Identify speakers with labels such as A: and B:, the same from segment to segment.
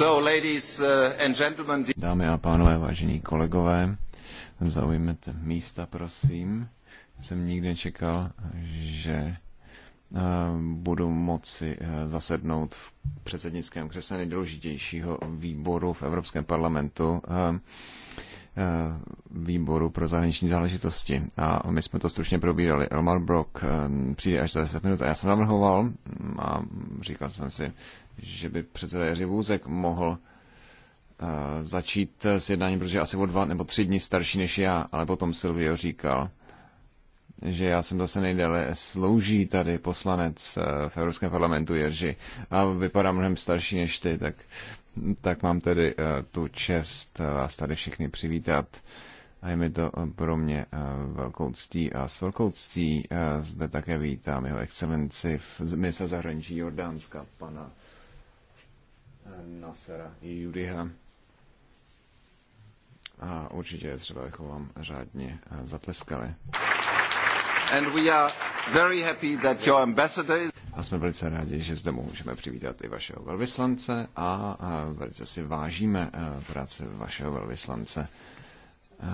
A: Uh, Dámy a pánové, vážení kolegové, zaujměte místa, prosím. Jsem nikdy nečekal, že uh, budu moci uh, zasednout v předsednickém křesle nejdůležitějšího výboru v Evropském parlamentu výboru pro zahraniční záležitosti. A my jsme to stručně probírali. Elmar Brock přijde až za 10 minut a já jsem navrhoval mm, a říkal jsem si, že by předseda Jiří Vůzek mohl eh, začít s jednáním, protože asi o dva nebo tři dny starší než já, ale potom Silvio říkal, že já jsem zase nejdéle slouží tady poslanec eh, v Evropském parlamentu Jerži a vypadá mnohem starší než ty, tak, tak mám tedy eh, tu čest vás tady všechny přivítat. A je mi to pro mě velkou ctí a s velkou ctí zde také vítám jeho excelenci v ministra zahraničí Jordánska, pana Nasera Judyha. A určitě je třeba, abychom vám řádně eh, zatleskali.
B: And we are very happy that your ambassador is...
A: A jsme velice rádi, že zde můžeme přivítat i vašeho velvyslance a velice si vážíme eh, práce vašeho velvyslance. Eh,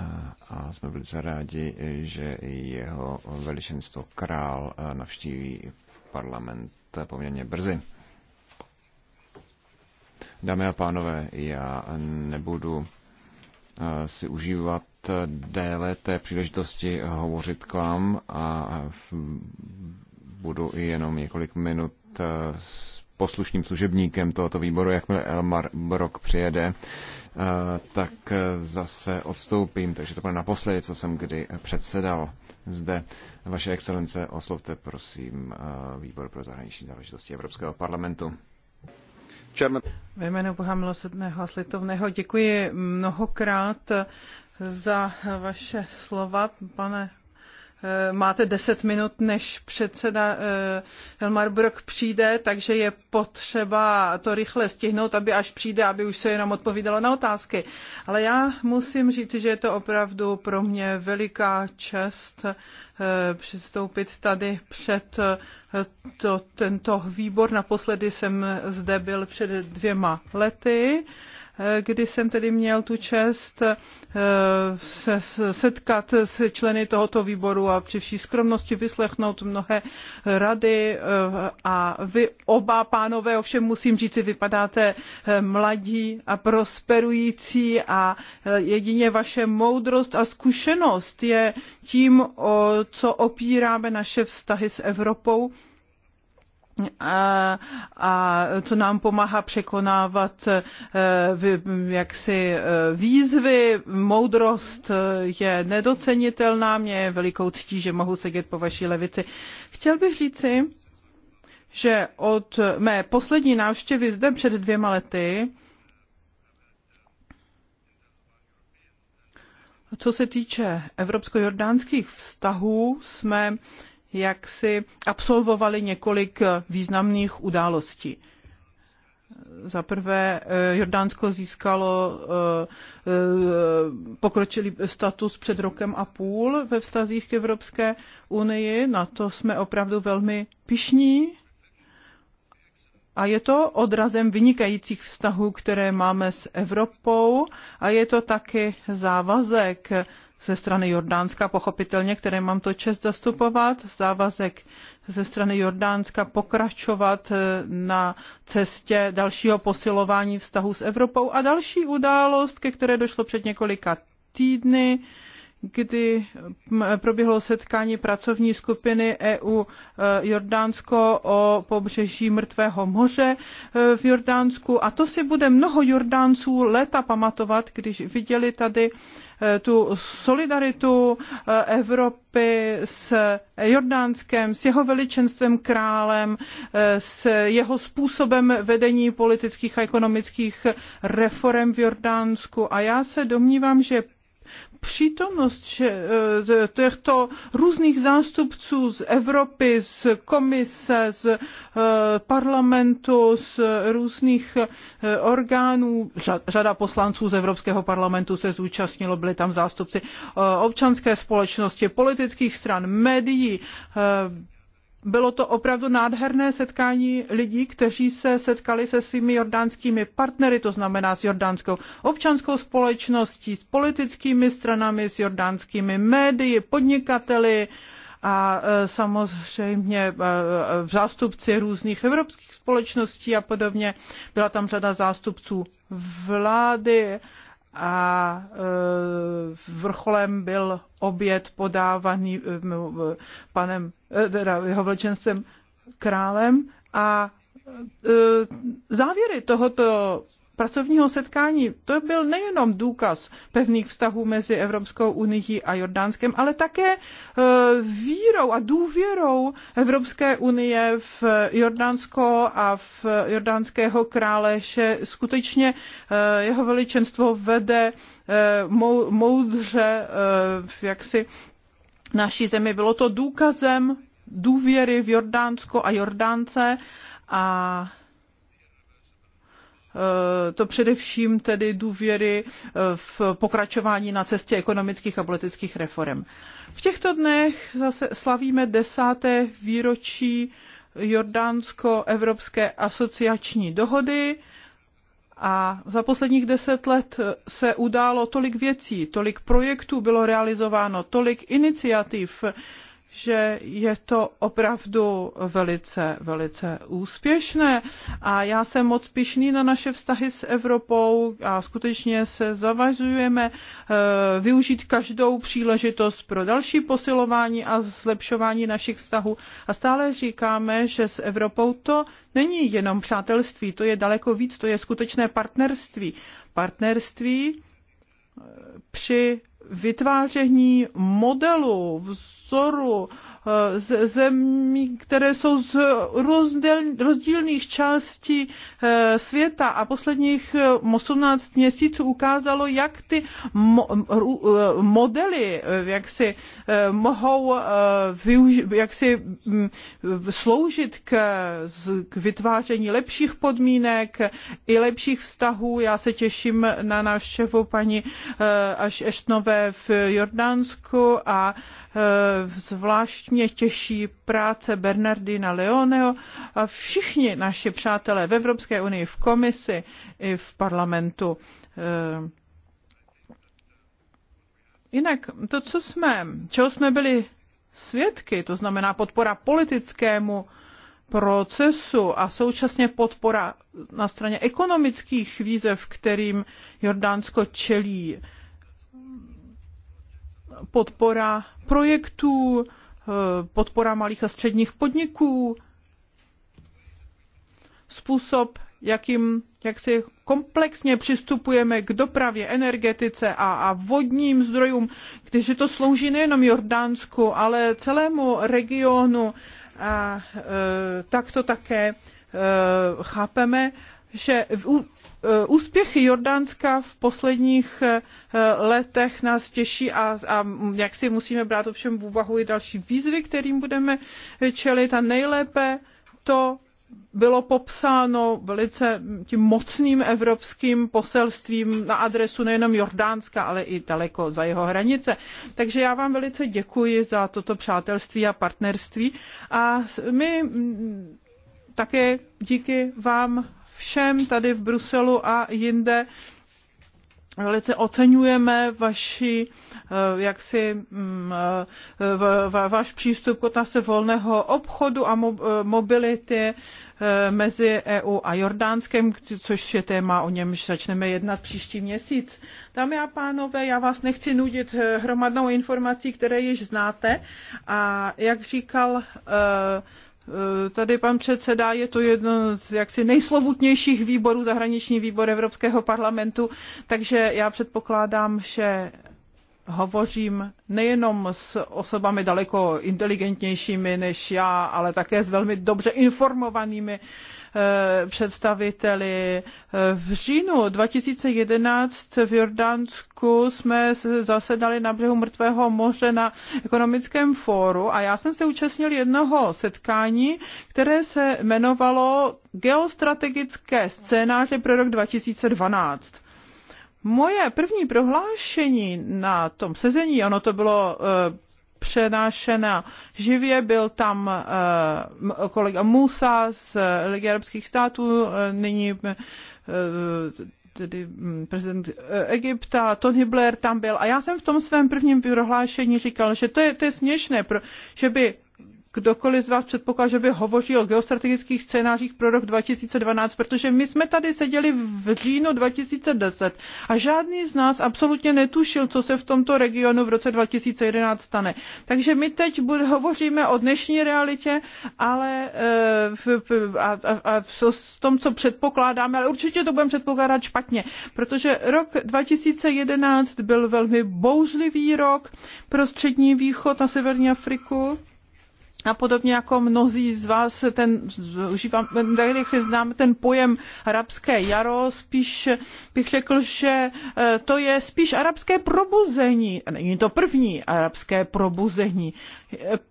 A: a jsme velice rádi, že jeho veličenstvo král navštíví parlament poměrně brzy. Dámy a pánové, já nebudu eh, si užívat eh, déle té příležitosti hovořit k vám a eh, budu i jenom několik minut s poslušným služebníkem tohoto výboru, jakmile Elmar Brok přijede, tak zase odstoupím, takže to bude naposledy, co jsem kdy předsedal zde. Vaše excelence, oslovte prosím výbor pro zahraniční záležitosti Evropského parlamentu.
C: Ve jménu Boha milosrdného a slitovného děkuji mnohokrát za vaše slova, pane Eh, máte 10 minut, než předseda eh, Helmar Brok přijde, takže je potřeba to rychle stihnout, aby až přijde, aby už se jenom odpovídalo na otázky. Ale já musím říct, že je to opravdu pro mě veliká čest eh, přistoupit tady před to, tento výbor. Naposledy jsem zde byl před dvěma lety kdy jsem tedy měl tu čest eh, se setkat s členy tohoto výboru a při vší skromnosti vyslechnout mnohé rady eh, a vy oba pánové, ovšem musím říci, vypadáte eh, mladí a prosperující a jedině vaše moudrost a zkušenost je tím, o co opíráme naše vztahy s Evropou a, a co nám pomáhá překonávat e, jaksi e, výzvy. Moudrost je nedocenitelná, mě je velikou ctí, že mohu sedět po vaší levici. Chtěl bych říci, že od mé poslední návštěvy zde před dvěma lety, co se týče evropsko-jordánských vztahů, jsme jak si absolvovali několik významných událostí. Za prvé eh, Jordánsko získalo eh, eh, pokročilý status před rokem a půl ve vztazích k Evropské unii. Na to jsme opravdu velmi pišní. A je to odrazem vynikajících vztahů, které máme s Evropou a je to taky závazek ze strany Jordánska, pochopitelně, které mám to čest zastupovat, závazek ze strany Jordánska pokračovat eh, na cestě dalšího posilování vztahu s Evropou a další událost, ke které došlo před několika týdny, kdy proběhlo setkání pracovní skupiny EU e, Jordánsko o pobřeží Mrtvého moře e, v Jordánsku. A to si bude mnoho Jordánců léta pamatovat, když viděli tady e, tu solidaritu Evropy s Jordánskem, s jeho veličenstvem králem, s jeho způsobem vedení politických a ekonomických reform v Jordánsku. A já se domnívám, že přítomnost eh, těchto různých zástupců z Evropy, z komise, z eh, parlamentu, z různých eh, orgánů. Řada poslanců z Evropského parlamentu se zúčastnilo, byli tam zástupci občanské společnosti, politických stran, médií, bylo to opravdu nádherné setkání lidí, kteří se setkali se svými jordánskými partnery, to znamená s jordánskou občanskou společností, s politickými stranami, s jordánskými médii, podnikateli a e, samozřejmě e, e, zástupci různých evropských společností a podobně. Byla tam řada zástupců vlády a e, vrcholem byl oběd podávaný e, e, panem, teda jeho vlčencem králem a závěry tohoto pracovního setkání. To byl nejenom důkaz pevných vztahů mezi Evropskou unii a Jordánskem, ale také e, vírou a důvěrou Evropské unie v Jordánsko a v jordánského krále, že skutečně e, jeho veličenstvo vede e, moudře jaksi naší zemi. Bylo to důkazem důvěry v Jordánsko a Jordánce a Eh, to především tedy důvěry eh, v pokračování na cestě ekonomických a politických reform. V těchto dnech zase slavíme desáté výročí Jordánsko-Evropské asociační dohody a za posledních deset let eh, se událo tolik věcí, tolik projektů bylo realizováno, tolik iniciativ, že je to opravdu velice, velice úspěšné a já jsem moc pišný na naše vztahy s Evropou a skutečně se zavazujeme eh, využít každou příležitost pro další posilování a zlepšování našich vztahů a stále říkáme, že s Evropou to není jenom přátelství, to je daleko víc, to je skutečné partnerství. Partnerství eh, při vytváření modelu, vzoru, ze zemí, které jsou z rozdílných částí eh, světa a posledních 18 eh, měsíců ukázalo, jak ty eh, modely, jak si mohou jak si mm, sloužit k, k vytváření lepších podmínek i lepších vztahů. Já se těším na návštěvu paní až Eštnové v Jordánsku a Eh, zvláštně těší práce Bernardina Leoneho a všichni naši přátelé v Evropské unii, v komisi i v parlamentu. Eh, jinak to, co jsme, čeho jsme byli svědky, to znamená podpora politickému procesu a současně podpora na straně ekonomických výzev, kterým Jordánsko čelí, podpora projektů, eh, podpora malých a středních podniků, způsob, jakým, jak si komplexně přistupujeme k dopravě, energetice a, a vodním zdrojům, když to slouží nejenom Jordánsku, ale celému regionu. A e, tak to také e, chápeme že e, úspěchy Jordánska v posledních e, letech nás těší a, a jak si musíme brát ovšem v úvahu i další výzvy, kterým budeme čelit a nejlépe to bylo popsáno velice tím mocným evropským poselstvím na adresu nejenom Jordánska, ale i daleko za jeho hranice. Takže já vám velice děkuji za toto přátelství a partnerství a my také díky vám všem tady v Bruselu a jinde. Velice oceňujeme vaši, eh, jaksi, mm, eh, váš přístup k otázce volného obchodu a eh, mobility mezi EU a Jordánskem, což je téma, o němž začneme jednat příští měsíc. Dámy a pánové, já vás nechci nudit hromadnou informací, které již znáte. A jak říkal Eh, tady pan předseda, je to jedno z jaksi nejslovutnějších výborů, zahraniční výbor Evropského parlamentu, takže já předpokládám, že hovořím nejenom s osobami daleko inteligentnějšími než já, ale také s velmi dobře informovanými uh, Eh, představiteli. V říjnu 2011 v Jordánsku jsme zasedali na břehu Mrtvého moře na ekonomickém fóru a já jsem se účastnil jednoho setkání, které se jmenovalo Geostrategické scénáře pro rok 2012. Moje první prohlášení na tom sezení, ono to bylo eh, přenášena živě. Byl tam eh, kolega Musa z Ligy arabských států, eh, nyní eh, tedy mm, prezident Egypta, Tony Blair tam byl. A já jsem v tom svém prvním prohlášení říkal, že to je, to je směšné, pro, že by kdokoliv z vás předpoklad, že by hovoří o geostrategických scénářích pro rok 2012, protože my jsme tady seděli v říjnu 2010 a žádný z nás absolutně netušil, co se v tomto regionu v roce 2011 stane. Takže my teď bude, hovoříme o dnešní realitě, ale eh, v, a, a, a v tom, co předpokládáme, ale určitě to budeme předpokládat špatně, protože rok 2011 byl velmi bouřlivý rok pro střední východ na severní Afriku a podobně jako mnozí z vás ten, užívám, tak jak si znám ten pojem arabské jaro, spíš bych řekl, že eh, to je spíš arabské probuzení. Není to první arabské probuzení.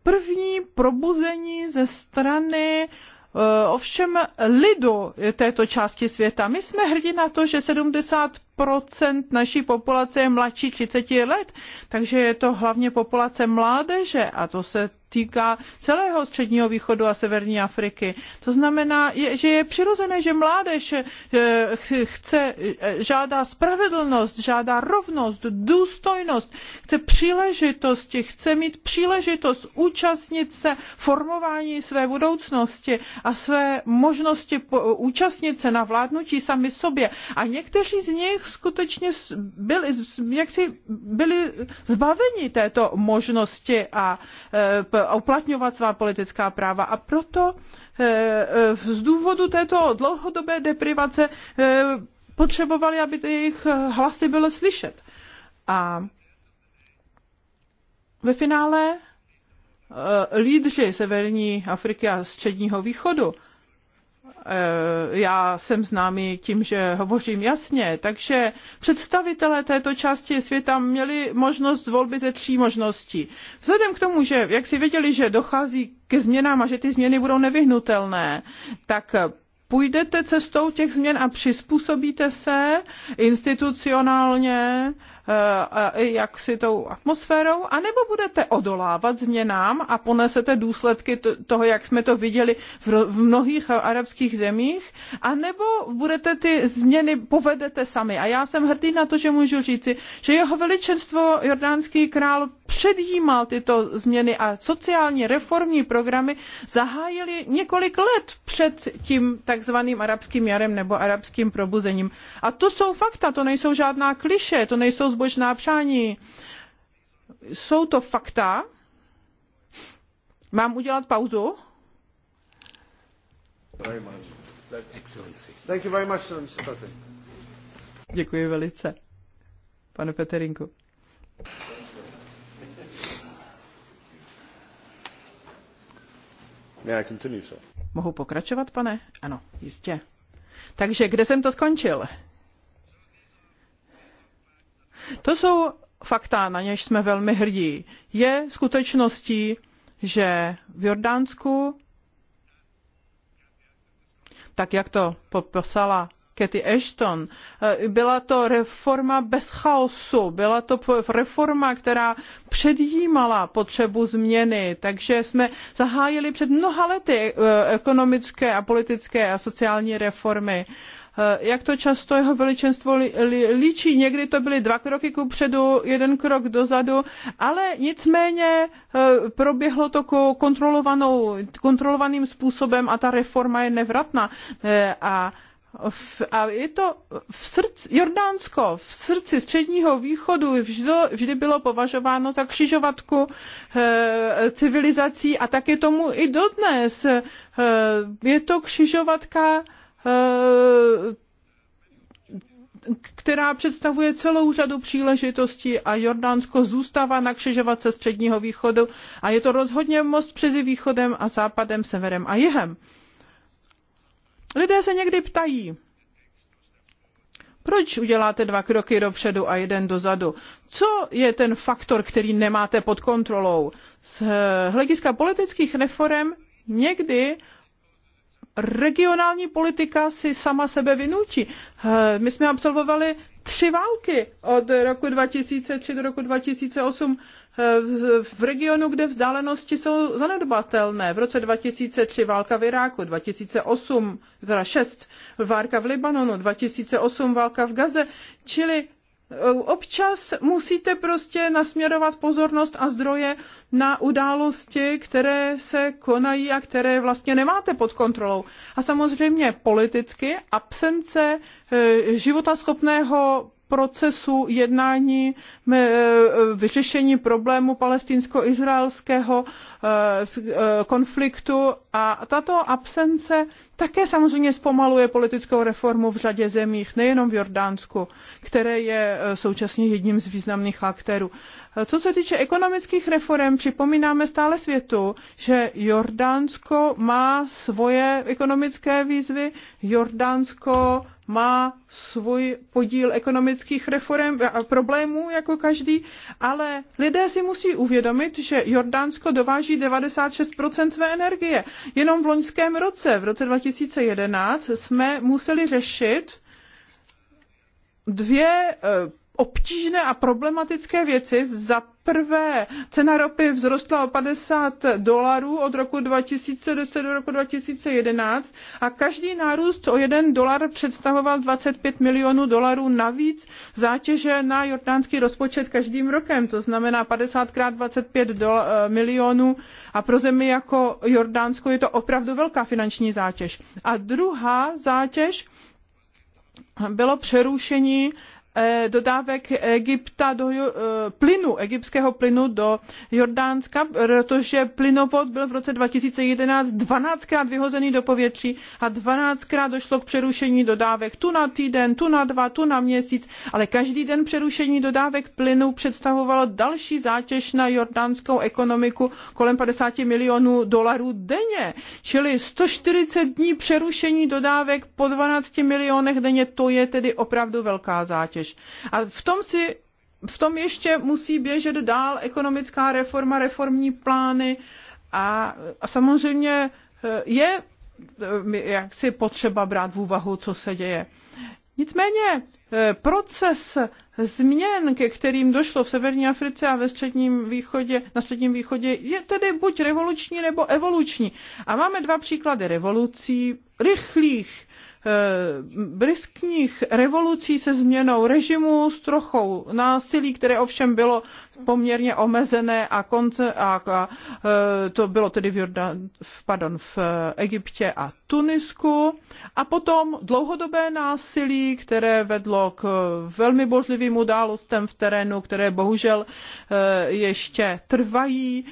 C: První probuzení ze strany eh, ovšem lidu této části světa. My jsme hrdí na to, že 70 naší populace je mladší 30 let, takže je to hlavně populace mládeže a to se týká celého středního východu a severní Afriky. To znamená, že je přirozené, že mládež eh, chce, eh, žádá spravedlnost, žádá rovnost, důstojnost, chce příležitosti, chce mít příležitost účastnit se formování své budoucnosti a své možnosti účastnit se na vládnutí sami sobě. A někteří z nich skutečně byli, jak si byli zbaveni této možnosti eh, a uplatňovat svá politická práva. A proto eh, eh, z důvodu této dlouhodobé deprivace potřebovali, aby jejich hlasy byly slyšet. A ve finále lídři Severní Afriky a Středního východu Eh, já jsem známý tím, že hovořím jasně, takže představitelé této části světa měli možnost volby ze tří možností. Vzhledem k tomu, že jak si věděli, že dochází ke změnám a že ty změny budou nevyhnutelné, tak půjdete cestou těch změn a přizpůsobíte se institucionálně Eh, eh, jak si tou atmosférou, anebo budete odolávat změnám a ponesete důsledky toho, jak jsme to viděli v mnohých arabských zemích, anebo budete ty změny povedete sami. A já jsem hrdý na to, že můžu říci, že jeho veličenstvo jordánský král předjímal tyto změny a sociální reformní programy zahájili několik let před tím takzvaným arabským jarem nebo arabským probuzením. A to jsou fakta, to nejsou žádná kliše, to nejsou zbožná přání. Jsou to fakta. Mám udělat pauzu? Děkuji velice, pane Peterinku. Mohu pokračovat, pane? Ano, jistě. Takže kde jsem to skončil? To jsou fakta, na něž jsme velmi hrdí. Je skutečností, že v Jordánsku, tak jak to popsala Cathy Ashton. Eh, byla to reforma bez chaosu, byla to reforma, která předjímala potřebu změny, takže jsme zahájili před mnoha lety eh, ekonomické a politické a sociální reformy Eh, jak to často jeho veličenstvo líčí. Někdy to byly dva kroky kupředu, jeden krok dozadu, ale nicméně eh, proběhlo to kontrolovanou, kontrolovaným způsobem a ta reforma je nevratná. Eh, a a je to v srdci, Jordánsko, v srdci středního východu vždy, vždy bylo považováno za křižovatku e, civilizací a tak je tomu i dodnes. E, je to křižovatka Eh, která představuje celou řadu příležitostí a Jordánsko zůstává na křižovatce středního východu a je to rozhodně most přezi východem a západem, severem a jihem. Lidé se někdy ptají, proč uděláte dva kroky dopředu a jeden dozadu? Co je ten faktor, který nemáte pod kontrolou? Z hlediska politických reform někdy regionální politika si sama sebe vynutí. My jsme absolvovali tři války od roku 2003 do roku 2008 v regionu, kde vzdálenosti jsou zanedbatelné. V roce 2003 válka v Iráku, 2008, teda 6 válka v Libanonu, 2008 válka v Gaze, čili Občas musíte prostě nasměrovat pozornost a zdroje na události, které se konají a které vlastně nemáte pod kontrolou. A samozřejmě politicky absence eh, životaschopného procesu jednání eh, vyřešení problému palestinsko-izraelského eh, konfliktu a tato absence také samozřejmě zpomaluje politickou reformu v řadě zemích, nejenom v Jordánsku, které je eh, současně jedním z významných aktérů. Eh, co se týče ekonomických reform, připomínáme stále světu, že Jordánsko má svoje ekonomické výzvy, Jordánsko má svůj podíl ekonomických reform a problémů jako každý, ale lidé si musí uvědomit, že Jordánsko dováží 96% své energie. Jenom v loňském roce, v roce 2000 2011 jsme museli řešit dvě eh, obtížné a problematické věci. Za prvé, cena ropy vzrostla o 50 dolarů od roku 2010 do roku 2011 a každý nárůst o 1 dolar představoval 25 milionů dolarů navíc zátěže na jordánský rozpočet každým rokem, to znamená 50 krát 25 milionů a pro zemi jako Jordánsko je to opravdu velká finanční zátěž. A druhá zátěž bylo přerušení Eh, dodávek Egypta do eh, plynu, egyptského plynu do Jordánska, protože plynovod byl v roce 2011 12krát vyhozený do povětří a 12krát došlo k přerušení dodávek tu na týden, tu na dva, tu na měsíc, ale každý den přerušení dodávek plynu představovalo další zátěž na jordánskou ekonomiku kolem 50 milionů dolarů denně, čili 140 dní přerušení dodávek po 12 milionech denně, to je tedy opravdu velká zátěž. A v tom si v tom ještě musí běžet dál ekonomická reforma, reformní plány a, a samozřejmě eh, je eh, jak si potřeba brát v úvahu, co se děje. Nicméně eh, proces změn, ke kterým došlo v Severní Africe a ve středním východě, na středním východě, je tedy buď revoluční nebo evoluční. A máme dva příklady revolucí rychlých, Eh, briskních revolucí se změnou režimu, s trochou násilí, které ovšem bylo poměrně omezené a, konce, a, a eh, to bylo tedy v, Jordan, v, pardon, v eh, Egyptě a Tunisku. A potom dlouhodobé násilí, které vedlo k velmi božlivým událostem v terénu, které bohužel ještě trvají.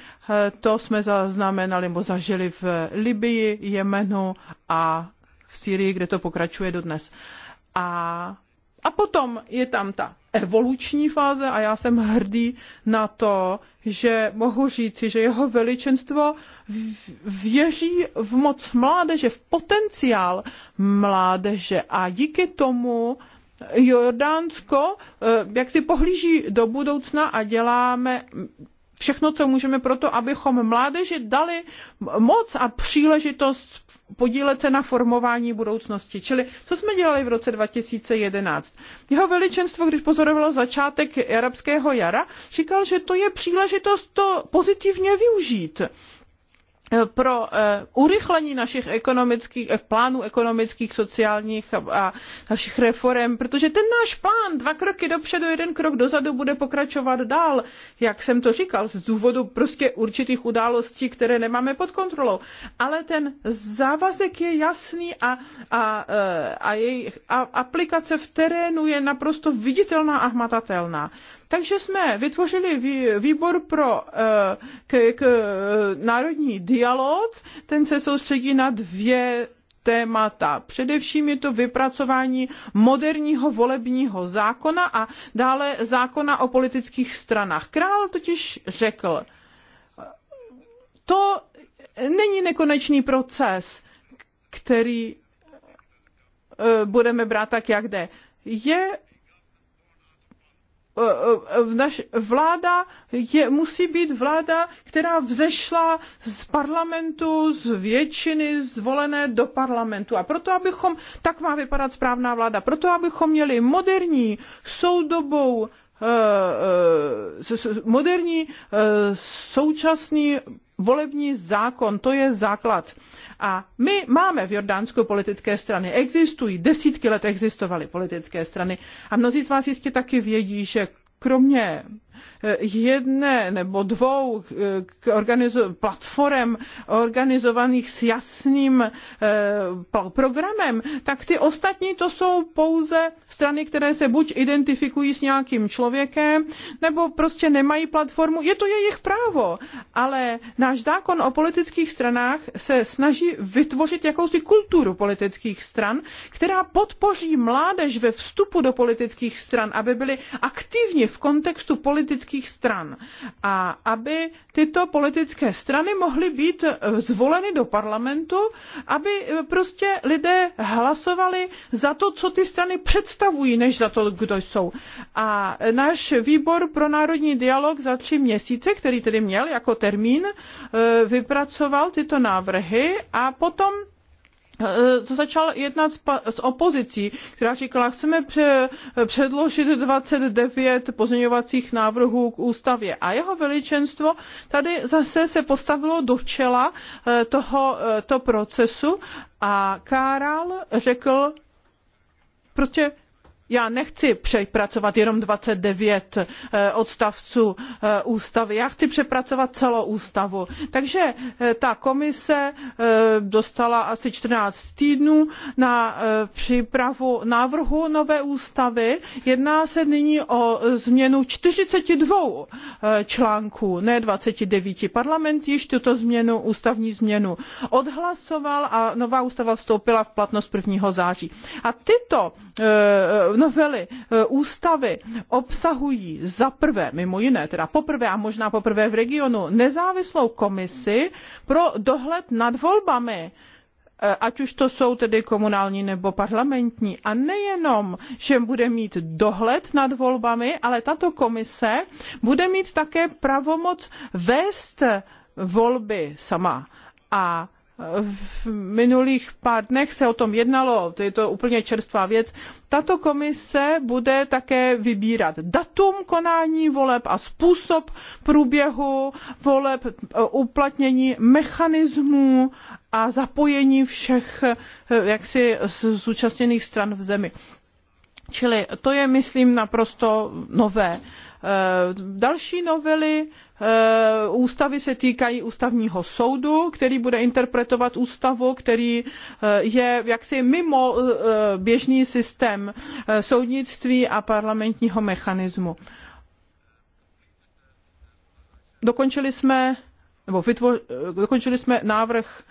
C: To jsme zaznamenali nebo zažili v Libii, Jemenu a v Syrii, kde to pokračuje dodnes. A a potom je tam ta evoluční fáze a já jsem hrdý na to, že mohu říci, že jeho veličenstvo věří v moc mládeže, v potenciál mládeže a díky tomu Jordánsko eh, jak si pohlíží do budoucna a děláme všechno, co můžeme pro to, abychom mládeži dali moc a příležitost podílet se na formování budoucnosti. Čili co jsme dělali v roce 2011? Jeho veličenstvo, když pozorovalo začátek arabského jara, říkal, že to je příležitost to pozitivně využít pro eh, urychlení našich ekonomických, eh, plánů ekonomických, sociálních a našich reform, protože ten náš plán, dva kroky dopředu, jeden krok dozadu, bude pokračovat dál, jak jsem to říkal, z důvodu prostě určitých událostí, které nemáme pod kontrolou. Ale ten závazek je jasný a, a, eh, a její a aplikace v terénu je naprosto viditelná a hmatatelná. Takže jsme vytvořili výbor pro eh, k, k, národní dialog, ten se soustředí na dvě témata. Především je to vypracování moderního volebního zákona a dále zákona o politických stranách. Král totiž řekl, to není nekonečný proces, který eh, budeme brát tak, jak jde. Je v naš, vláda je, musí být vláda, která vzešla z parlamentu, z většiny zvolené do parlamentu. A proto, abychom, tak má vypadat správná vláda, proto, abychom měli moderní, soudobou, eh, eh, moderní, eh, současný volební zákon, to je základ. A my máme v Jordánsku politické strany, existují, desítky let existovaly politické strany a mnozí z vás jistě taky vědí, že kromě jedné nebo dvou k organizo- platform organizovaných s jasným eh, programem, tak ty ostatní to jsou pouze strany, které se buď identifikují s nějakým člověkem, nebo prostě nemají platformu. Je to jejich právo, ale náš zákon o politických stranách se snaží vytvořit jakousi kulturu politických stran, která podpoří mládež ve vstupu do politických stran, aby byli aktivní v kontextu politických politických stran. A aby tyto politické strany mohly být eh, zvoleny do parlamentu, aby eh, prostě lidé hlasovali za to, co ty strany představují, než za to, kdo jsou. A náš výbor pro národní dialog za tři měsíce, který tedy měl jako termín, eh, vypracoval tyto návrhy a potom Eh, začal jednat s opozicí, která říkala, chceme předložit 29 pozměňovacích návrhů k ústavě. A jeho veličenstvo tady zase se postavilo do čela eh, toho eh, to procesu a Káral řekl prostě já nechci přepracovat jenom 29 eh, odstavců eh, ústavy, já chci přepracovat celou ústavu. Takže eh, ta komise dostala asi 14 týdnů na přípravu návrhu nové ústavy. Jedná se nyní o změnu 42 článků, ne 29. Parlament již tuto změnu, ústavní změnu odhlasoval a nová ústava vstoupila v platnost one září. A tyto Eh, novely eh, ústavy obsahují za prvé, mimo jiné, teda poprvé a možná poprvé v regionu, nezávislou komisi pro dohled nad volbami eh, ať už to jsou tedy komunální nebo parlamentní. A nejenom, že bude mít dohled nad volbami, ale tato komise bude mít také pravomoc vést volby sama. A v minulých pár dnech se o tom jednalo, to je to úplně čerstvá věc. Tato komise bude také vybírat datum konání voleb a způsob průběhu voleb, uplatnění mechanismů a zapojení všech eh, jaksi zúčastněných stran v zemi. Čili to je, myslím, naprosto nové. Eh, další novely Eh, ústavy se týkají ústavního soudu, který bude interpretovat ústavu, který eh, je jaksi mimo eh, běžný systém soudnictví a parlamentního mechanismu. Dokončili jsme, nebo vytvořili dokončili jsme návrh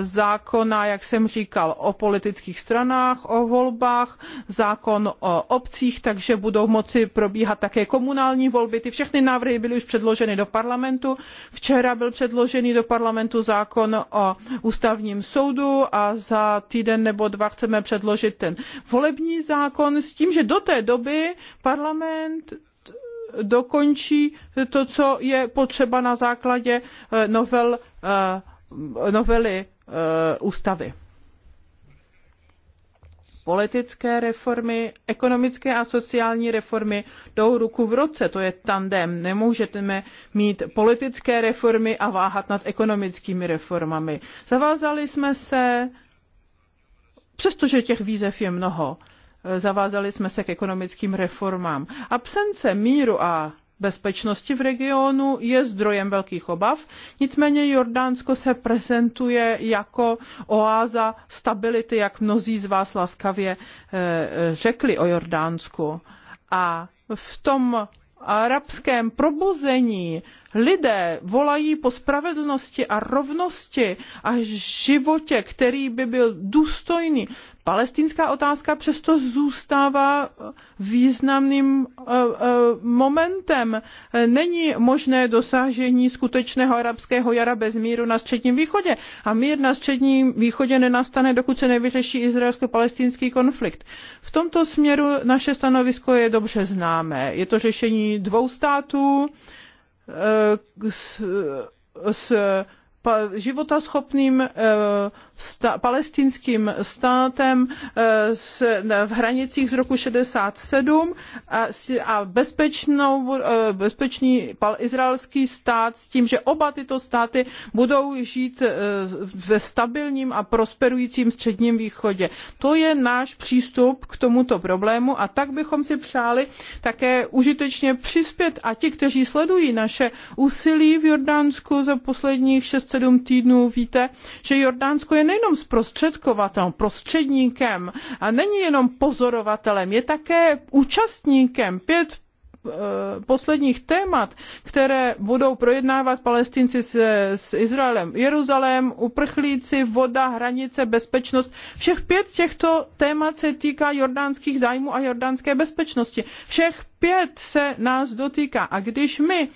C: zákona, jak jsem říkal, o politických stranách, o volbách, zákon o obcích, takže budou moci probíhat také komunální volby. Ty všechny návrhy byly už předloženy do parlamentu. Včera byl předložený do parlamentu zákon o ústavním soudu a za týden nebo dva chceme předložit ten volební zákon s tím, že do té doby parlament dokončí to, co je potřeba na základě eh, novel eh, novely eh, ústavy. Politické reformy, ekonomické a sociální reformy jdou ruku v roce. to je tandem. Nemůžeme mít politické reformy a váhat nad ekonomickými reformami. Zavázali jsme se, přestože těch výzev je mnoho, eh, zavázali jsme se k ekonomickým reformám. Absence míru a bezpečnosti v regionu je zdrojem velkých obav. Nicméně Jordánsko se prezentuje jako oáza stability, jak mnozí z vás laskavě eh, řekli o Jordánsku. A v tom arabském probuzení lidé volají po spravedlnosti a rovnosti a životě, který by byl důstojný palestinská otázka přesto zůstává eh, významným eh, eh, momentem. Není možné dosažení skutečného arabského jara bez míru na Středním východě. A mír na Středním východě nenastane, dokud se nevyřeší izraelsko-palestinský konflikt. V tomto směru naše stanovisko je dobře známé. Je to řešení dvou států s, s životaschopným eh, palestinským státem eh, v hranicích z roku 67 a bezpečnou, eh, bezpečný izraelský stát s tím, že oba tyto státy budou žít ve stabilním a prosperujícím středním východě. To je náš přístup k tomuto problému a tak bychom si přáli také užitečně přispět a ti, kteří sledují naše úsilí v Jordánsku za posledních 600 sedm týdnů, víte, že Jordánsko je nejenom zprostředkovatelem, prostředníkem a není jenom pozorovatelem, je také účastníkem pět eh, posledních témat, které budou projednávat palestinci s, s Izraelem. Jeruzalém, uprchlíci, voda, hranice, bezpečnost. Všech pět těchto témat se týká jordánských zájmů a jordánské bezpečnosti. Všech pět se nás dotýká. A když my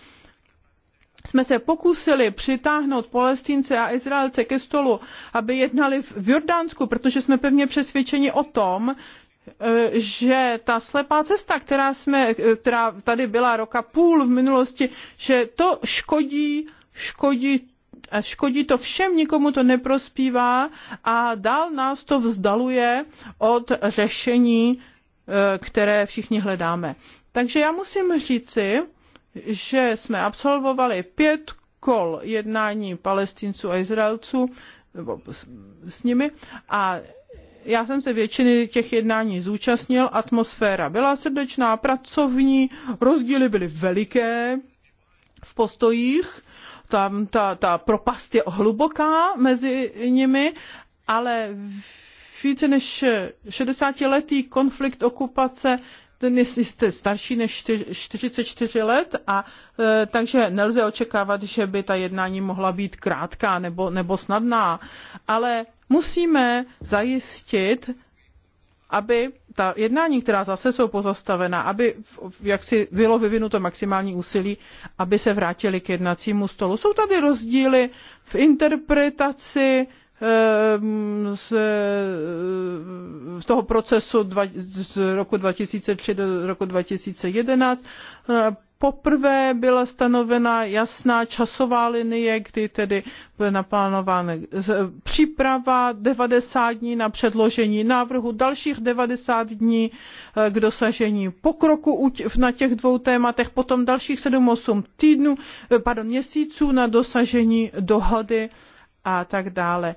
C: jsme se pokusili přitáhnout Palestince a Izraelce ke stolu, aby jednali v Jordánsku, protože jsme pevně přesvědčeni o tom, eh, že ta slepá cesta, která, jsme, eh, která tady byla roka půl v minulosti, že to škodí, škodí eh, škodí to všem, nikomu to neprospívá a dál nás to vzdaluje od řešení, které všichni hledáme. Takže já musím říci, že jsme absolvovali pět kol jednání palestinců a Izraelců, nebo s, s nimi, a já jsem se většiny těch jednání zúčastnil, atmosféra byla srdečná, pracovní, rozdíly byly veliké v postojích, tam ta, ta propast je hluboká mezi nimi, ale více než 60-letý konflikt okupace jste starší než 44 let a e, takže nelze očekávat, že by ta jednání mohla být krátká nebo, nebo snadná, ale musíme zajistit, aby ta jednání, která zase jsou pozastavena, aby jak si bylo vyvinuto maximální úsilí, aby se vrátili k jednacímu stolu. Jsou tady rozdíly v interpretaci, Ehm, z, eh, z toho procesu dva, z roku 2003 do roku 2011. Eh, poprvé byla stanovena jasná časová linie, kdy tedy bude naplánována příprava 90 dní na předložení návrhu, dalších 90 dní eh, k dosažení pokroku na těch dvou tématech, potom dalších 7-8 týdnů, pardon, měsíců na dosažení dohody a tak dále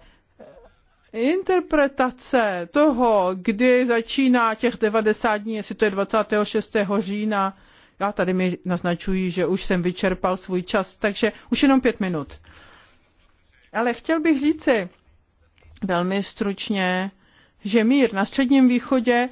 C: interpretace toho, kdy začíná těch 90 dní, jestli to je 26. října, já tady mi naznačují, že už jsem vyčerpal svůj čas, takže už jenom pět minut. Ale chtěl bych říci velmi stručně, že mír na Středním východě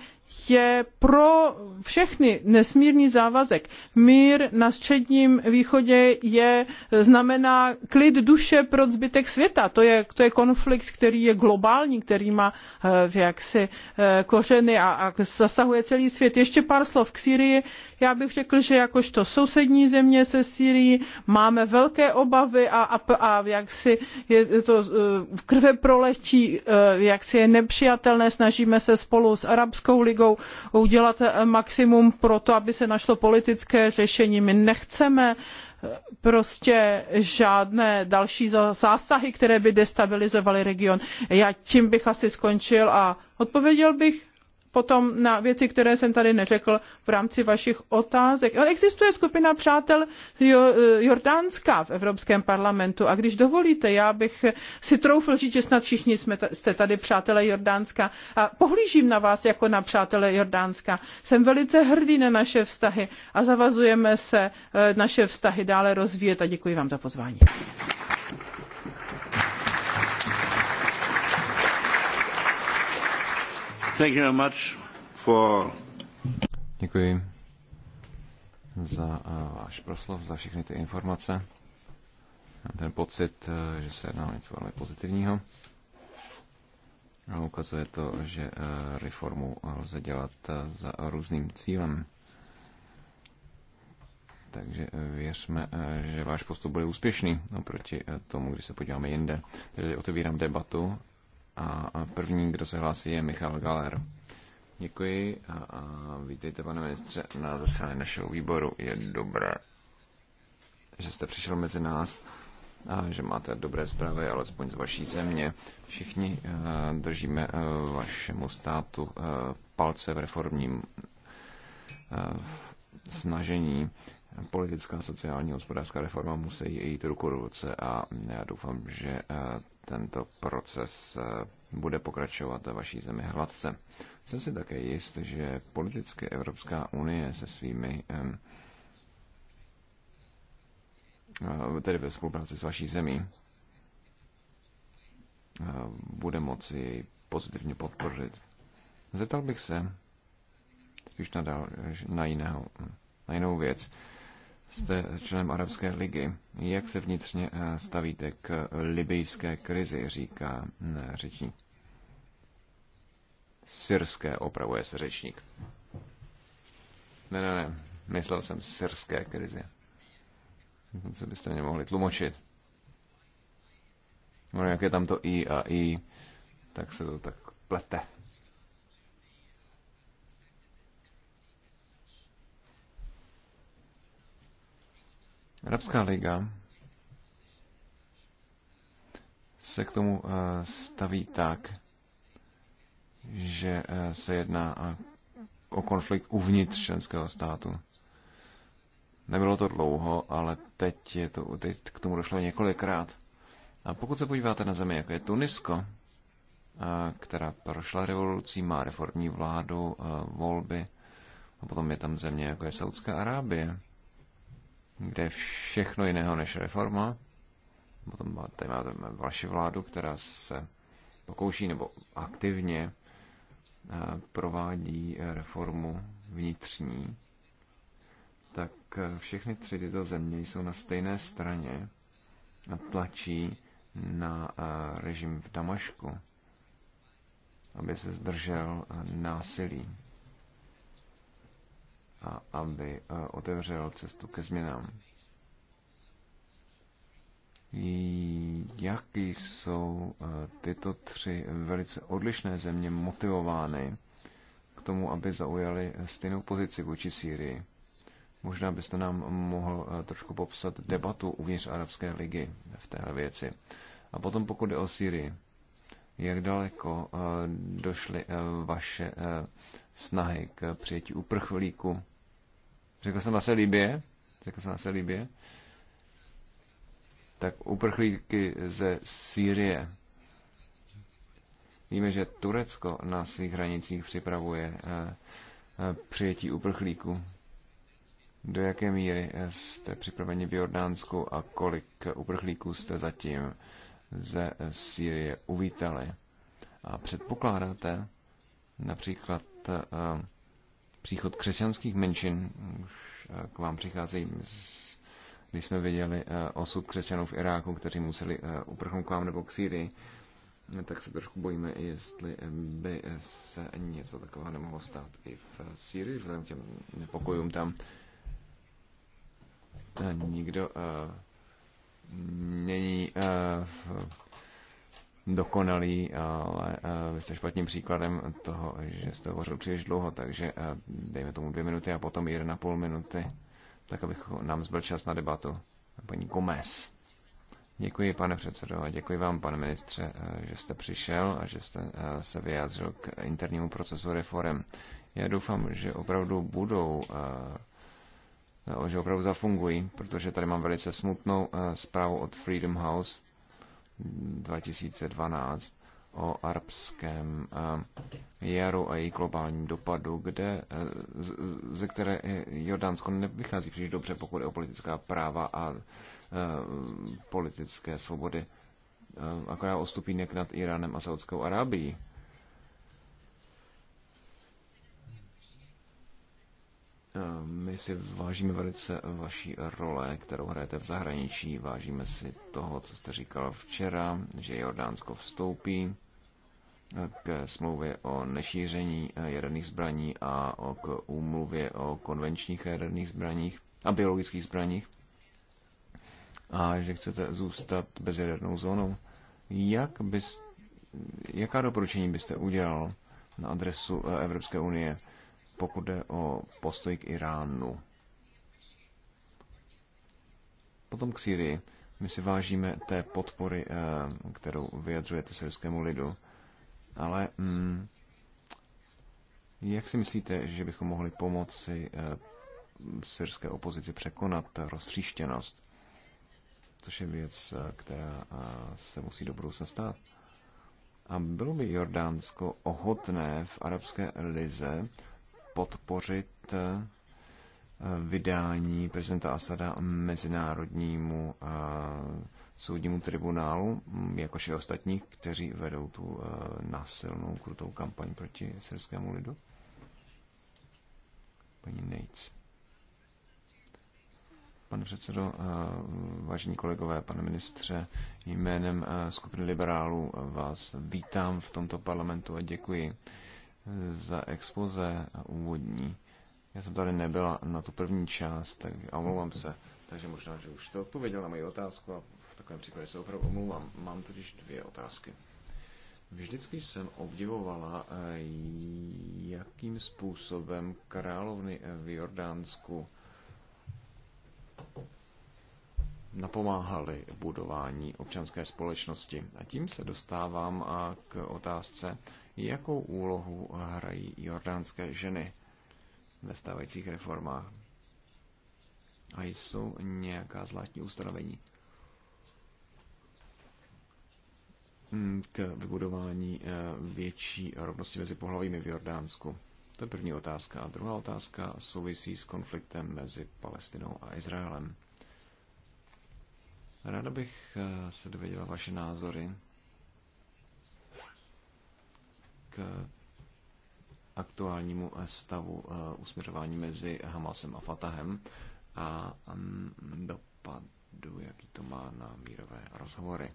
C: je pro všechny nesmírný závazek. Mír na středním východě je, znamená klid duše pro zbytek světa. To je, to je konflikt, který je globální, který má eh, v jaksi eh, kořeny a, a zasahuje celý svět. Ještě pár slov k Syrii. Já bych řekl, že jakožto sousední země se Sýrií máme velké obavy a, a, a jak si je to v e, krve prolečí, e, jak si je nepřijatelné. Snažíme se spolu s Arabskou ligou udělat e, maximum pro to, aby se našlo politické řešení. My nechceme prostě žádné další zásahy, které by destabilizovaly region. Já tím bych asi skončil a odpověděl bych potom na věci, které jsem tady neřekl v rámci vašich otázek. existuje skupina přátel Jordánska v Evropském parlamentu a když dovolíte, já bych si troufl říct, že snad všichni jsme jste tady přátelé Jordánska a pohlížím na vás jako na přátelé Jordánska. Jsem velice hrdý na naše vztahy a zavazujeme se eh, naše vztahy dále rozvíjet a děkuji vám za pozvání.
B: Thank you very much
A: for... Děkuji za eh, váš proslov, za všechny ty informace. Mám ten pocit, eh, že se jedná o něco velmi pozitivního. A ukazuje to, že eh, reformu lze dělat za různým cílem. Takže věřme, že váš postup bude úspěšný oproti tomu, když se podíváme jinde. Takže otevírám debatu a první, kdo se hlásí, je Michal Galer. Děkuji a, a vítejte, pane ministře, na zasedání našeho výboru. Je dobré, že jste přišel mezi nás a že máte dobré zprávy, alespoň z vaší země. Všichni uh, držíme uh, vašemu státu uh, palce v reformním uh, snažení politická, sociální, hospodářská reforma musí jít ruku ruce a já doufám, že eh, tento proces eh, bude pokračovat ve vaší zemi hladce. Jsem si také jist, že politicky Evropská unie se svými eh, tedy ve spolupráci s vaší zemí bude moci jej pozitivně podpořit. Zeptal bych se spíš na, dal, na, jiného, na jinou věc. Jste členem Arabské ligy. Jak se vnitřně eh, stavíte k libijské krizi, říká eh, řečník. Syrské, opravuje se řečník. Ne, ne, ne, myslel jsem syrské krizi. Co byste mě mohli tlumočit? No, jak je tam to I a I, tak se to tak plete. Arabská liga se k tomu eh, staví tak, že eh, se jedná eh, o konflikt uvnitř členského státu. Nebylo to dlouho, ale teď, je to, teď k tomu došlo několikrát. A pokud se podíváte na zemi, jako je Tunisko, která prošla revolucí, má reformní vládu, volby, a potom je tam země, jako je Saudská Arábie, kde je všechno jiného než reforma. Potom tady máte vaši vládu, která se pokouší nebo aktivně eh, provádí reformu vnitřní, tak eh, všechny tři tyto země jsou na stejné straně a tlačí na eh, režim v Damašku, aby se zdržel násilí a aby eh, otevřel cestu ke změnám. Jaký jsou eh, tyto tři velice odlišné země motivovány k tomu, aby zaujali stejnou pozici vůči Sýrii? Možná byste nám mohl eh, trošku popsat debatu uvnitř Arabské ligy v téhle věci. A potom pokud jde o Sýrii, jak daleko došly vaše snahy k přijetí uprchlíku Řekl jsem zase Libie. Řekl jsem zase Libie. Tak uprchlíky ze Sýrie. Víme, že Turecko na svých hranicích připravuje eh, eh, přijetí uprchlíků. Do jaké míry eh, jste připraveni v Jordánsku a kolik uprchlíků jste zatím ze Sýrie uvítali? A předpokládáte například příchod křesťanských menšin, už eh, k vám přicházejí, když jsme viděli eh, osud křesťanů v Iráku, kteří museli eh, uprchnout k vám nebo k Sýrii, no, tak se trošku bojíme, jestli by se něco takového nemohlo stát i v Sýrii, vzhledem k těm nepokojům tam. Nikdo uh, není uh, dokonalý, ale eh, vy jste špatným příkladem toho, že jste hovořil příliš dlouho, takže eh, dejme tomu dvě minuty a potom na půl minuty, tak abych nám zbyl čas na debatu. Paní Gomez. Děkuji, pane předsedo, a děkuji vám, pane ministře, eh, že jste přišel a že jste se vyjádřil k internímu procesu reform. Já doufám, že opravdu budou že opravdu zafungují, protože tady mám velice smutnou zprávu od Freedom House, 2012 o arabském eh, jaru a její globálním dopadu, kde, eh, ze které eh, Jordánsko nevychází příliš dobře, pokud je o politická práva a politické svobody. Akorát ostupí nad Iránem a Saudskou Arábií. Eh, my si vážíme velice vaší role, kterou hrajete v zahraničí. Vážíme si toho, co jste říkal včera, že Jordánsko vstoupí eh, k smlouvě o nešíření eh, jaderných zbraní a o k úmluvě o konvenčních jaderných zbraních a biologických zbraních a že chcete zůstat bez jadernou zónou. Jak bys, jaká doporučení byste udělal na adresu Evropské unie? pokud jde o postoj k Iránu. Potom k Syrii. My si vážíme té podpory, eh, kterou vyjadřujete syrskému lidu, ale mm, jak si myslíte, že bychom mohli pomoci eh, syrské opozici překonat roztříštěnost, což je věc, eh, která se musí do budoucna stát? A bylo by Jordánsko ochotné v arabské lize podpořit eh, vydání prezidenta Asada mezinárodnímu eh, soudnímu tribunálu, hm, jakož i ostatních, kteří vedou tu eh, násilnou, krutou kampaň proti syrskému lidu? Paní Nejc. Pane předsedo, vážení kolegové, pane ministře, jménem skupiny liberálů vás vítám v tomto parlamentu a děkuji za expoze úvodní. Já jsem tady nebyla na tu první část, tak omlouvám se. Takže možná, že už to odpověděl na moji otázku a v takovém případě se opravdu omlouvám. Mám totiž dvě otázky. Vždycky jsem obdivovala, eh, jakým způsobem královny eh, v Jordánsku napomáhali budování občanské společnosti. A tím se dostávám eh, k otázce, Jakou úlohu hrají jordánské ženy ve stávajících reformách? A jsou nějaká zvláštní ustanovení k vybudování eh, větší rovnosti mezi pohlavími v Jordánsku? To je první otázka. A druhá otázka souvisí s konfliktem mezi Palestinou a Izraelem. Ráda bych eh, se dověděla vaše názory k aktuálnímu stavu eh, usměřování mezi Hamasem a Fatahem a mm, dopadu, jaký to má na mírové rozhovory.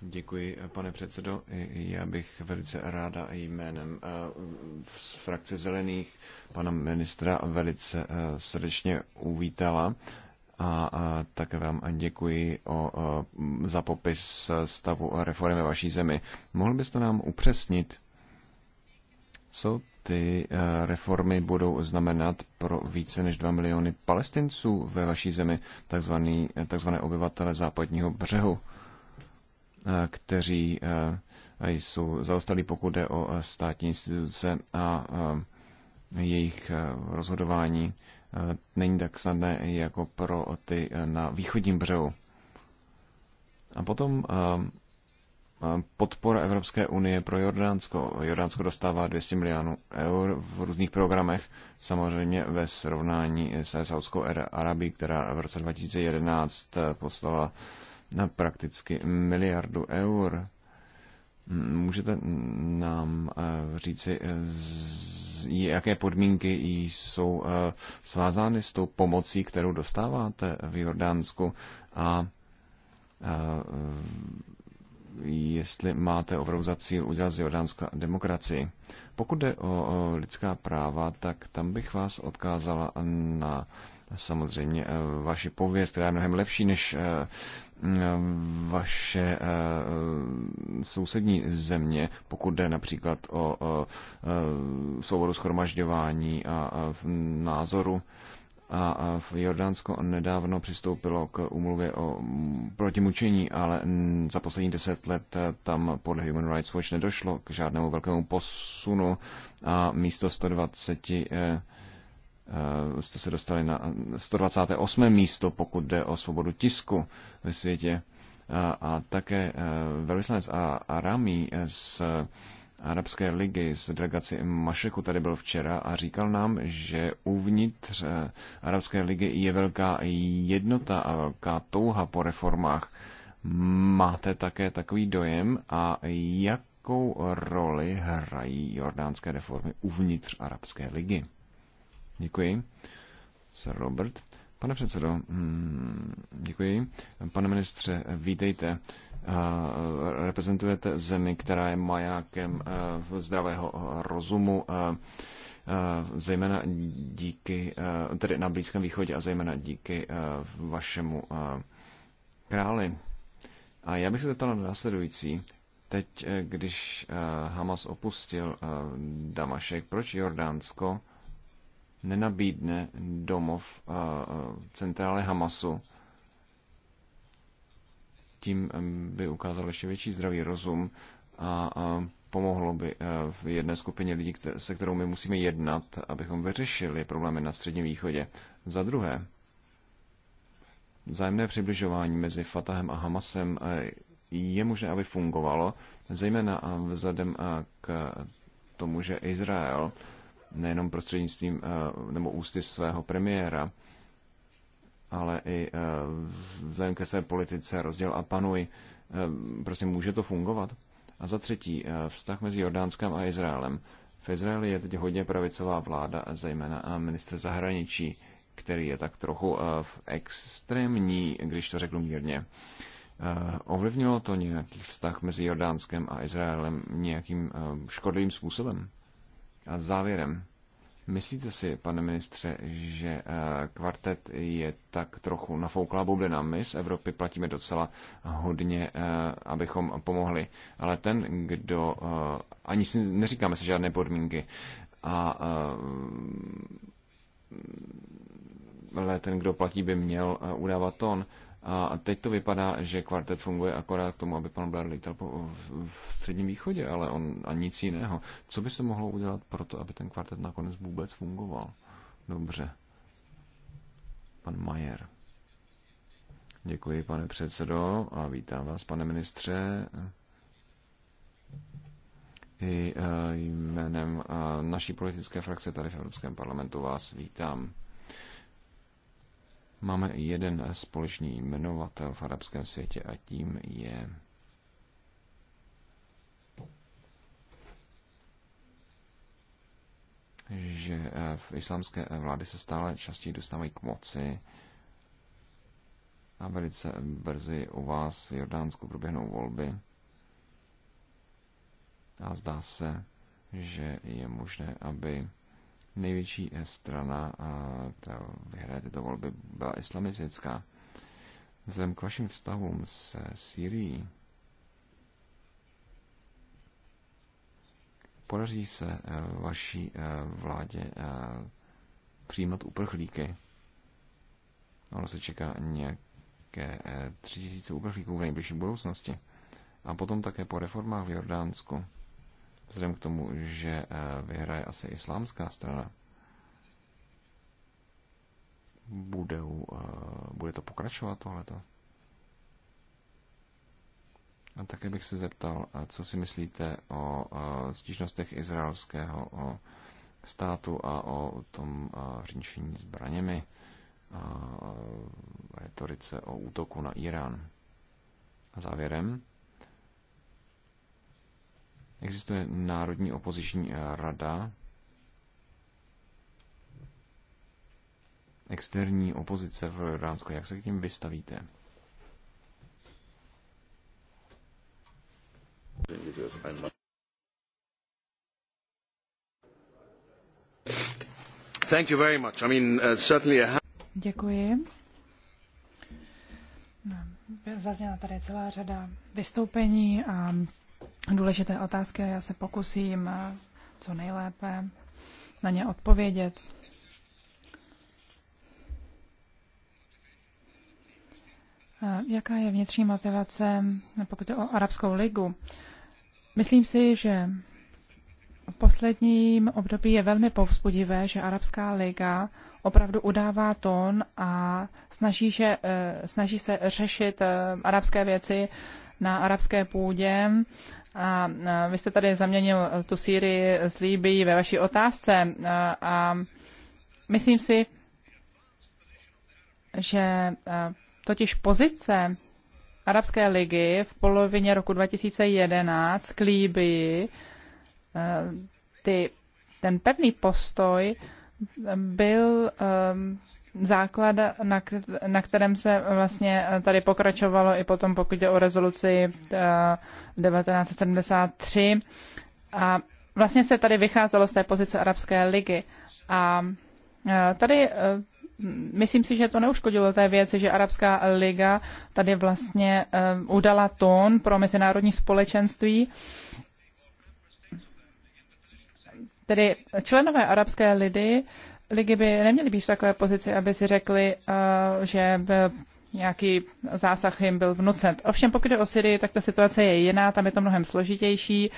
A: Děkuji, eh, pane předsedo. Já bych velice ráda jménem eh, z frakce Zelených pana ministra velice srdečně uvítala a, a také vám děkuji o, o, za popis stavu reformy vaší zemi. Mohl byste nám upřesnit, co ty e, reformy budou znamenat pro více než 2 miliony palestinců ve vaší zemi, takzvaný, e, takzvané obyvatele západního břehu, e, kteří jsou zaostalí, pokud jde o státní instituce a jejich rozhodování není tak snadné jako pro ty eh, na východním břehu. A potom eh, eh, podpora Evropské unie pro Jordánsko. Jordánsko dostává 200 milionů eur v různých programech, samozřejmě ve srovnání se Saudskou Arabí, která v roce 2011 poslala na prakticky miliardu eur Můžete nám eh, říci, eh, jaké podmínky jsou eh, svázány s tou pomocí, kterou dostáváte v Jordánsku a jestli máte opravdu za cíl udělat z Jordánska demokracii. Pokud jde o lidská práva, tak tam bych vás odkázala na samozřejmě vaši pověst, která je mnohem lepší než vaše eh, sousední země, pokud jde například o eh, souboru schromažďování a názoru. A v Jordánsko nedávno přistoupilo k umluvě o protimučení, ale za poslední deset let eh, tam podle Human Rights Watch nedošlo k žádnému velkému posunu a místo 120 Eh, jste se dostali na 128. místo, pokud jde o svobodu tisku ve světě. A, eh, a také eh, velvyslanec Arami z Arabské ligy z delegaci Mašeku tady byl včera a říkal nám, že uvnitř Arabské ligy je velká jednota a velká touha po reformách. Máte také takový dojem a jakou roli hrají jordánské reformy uvnitř Arabské ligy? Děkuji. Sir Robert. Pane předsedo, mm, děkuji. Pane ministře, vítejte. E, reprezentujete zemi, která je majákem e, zdravého rozumu, e, zejména díky, tedy na Blízkém východě a zejména díky vašemu králi. A já bych se zeptal na následující. Teď, když Hamas opustil Damašek, proč Jordánsko nenabídne domov eh, eh, centrále Hamasu, tím by ukázal ještě větší zdravý rozum a pomohlo by eh, v jedné skupině lidí, se kterou my musíme jednat, abychom vyřešili problémy na Středním východě. Za druhé, vzájemné přibližování mezi Fatahem a Hamasem je možné, aby fungovalo, zejména vzhledem k tomu, že Izrael nejenom prostřednictvím eh, nebo ústy svého premiéra, ale i eh, vzhledem ke své politice rozděl a panuj, prostě může to fungovat. A za třetí, vztah mezi Jordánskem a Izraelem. V Izraeli je teď hodně pravicová vláda, zejména a ministr zahraničí, který je tak trochu v extrémní, když to řeknu mírně. Ovlivnilo to nějaký vztah mezi Jordánskem a Izraelem nějakým škodlivým způsobem? A závěrem. Myslíte si, pane ministře, že eh, kvartet je tak trochu nafouklá bublina? My z Evropy platíme docela hodně, eh, abychom pomohli, ale ten, kdo eh, ani si neříkáme si žádné podmínky a ale ten, kdo platí, by měl udávat tón. A teď to vypadá, že kvartet funguje akorát k tomu, aby pan Blair lítal po, v středním východě, ale on a nic jiného. Co by se mohlo udělat pro to, aby ten kvartet nakonec vůbec fungoval? Dobře. Pan Majer. Děkuji, pane předsedo, a vítám vás, pane ministře. I eh, jménem eh, naší politické frakce tady v Evropském parlamentu vás vítám. Máme jeden společný jmenovatel v arabském světě a tím je že eh, v islámské vlády se stále častěji dostávají k moci a velice brzy u vás v Jordánsku proběhnou volby a zdá se, že je možné, aby největší eh, strana, ta vyhraje tyto volby, byla islamistická. Vzhledem k vašim vztahům se Syrií, podaří se eh, vaší eh, vládě přijímat uprchlíky? Ono se čeká nějaké tři tisíce uprchlíků v nejbližší budoucnosti. A potom také po reformách v Jordánsku vzhledem k tomu, že eh, vyhraje asi islámská strana, bude, eh, bude to pokračovat tohleto? A také bych se zeptal, eh, co si myslíte o stížnostech izraelského o státu a o tom řinčení zbraněmi a retorice o útoku na Irán. A závěrem, Existuje Národní opoziční eh, rada, externí opozice v Jordánsku. Jak se k tím vystavíte?
B: Thank you very much. I mean, uh, certainly a...
D: Děkuji. Zazněla tady celá řada vystoupení a důležité otázky a já se pokusím eh, co nejlépe na ně odpovědět. Eh, jaká je vnitřní motivace, pokud je o Arabskou ligu? Myslím si, že v posledním období je velmi povzbudivé, že Arabská liga opravdu udává tón a snaží, že, eh, snaží se řešit arabské věci na arabské půdě a vy jste tady zaměnil eh, tu Sýrii s Líbí ve vaší otázce a, a myslím si, že totiž pozice Arabské ligy v polovině roku 2011 k Líbii, ty, ten pevný postoj byl základ, na, na kterém se vlastně eh, tady pokračovalo i potom, pokud jde o rezoluci 1973. Eh, A vlastně se tady vycházelo z té pozice Arabské ligy. A eh, tady myslím si, že to neuškodilo té věci, že Arabská liga tady vlastně udala tón pro mezinárodní společenství. Tedy členové Arabské lidy ligy by neměly být v takové pozici, aby si řekli, eh, že nějaký zásah jim byl vnucen. Ovšem, pokud je o Syrii, tak ta situace je jiná, tam je to mnohem složitější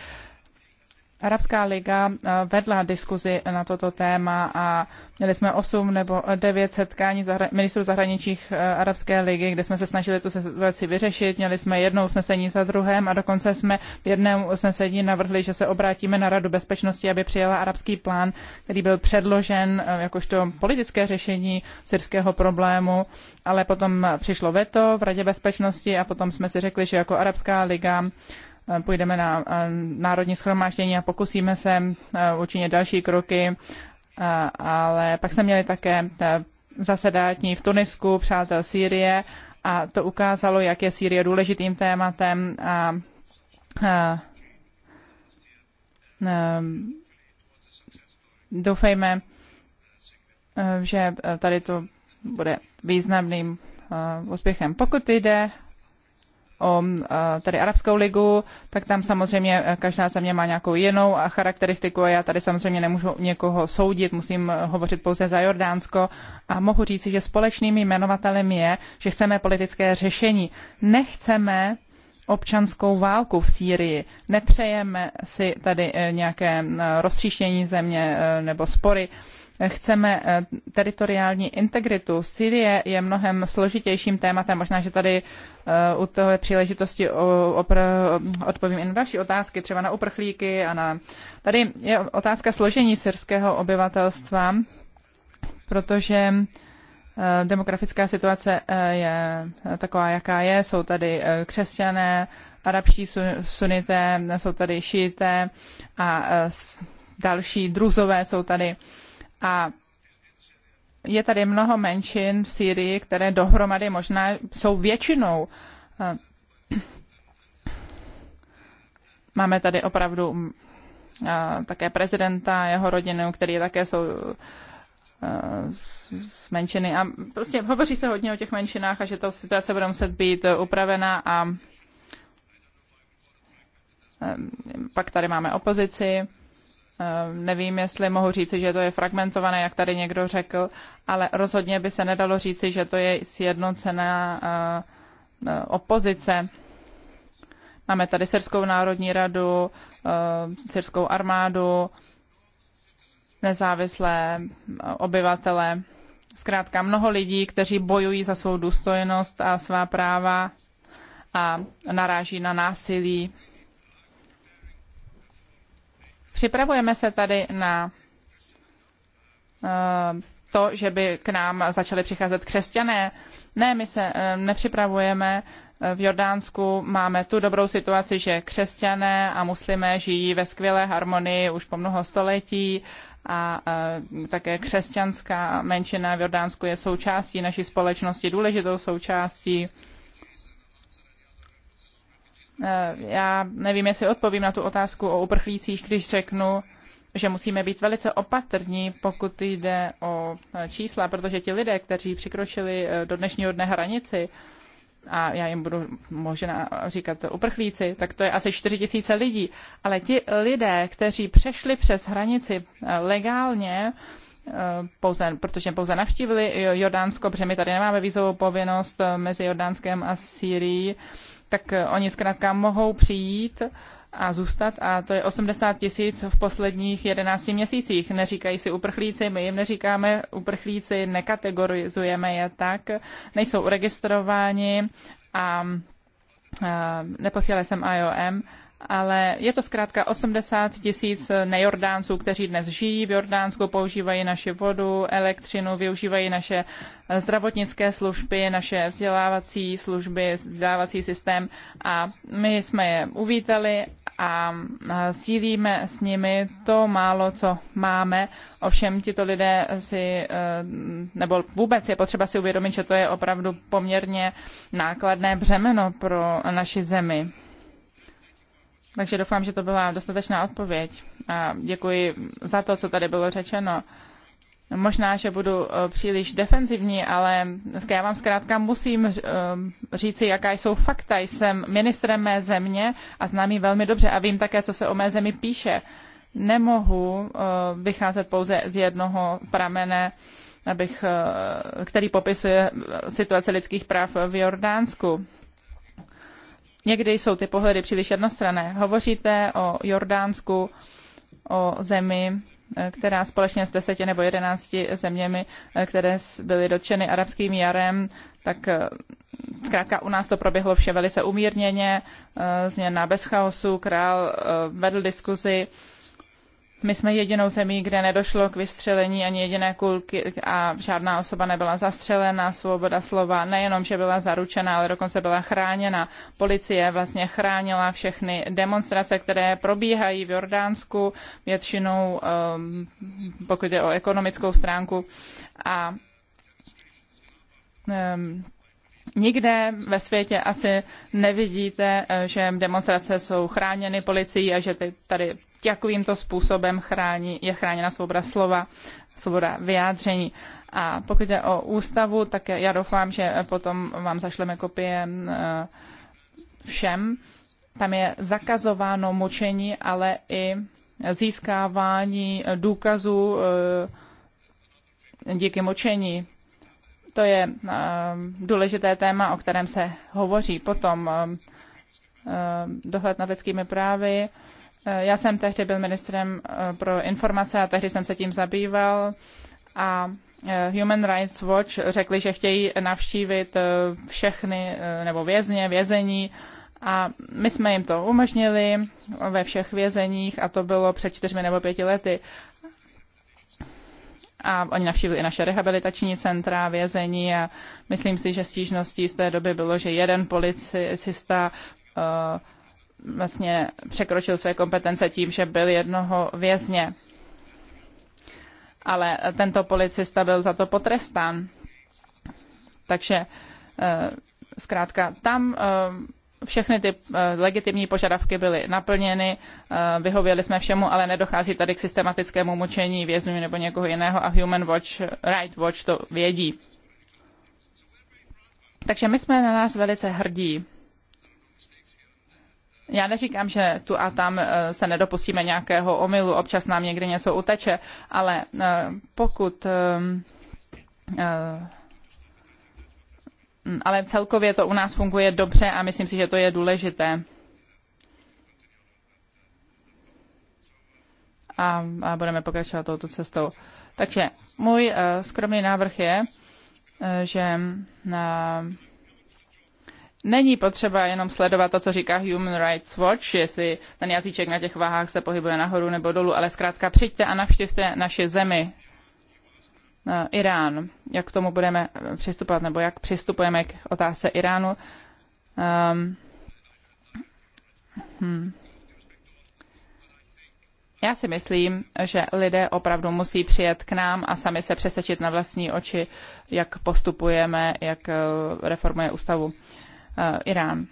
D: Arabská liga eh, vedla diskuzi na toto téma a měli jsme 8 nebo 9 setkání zahra- ministrů zahraničích eh, Arabské ligy, kde jsme se snažili tu situaci vyřešit. Měli jsme jedno usnesení za druhém a dokonce jsme v jednom usnesení navrhli, že se obrátíme na Radu bezpečnosti, aby přijela arabský plán, který byl předložen eh, jakožto politické řešení syrského problému, ale potom přišlo veto v Radě bezpečnosti a potom jsme si řekli, že jako Arabská liga Eh, půjdeme na eh, národní schromáždění a pokusíme se eh, učinit další kroky, ale pak jsme měli také zasedání v Tunisku, přátel Sýrie, a to ukázalo, jak je Sýrie důležitým tématem a, a, a doufejme, že tady to bude významným úspěchem. Pokud jde o tady Arabskou ligu, tak tam samozřejmě e, každá země má nějakou jinou charakteristiku a já tady samozřejmě nemůžu někoho soudit, musím e, hovořit pouze za Jordánsko a mohu říci, že společným jmenovatelem je, že chceme politické řešení. Nechceme občanskou válku v Sýrii. Nepřejeme si tady e, nějaké rozstříštění země nebo spory chceme eh, teritoriální integritu. Syrie je mnohem složitějším tématem, možná, že tady eh, u toho je příležitosti odpovím i na další otázky, třeba na uprchlíky a na... Tady je otázka složení syrského obyvatelstva, protože eh, demografická situace je taková, jaká je. Jsou tady křesťané, arabští sunité, jsou tady šíité a další druzové jsou tady. A je tady mnoho menšin v Sýrii, které dohromady možná jsou většinou. Eh, máme tady opravdu mm, eh, také prezidenta, a jeho rodinu, který také jsou eh, z menšiny. A prostě hovoří se hodně o těch menšinách a že ta situace bude muset být upravená a pak tady máme opozici Eh, nevím, jestli mohu říci, že to je fragmentované, jak tady někdo řekl, ale rozhodně by se nedalo říci, že to je sjednocená eh, eh, opozice. Máme tady Syrskou národní radu, Syrskou armádu, nezávislé obyvatele, zkrátka mnoho lidí, kteří bojují za svou důstojnost a svá práva a naráží na násilí Připravujeme se tady na eh, to, že by k nám začaly přicházet křesťané. Ne, my se eh, nepřipravujeme. V Jordánsku máme tu dobrou situaci, že křesťané a muslimé žijí ve skvělé harmonii už po mnoho století a eh, také křesťanská menšina v Jordánsku je součástí naší společnosti, důležitou součástí. Eh, já nevím, jestli odpovím na tu otázku o uprchlících, když řeknu, že musíme být velice opatrní, pokud jde o eh, čísla, protože ti lidé, kteří přikročili eh, do dnešního dne hranici, a já jim budu možná říkat uprchlíci, tak to je asi 4 tisíce lidí. Ale ti lidé, kteří přešli přes hranici legálně, pouze, protože pouze navštívili Jordánsko, protože my tady nemáme vízovou povinnost mezi Jordánskem a Sýrií, tak eh, oni zkrátka mohou přijít a zůstat a to je 80 tisíc v posledních 11 měsících. Neříkají si uprchlíci, my jim neříkáme uprchlíci, nekategorizujeme je tak, nejsou registrováni a, a eh, neposílali jsem IOM ale je to zkrátka 80 tisíc nejordánců, kteří dnes žijí v Jordánsku, používají naši vodu, elektřinu, využívají naše zdravotnické služby, naše vzdělávací služby, vzdělávací systém a my jsme je uvítali a sdílíme s nimi to málo, co máme. Ovšem tito lidé si, e, nebo vůbec je potřeba si uvědomit, že to je opravdu poměrně nákladné břemeno pro naši zemi. Takže doufám, že to byla dostatečná odpověď. A děkuji za to, co tady bylo řečeno. Možná, že budu eh, příliš defenzivní, ale já vám zkrátka musím eh, říci, jaká jsou fakta. Jsem ministrem mé země a znám ji velmi dobře a vím také, co se o mé zemi píše. Nemohu eh, vycházet pouze z jednoho pramene, abych, který popisuje situaci lidských práv v Jordánsku. Někdy jsou ty pohledy příliš jednostrané. Hovoříte o Jordánsku, o zemi, eh, která společně s deseti nebo jedenácti zeměmi, eh, které byly dotčeny arabským jarem, tak eh, zkrátka u nás to proběhlo vše velice umírněně, změna bez chaosu, král vedl diskuzi my jsme jedinou zemí, kde nedošlo k vystřelení ani jediné kulky a žádná osoba nebyla zastřelena. Svoboda slova nejenom, že byla zaručena, ale dokonce byla chráněna. Policie vlastně chránila všechny demonstrace, které probíhají v Jordánsku, většinou um, pokud je o ekonomickou stránku. A um, Nikde ve světě asi nevidíte, eh, že demonstrace jsou chráněny policií a že tady takovýmto způsobem chrání, je chráněna svoboda slova, svoboda vyjádření. A pokud je o ústavu, tak já doufám, že potom vám zašleme kopie mm, eh, všem. Tam je zakazováno mučení, ale i získávání důkazů eh, díky mučení. To je eh, důležité téma, o kterém se hovoří potom eh, eh, dohled nad lidskými právy. Já jsem tehdy byl ministrem pro informace a tehdy jsem se tím zabýval a Human Rights Watch řekli, že chtějí navštívit všechny nebo vězně, vězení a my jsme jim to umožnili ve všech vězeních a to bylo před čtyřmi nebo pěti lety a oni navštívili i naše rehabilitační centra, vězení a myslím si, že stížností z té doby bylo, že jeden policista uh, vlastně překročil své kompetence tím, že byl jednoho vězně. Ale tento policista byl za to potrestán. Takže uh, zkrátka tam uh, všechny ty eh, legitimní požadavky byly naplněny, eh, vyhověli jsme všemu, ale nedochází tady k systematickému mučení vězňů nebo někoho jiného a Human Watch, Right Watch to vědí. Takže my jsme na nás velice hrdí. Já neříkám, že tu a tam eh, se nedopustíme nějakého omylu, občas nám někdy něco uteče, ale pokud Mm, ale celkově to u nás funguje dobře a myslím si, že to je důležité. A, a budeme pokračovat touto cestou. Takže můj uh, skromný návrh je, uh, že uh, není potřeba jenom sledovat to, co říká Human Rights Watch, jestli ten jazyček na těch váhách se pohybuje nahoru nebo dolů, ale zkrátka přijďte a navštivte naše zemi, Eh, Irán, jak k tomu budeme přistupovat, nebo jak přistupujeme k otázce Iránu. Um, hmm. Já si myslím, že lidé opravdu musí přijet k nám a sami se přesvědčit na vlastní oči, jak postupujeme, jak eh, reformuje ústavu eh, Irán.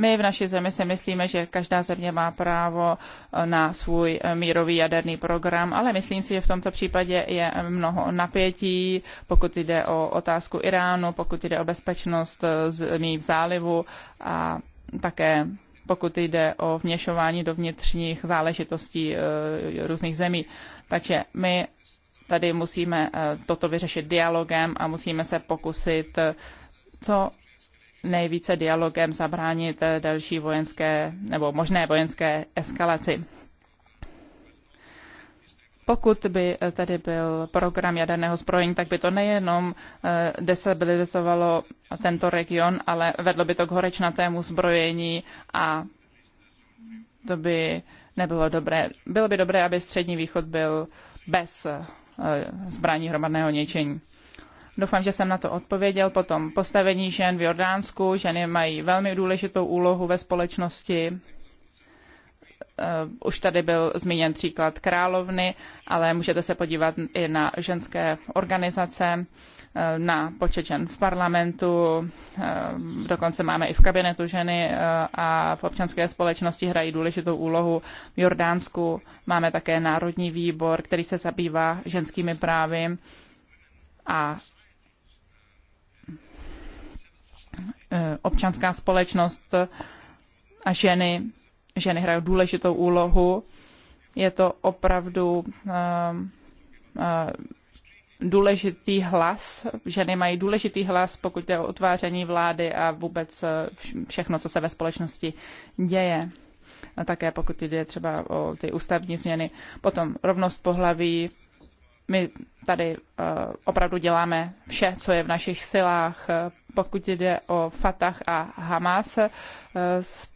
D: My v naší zemi si myslíme, že každá země má právo eh, na svůj eh, mírový jaderný program, ale myslím si, že v tomto případě je mnoho napětí, pokud jde o otázku Iránu, pokud jde o bezpečnost eh, zemí v zálivu a také pokud jde o vněšování do vnitřních záležitostí různých zemí. Takže my tady musíme toto vyřešit dialogem a musíme se pokusit co nejvíce dialogem zabránit eh, další vojenské nebo možné vojenské eskalaci. Pokud by eh, tedy byl program jaderného zbrojení, tak by to nejenom eh, destabilizovalo tento region, ale vedlo by to k horečnatému zbrojení a to by nebylo dobré. Bylo by dobré, aby Střední východ byl bez zbraní hromadného ničení. Doufám, že jsem na to odpověděl. Potom postavení žen v Jordánsku. Ženy mají velmi důležitou úlohu ve společnosti. Eh, už tady byl zmíněn příklad královny, ale můžete se podívat i na ženské organizace, eh, na počet žen v parlamentu, eh, dokonce máme i v kabinetu ženy a v občanské společnosti hrají důležitou úlohu. V Jordánsku máme také Národní výbor, který se zabývá ženskými právy a Eh, občanská společnost a ženy, ženy hrají důležitou úlohu. Je to opravdu eh, eh, důležitý hlas, ženy mají důležitý hlas, pokud jde o utváření vlády a vůbec všechno, co se ve společnosti děje. A také pokud jde třeba o ty ústavní změny. Potom rovnost pohlaví, my tady eh, opravdu děláme vše, co je v našich silách. Pokud jde o Fatah a Hamas, eh, s,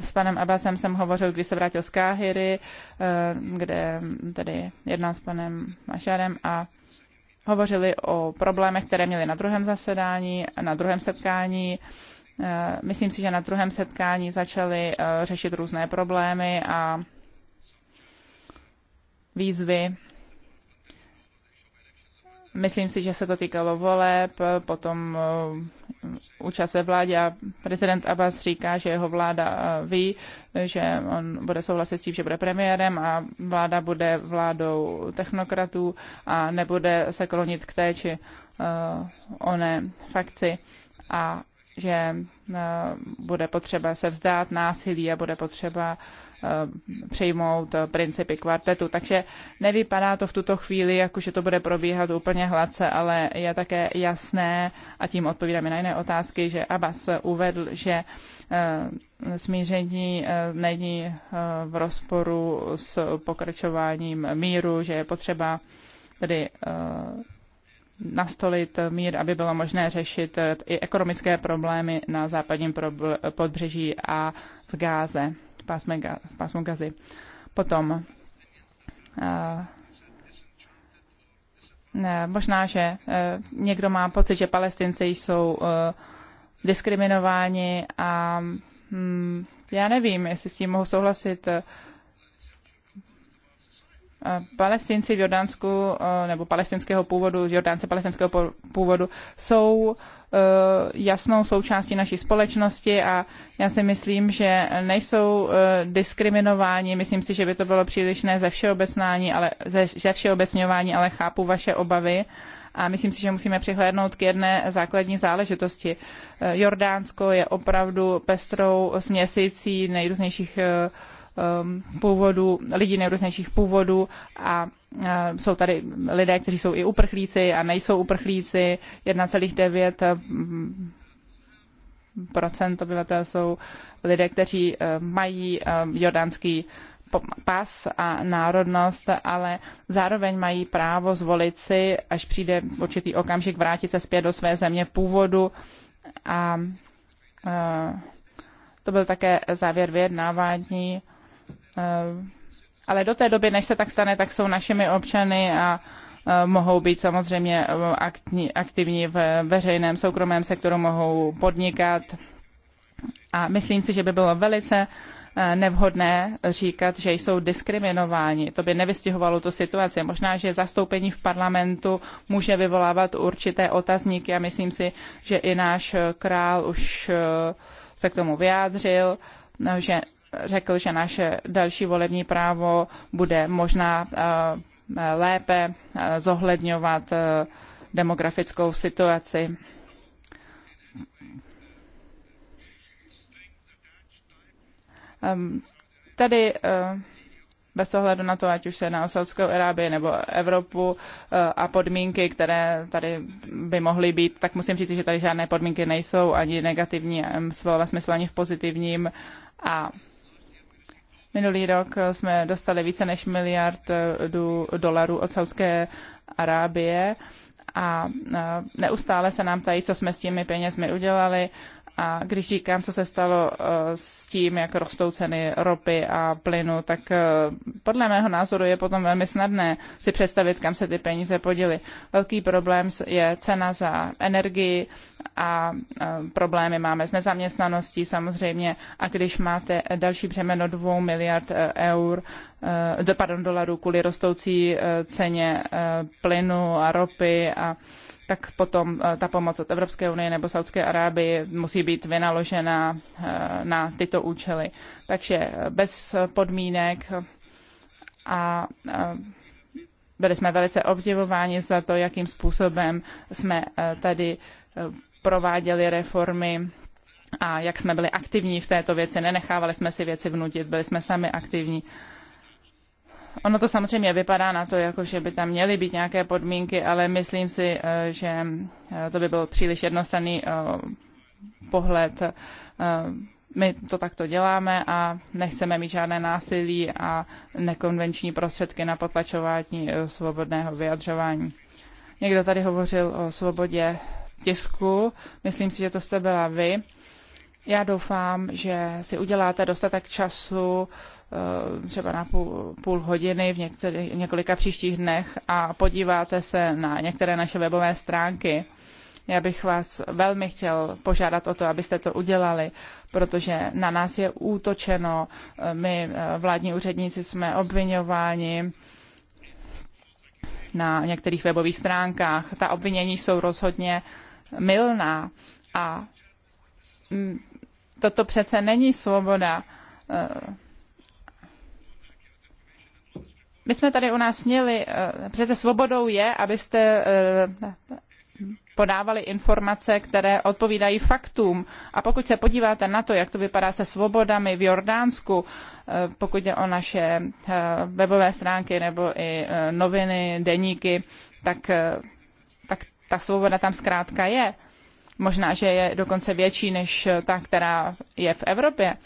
D: s panem Abbasem jsem hovořil, když se vrátil z Káhyry, eh, kde tady jednal s panem Mašarem a hovořili o problémech, které měli na druhém zasedání, na druhém setkání. Myslím si, že na druhém setkání začali řešit různé problémy a výzvy Myslím si, že se to týkalo voleb, potom eh, účast ve vládě a prezident Abbas říká, že jeho vláda eh, ví, že on bude souhlasit s tím, že bude premiérem a vláda bude vládou technokratů a nebude se klonit k té či uh, eh, oné fakci a že uh, bude potřeba se vzdát násilí a bude potřeba uh, Eh, přijmout eh, principy kvartetu. Takže nevypadá to v tuto chvíli, jako že to bude probíhat úplně hladce, ale je také jasné, a tím odpovídáme na jiné otázky, že Abbas uvedl, že eh, smíření není v rozporu s pokračováním míru, že je potřeba tedy nastolit mír, aby bylo možné řešit i ekonomické problémy na západním podbřeží a v Gáze pásme, pásmu Gazy. Potom eh, možná, že eh, někdo má pocit, že palestinci jsou eh, diskriminováni a hm, já nevím, jestli s tím mohu souhlasit. Palestinci v Jordánsku, nebo palestinského původu, Jordánce palestinského původu, jsou Eh, jasnou součástí naší společnosti a já si myslím, že nejsou eh, diskriminováni. Myslím si, že by to bylo přílišné ze všeobecnání, ale ze, ze všeobecňování, ale chápu vaše obavy. A myslím si, že musíme přihlédnout k jedné základní záležitosti. Eh, Jordánsko je opravdu pestrou směsicí nejrůznějších Um, původu, lidí nejrůznějších původů a uh, jsou tady lidé, kteří jsou i uprchlíci a nejsou uprchlíci, 1,9 um, procent obyvatel jsou lidé, kteří um, mají jordánský pas a národnost, ale zároveň mají právo zvolit si, až přijde určitý okamžik, vrátit se zpět do své země původu. A uh, to byl také závěr vyjednávání Eh, ale do té doby, než se tak stane, tak jsou našimi občany a eh, mohou být samozřejmě eh, aktivní v veřejném, soukromém sektoru, mohou podnikat. A myslím si, že by bylo velice nevhodné říkat, že jsou diskriminováni. To by nevystihovalo tu situaci. Možná, že zastoupení v parlamentu může vyvolávat určité otazníky a myslím si, že i náš král už se k tomu vyjádřil, že řekl, že naše další volební právo bude možná eh, lépe eh, zohledňovat eh, demografickou situaci. Ehm, tady bez ohledu na to, ať už se na Osadskou Arábii nebo Evropu a podmínky, které tady by mohly být, tak musím říct, že tady žádné podmínky nejsou, ani negativní ehm, slova smyslu, ani v pozitivním. A Minulý rok jsme dostali více než miliard eh, dolarů od Saudské Arábie a eh, neustále se nám tají, co jsme s těmi penězmi udělali. A když říkám, co se stalo eh, s tím, jak rostou ceny ropy a plynu, tak eh, podle mého názoru je potom velmi snadné si představit, kam se ty peníze poděly. Velký problém je cena za energii a eh, problémy máme s nezaměstnaností samozřejmě. A když máte další břemeno 2 miliard eur, pardon, dolarů kvůli rostoucí ceně plynu a ropy a tak potom eh, ta pomoc od Evropské unie nebo Saudské Arábie musí být vynaložena eh, na tyto účely. Takže eh, bez podmínek a byli jsme velice obdivováni za to, jakým způsobem jsme tady prováděli reformy a jak jsme byli aktivní v této věci. Nenechávali jsme si věci vnutit, byli jsme sami aktivní. Ono to samozřejmě vypadá na to, jako že by tam měly být nějaké podmínky, ale myslím si, eh, že eh, to by byl příliš jednostranný eh, pohled. My to takto děláme a nechceme mít žádné násilí a nekonvenční prostředky na potlačování svobodného vyjadřování. Někdo tady hovořil o svobodě tisku. Myslím si, že to jste byla vy. Já doufám, že si uděláte dostatek času Eh, třeba na půl, půl hodiny v některých, několika příštích dnech a podíváte se na některé naše webové stránky. Já bych vás velmi chtěl požádat o to, abyste to udělali, protože na nás je útočeno, eh, my eh, vládní úředníci jsme obvinováni na některých webových stránkách. Ta obvinění jsou rozhodně mylná a mm, toto přece není svoboda my jsme tady u nás měli, eh, přece svobodou je, abyste eh, podávali informace, které odpovídají faktům. A pokud se podíváte na to, jak to vypadá se svobodami v Jordánsku, eh, pokud je o naše webové stránky nebo i noviny, deníky, tak, tak ta svoboda tam zkrátka je. Možná, že je dokonce větší než ta, která je v Evropě.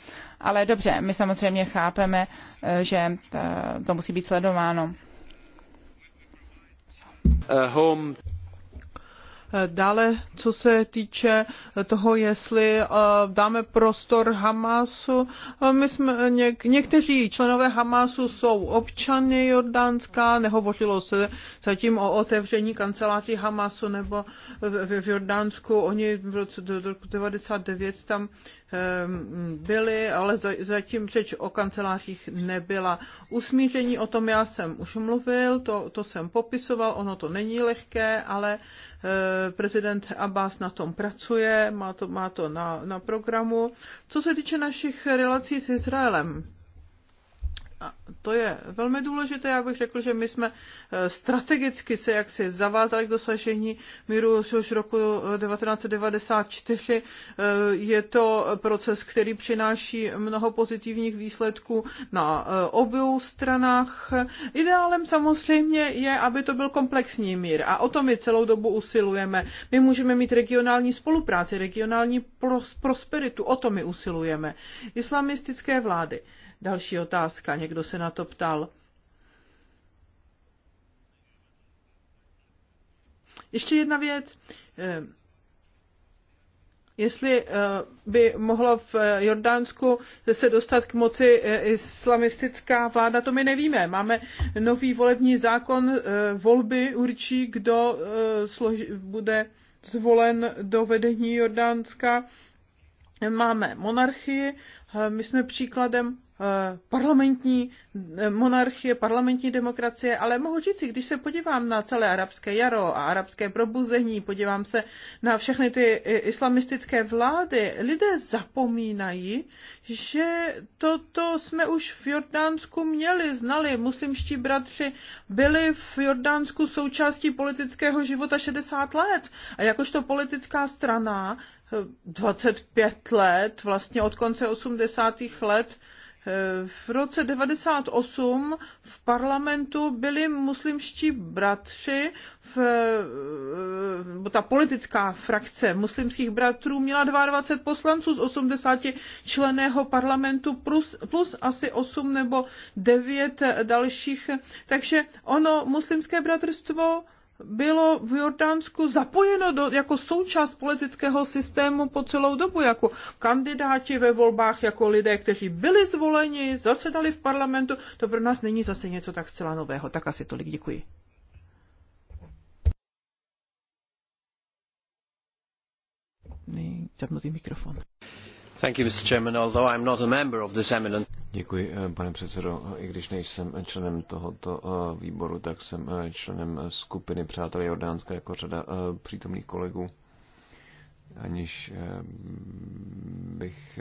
D: Ale dobře, my samozřejmě chápeme, eh, že eh, to musí být sledováno.
B: Eh, home.
C: Dále, co se týče toho, jestli eh, dáme prostor Hamasu, eh, my jsme, něk, někteří členové Hamasu jsou občany Jordánska, nehovořilo se zatím o otevření kanceláří Hamasu nebo v, v Jordánsku, oni v roce 99 tam eh, byli, ale zatím řeč o kancelářích nebyla. Usmíření o tom já jsem už mluvil, to, to jsem popisoval, ono to není lehké, ale Eh, prezident Abbas na tom pracuje, má to, má to na, na programu. Co se týče našich relací s Izraelem, a to je velmi důležité. Já bych řekl, že my jsme eh, strategicky se jaksi zavázali k dosažení míru už roku 1994. Eh, eh, je to proces, který přináší mnoho pozitivních výsledků na obou stranách. Ideálem samozřejmě je, aby to byl komplexní mír a o to my celou dobu usilujeme. My můžeme mít regionální spolupráci, regionální pros prosperitu, o to my usilujeme. Islamistické vlády další otázka, někdo se na to ptal. Ještě jedna věc. Eh, jestli eh, by mohla v eh, Jordánsku se dostat k moci islamistická vláda, to my nevíme. Máme nový volební zákon, volby určí, kdo bude zvolen do vedení Jordánska. Máme monarchii, my jsme příkladem Eh, parlamentní eh, monarchie, parlamentní demokracie, ale mohu říct, když se podívám na celé arabské jaro a arabské probuzení, podívám se na všechny ty eh, islamistické vlády, lidé zapomínají, že toto jsme už v Jordánsku měli, znali. Muslimští bratři byli v Jordánsku součástí politického života 60 let a jakožto politická strana 25 let, vlastně od konce 80. let, v roce 98 v parlamentu byli muslimští bratři, v, eh, ta politická frakce muslimských bratrů měla 22 poslanců z 80 členého parlamentu plus, plus asi 8 nebo 9 dalších. Takže ono muslimské bratrstvo bylo v Jordánsku zapojeno do, jako součást politického systému po celou dobu, jako kandidáti ve volbách, jako lidé, kteří byli zvoleni, zasedali v parlamentu. To pro nás není zase něco tak zcela nového. Tak asi tolik děkuji. Zapnutý mikrofon.
A: Thank you, Mr. Chairman. Although I'm not a member of this eminent... Děkuji, eh, pane předsedo. Eh, I když nejsem členem tohoto eh, výboru, tak jsem členem skupiny Přátelé Jordánska jako řada přítomných kolegů. Aniž bych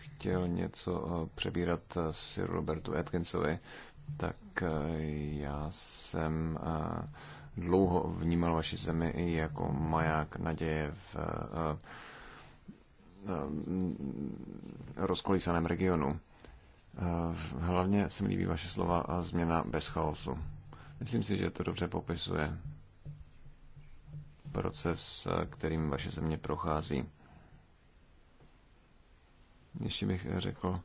A: chtěl něco přebírat s Robertu Atkinsovi, tak já jsem dlouho vnímal vaši zemi i jako maják naděje v rozkolísaném regionu. Eh, hlavně se mi líbí vaše slova a eh, změna bez chaosu. Myslím si, že to dobře popisuje proces, eh, kterým vaše země prochází. Ještě bych řekl,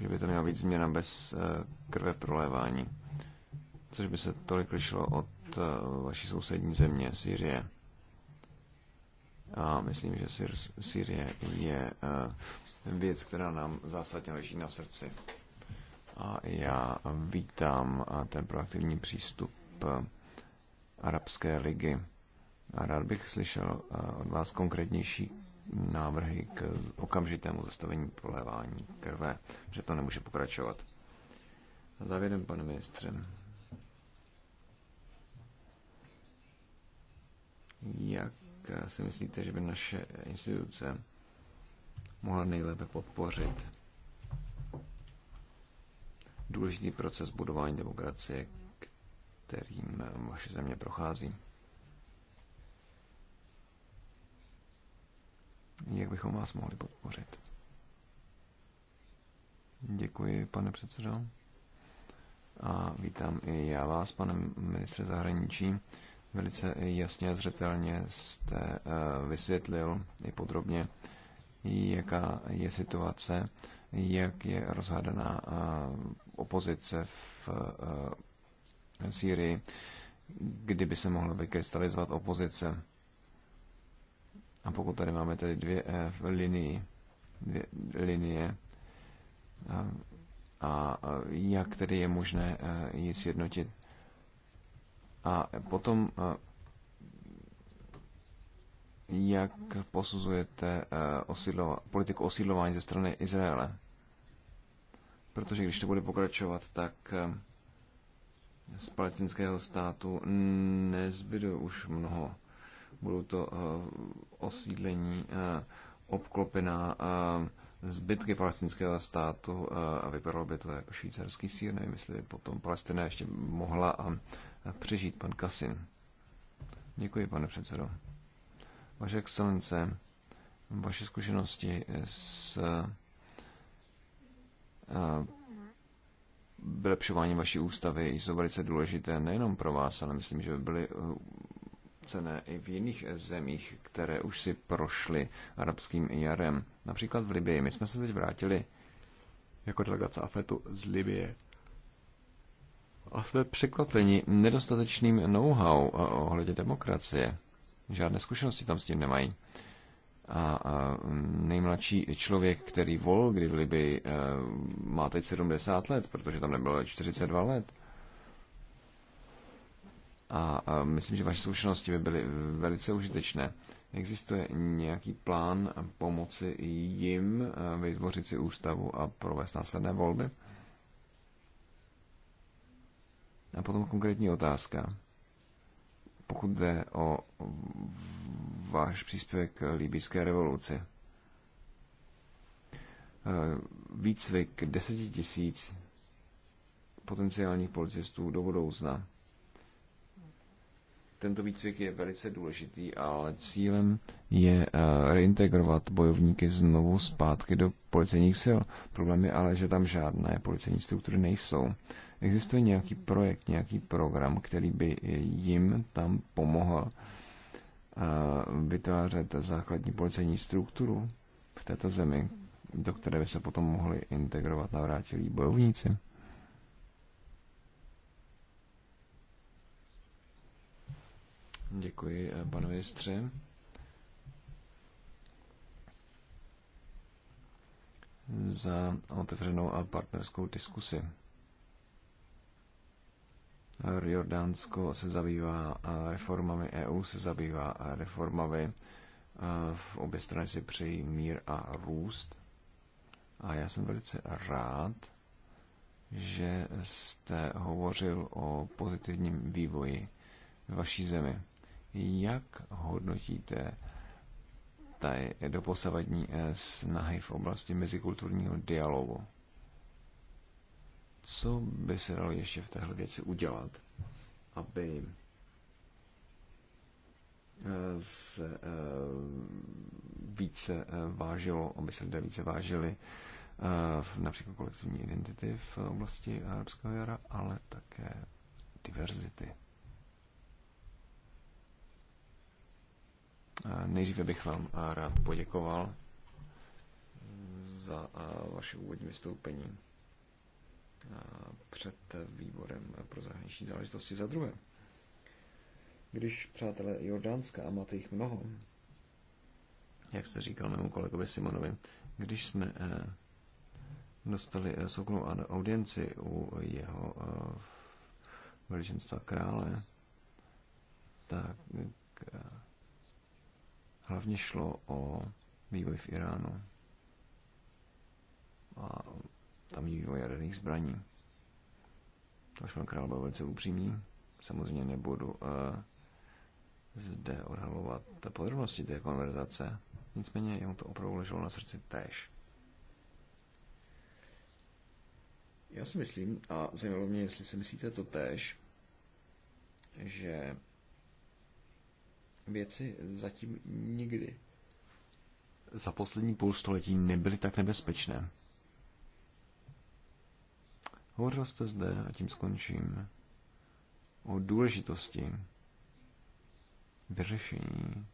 A: že by to měla být změna bez krve prolévání, což by se tolik lišilo od vaší sousední země, Sýrie. A myslím, že Syrie je e, věc, která nám zásadně leží na srdci. A já vítám e, ten proaktivní přístup e, Arabské ligy. A rád bych slyšel od vás konkrétnější návrhy k okamžitému zastavení polévání krve, že to nemůže pokračovat. Závěrem, pane ministře. Jak si myslíte, že by naše instituce mohla nejlépe podpořit důležitý proces budování demokracie, kterým vaše země prochází? Jak bychom vás mohli podpořit? Děkuji, pane předsedo. A vítám i já vás, pane ministře zahraničí. Velice jasně a zřetelně jste eh, vysvětlil i podrobně, jaká je situace, jak je rozhádaná eh, opozice v eh, Sýrii, kdyby se mohla vykrystalizovat opozice. A pokud tady máme tedy dvě F linii, dvě linie, a, a jak tedy je možné ji sjednotit? A potom, eh, jak posuzujete eh, osídlova, politiku osídlování ze strany Izraele? Protože když to bude pokračovat, tak eh, z palestinského státu nezbyde už mnoho. Budou to osídlení obklopená zbytky palestinského státu a vypadalo by to jako švýcarský sír. Nevím, jestli potom Palestina ještě mohla přežít, pan Kasin. Děkuji, pane předsedo. Vaše excelence, vaše zkušenosti s eh, vylepšování vaší ústavy jsou velice důležité nejenom pro vás, ale myslím, že by byly eh, cené i v jiných zemích, které už si prošly arabským jarem. Například v Libii. My jsme se teď vrátili jako delegace AFETu z Libie. A jsme překvapeni nedostatečným know-how eh, ohledně demokracie. Žádné zkušenosti tam s tím nemají. A, a nejmladší člověk, který vol, kdy v Libii, eh, má teď 70 let, protože tam nebylo 42 let. A, a myslím, že vaše zkušenosti by byly velice užitečné. Existuje nějaký plán pomoci jim eh, vytvořit si ústavu a provést následné volby? A potom konkrétní otázka. Pokud jde o váš příspěvek k líbijské revoluci. Eh, výcvik deseti tisíc potenciálních policistů do budoucna. Tento výcvik je velice důležitý, ale cílem je eh, reintegrovat bojovníky znovu zpátky do policejních sil. Problém je ale, že tam žádné policejní struktury nejsou. Existuje nějaký projekt, nějaký program, který by jim tam pomohl eh, vytvářet základní policejní strukturu v této zemi, do které by se potom mohli integrovat navrátilí bojovníci? Děkuji, eh, pane ministře. za otevřenou a partnerskou diskusi. Jordánsko se zabývá eh, reformami, EU se zabývá eh, reformami. Eh, v obě strany si přejí mír a růst. A já jsem velice rád, že jste hovořil o pozitivním vývoji ve vaší zemi. Jak hodnotíte tady doposavadní snahy v oblasti mezikulturního dialogu? co by se dalo ještě v téhle věci udělat, aby eh, se eh, více eh, vážilo, aby se lidé více vážili například kolektivní identity v oblasti arabského jara, ale také diverzity. Nejdříve bych vám rád poděkoval za vaše úvodní vystoupení před výborem pro zahraniční záležitosti za druhé. Když přátelé Jordánska, a máte jich mnoho, jak se říkal mému kolegovi Simonovi, když jsme eh, dostali eh, soukromou audienci u jeho eh, veličenstva krále, tak hlavně šlo o vývoj v Iránu a zastaví vývoj jaderných zbraní. Tož pan král byl velice upřímný. Samozřejmě nebudu uh, zde odhalovat podrobnosti té konverzace. Nicméně jemu to opravdu leželo na srdci též. Já si myslím, a zajímalo mě, jestli si myslíte to též, že věci zatím nikdy za poslední půl století nebyly tak nebezpečné. Hovořil jste zde, a tím skončím, o důležitosti vyřešení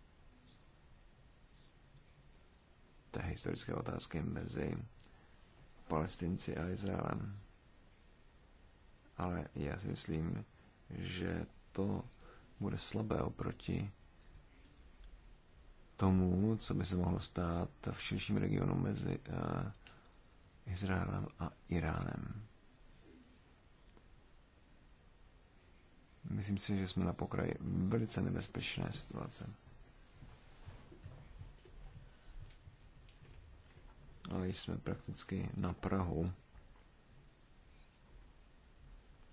A: té historické otázky mezi Palestinci a Izraelem. Ale já si myslím, že to bude slabé oproti tomu, co by se mohlo stát v širším regionu mezi eh, Izraelem a Iránem. Myslím si, že jsme na pokraji velice nebezpečné situace. Ale jsme prakticky na Prahu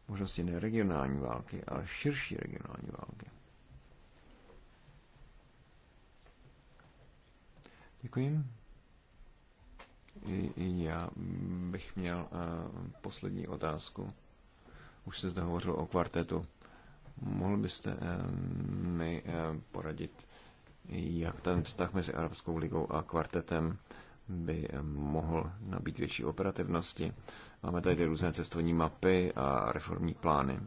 A: možnosti ne regionální války, ale širší regionální války. Děkuji. I, i já bych měl uh, poslední otázku. Už se zde hovořilo o kvartetu. Mohl byste eh, mi eh, poradit, jak ten vztah mezi Arabskou ligou a kvartetem by eh, mohl nabít větší operativnosti. Máme tady ty různé cestovní mapy a reformní plány.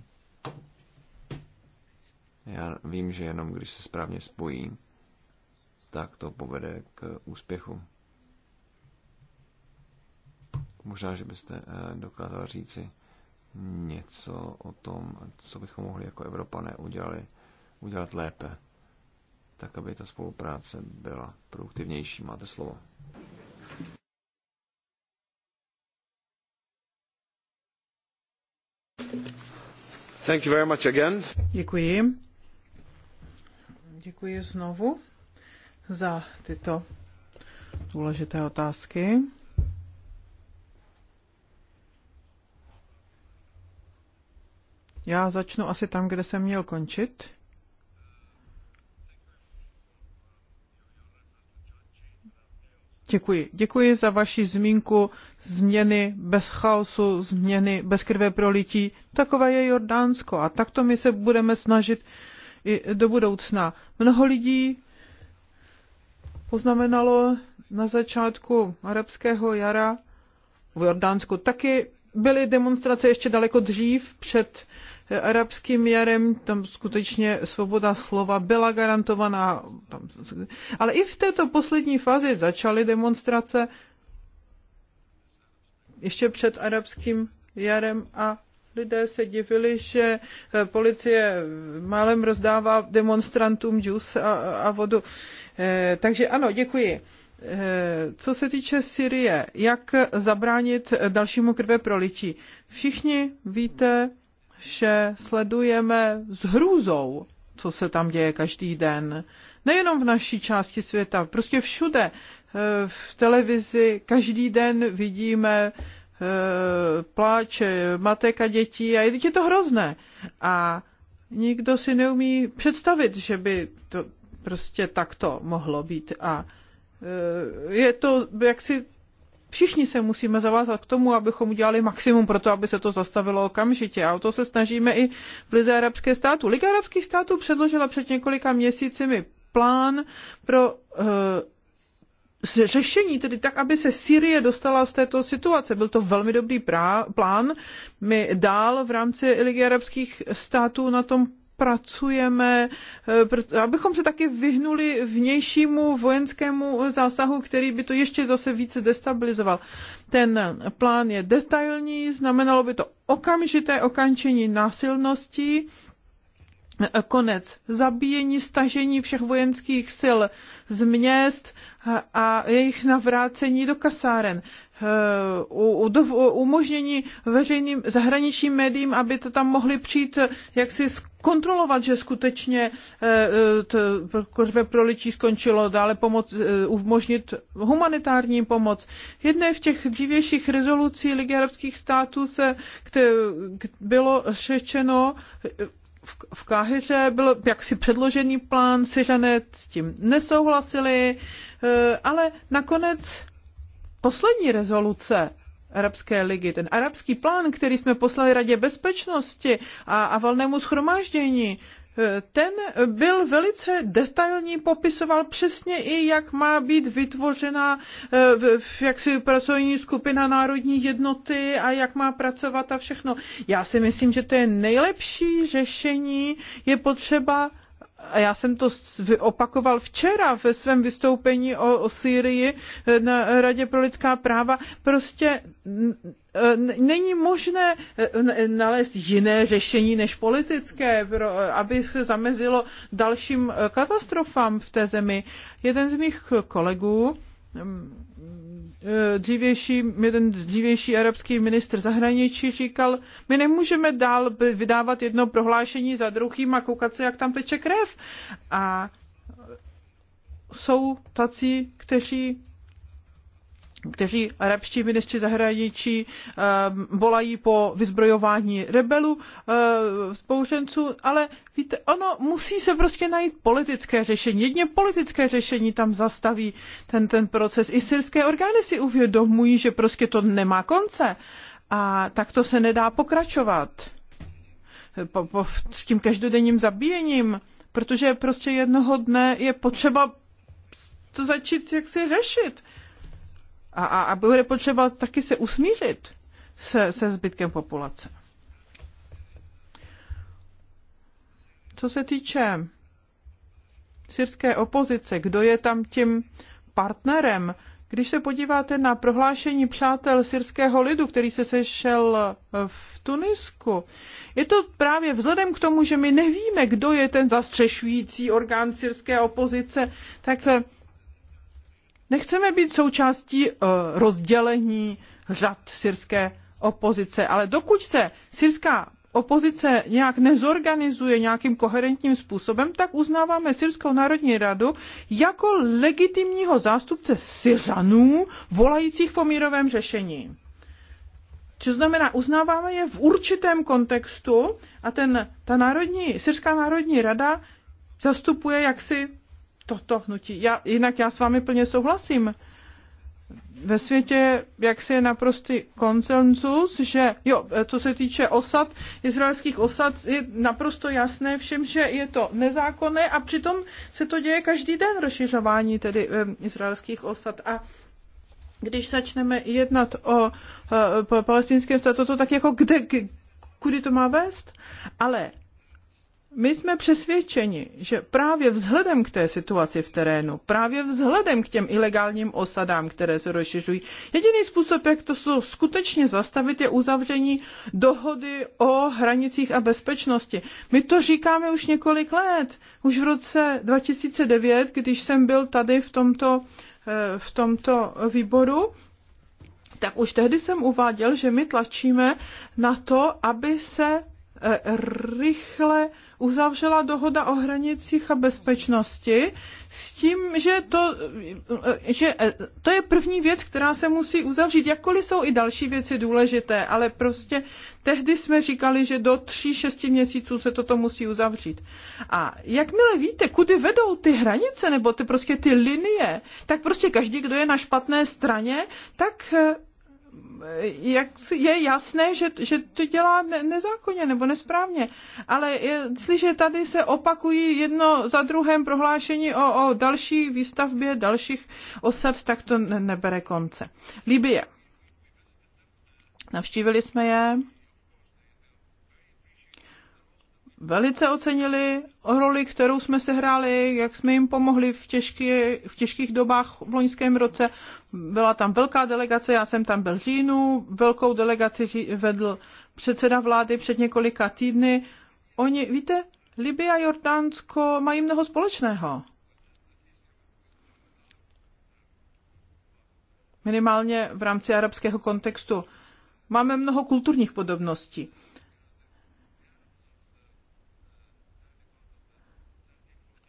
A: Já vím, že jenom když se správně spojí, tak to povede k úspěchu. Možná, že byste dokázal říci, něco o tom, co bychom mohli jako Evropané udělali, udělat lépe, tak aby ta spolupráce byla produktivnější. Máte slovo. Thank you very much again.
C: Děkuji. Děkuji znovu za tyto důležité otázky. Já začnu asi tam, kde jsem měl končit. Děkuji. Děkuji za vaši zmínku změny bez chaosu, změny bez krve prolití. Takové je Jordánsko a takto my se budeme snažit i do budoucna. Mnoho lidí poznamenalo na začátku arabského jara v Jordánsku taky byly demonstrace ještě daleko dřív před arabským jarem, tam skutečně svoboda slova byla garantovaná. Tam, ale i v této poslední fázi začaly demonstrace ještě před arabským jarem a lidé se divili, že eh, policie málem rozdává demonstrantům džus a, a vodu. E, takže ano, děkuji. E, co se týče Syrie, jak zabránit dalšímu krve prolití? Všichni víte, že sledujeme s hrůzou, co se tam děje každý den. Nejenom v naší části světa, prostě všude. Eh, v televizi každý den vidíme eh, pláče matek a dětí a je to hrozné. A nikdo si neumí představit, že by to prostě takto mohlo být. A eh, je to jaksi Všichni se musíme zavázat k tomu, abychom udělali maximum pro to, aby se to zastavilo okamžitě. A o to se snažíme i v Lize arabské státu. Liga arabských států předložila před několika měsíci mi plán pro uh, řešení, tedy tak, aby se Syrie dostala z této situace. Byl to velmi dobrý plán. My dál v rámci Ligy arabských států na tom pracujeme, eh, abychom se taky vyhnuli vnějšímu vojenskému zásahu, který by to ještě zase více destabilizoval. Ten plán je detailní, znamenalo by to okamžité okančení násilností, eh, konec zabíjení, stažení všech vojenských sil z měst eh, a jejich navrácení do kasáren umožnění veřejným zahraničním médiím, aby to tam mohli přijít jak si kontrolovat, že skutečně eh, pro ličí skončilo, dále pomoc, eh, umožnit humanitární pomoc. Jedné v těch dřívějších rezolucí Ligy arabských států se kde, bylo řečeno, v, v Káhyře byl jaksi předložený plán, Syřané s tím nesouhlasili, eh, ale nakonec poslední rezoluce Arabské ligy, ten arabský plán, který jsme poslali Radě bezpečnosti a, a valnému schromáždění, eh, ten byl velice detailní, popisoval přesně i, jak má být vytvořena eh, jaksi pracovní skupina národní jednoty a jak má pracovat a všechno. Já si myslím, že to je nejlepší řešení. Je potřeba a já jsem to opakoval včera ve svém vystoupení o, o Sýrii eh, na Radě pro lidská práva, prostě není možné eh, nalézt jiné řešení než politické, eh, aby se zamezilo dalším katastrofám v té zemi. Jeden z mých kolegů mm, Eh, dřívější, jeden dřívější arabský ministr zahraničí říkal, my nemůžeme dál vydávat jedno prohlášení za druhým a koukat se, jak tam teče krev. A jsou tací, kteří kteří arabští ministři zahraničí eh, volají po vyzbrojování rebelů, eh, spouřenců, ale víte, ono musí se prostě najít politické řešení. Jedně politické řešení tam zastaví ten, ten proces. I syrské orgány si uvědomují, že prostě to nemá konce. A tak to se nedá pokračovat po, po, s tím každodenním zabíjením, protože prostě jednoho dne je potřeba to začít jaksi řešit a, a, a bude potřeba taky se usmířit se, se zbytkem populace. Co se týče syrské opozice, kdo je tam tím partnerem, když se podíváte na prohlášení přátel syrského lidu, který se sešel e, v Tunisku, je to právě vzhledem k tomu, že my nevíme, kdo je ten zastřešující orgán syrské opozice, tak e, Nechceme být součástí eh, rozdělení řad syrské opozice, ale dokud se syrská opozice nějak nezorganizuje nějakým koherentním způsobem, tak uznáváme Syrskou národní radu jako legitimního zástupce Syřanů volajících po mírovém řešení. Což znamená, uznáváme je v určitém kontextu a ten, ta národní, Syrská národní rada zastupuje jaksi toto hnutí. Já, jinak já s vámi plně souhlasím. Ve světě, jak si je naprostý koncensus, že jo, co se týče osad, izraelských osad, je naprosto jasné všem, že je to nezákonné a přitom se to děje každý den, rozšiřování tedy izraelských osad. A když začneme jednat o, e, o palestinském statutu, tak jako kde, kudy to má vést? Ale my jsme přesvědčeni, že právě vzhledem k té situaci v terénu, právě vzhledem k těm ilegálním osadám, které se rozšiřují, jediný způsob, jak to skutečně zastavit, je uzavření dohody o hranicích a bezpečnosti. My to říkáme už několik let. Už v roce 2009, když jsem byl tady v tomto, eh, v tomto výboru, tak už tehdy jsem uváděl, že my tlačíme na to, aby se eh, rychle uzavřela dohoda o hranicích a bezpečnosti s tím, že to, že eh, to je první věc, která se musí uzavřít. Jakkoliv jsou i další věci důležité, ale prostě tehdy jsme říkali, že do tří šesti měsíců se toto musí uzavřít. A jakmile víte, kudy vedou ty hranice nebo ty prostě ty linie, tak prostě každý, kdo je na špatné straně, tak eh, jak je jasné, že, že to dělá ne, nezákonně nebo nesprávně. Ale jestliže tady se opakují jedno za druhém prohlášení o, o další výstavbě dalších osad, tak to ne, nebere konce. Libie. Navštívili jsme je velice ocenili roli, kterou jsme hráli, jak jsme jim pomohli v, těžký, v těžkých dobách v loňském roce. Byla tam velká delegace, já jsem tam byl v říjnu, velkou delegaci vedl předseda vlády před několika týdny. Oni, víte, Libie a Jordánsko mají mnoho společného. Minimálně v rámci arabského kontextu. Máme mnoho kulturních podobností.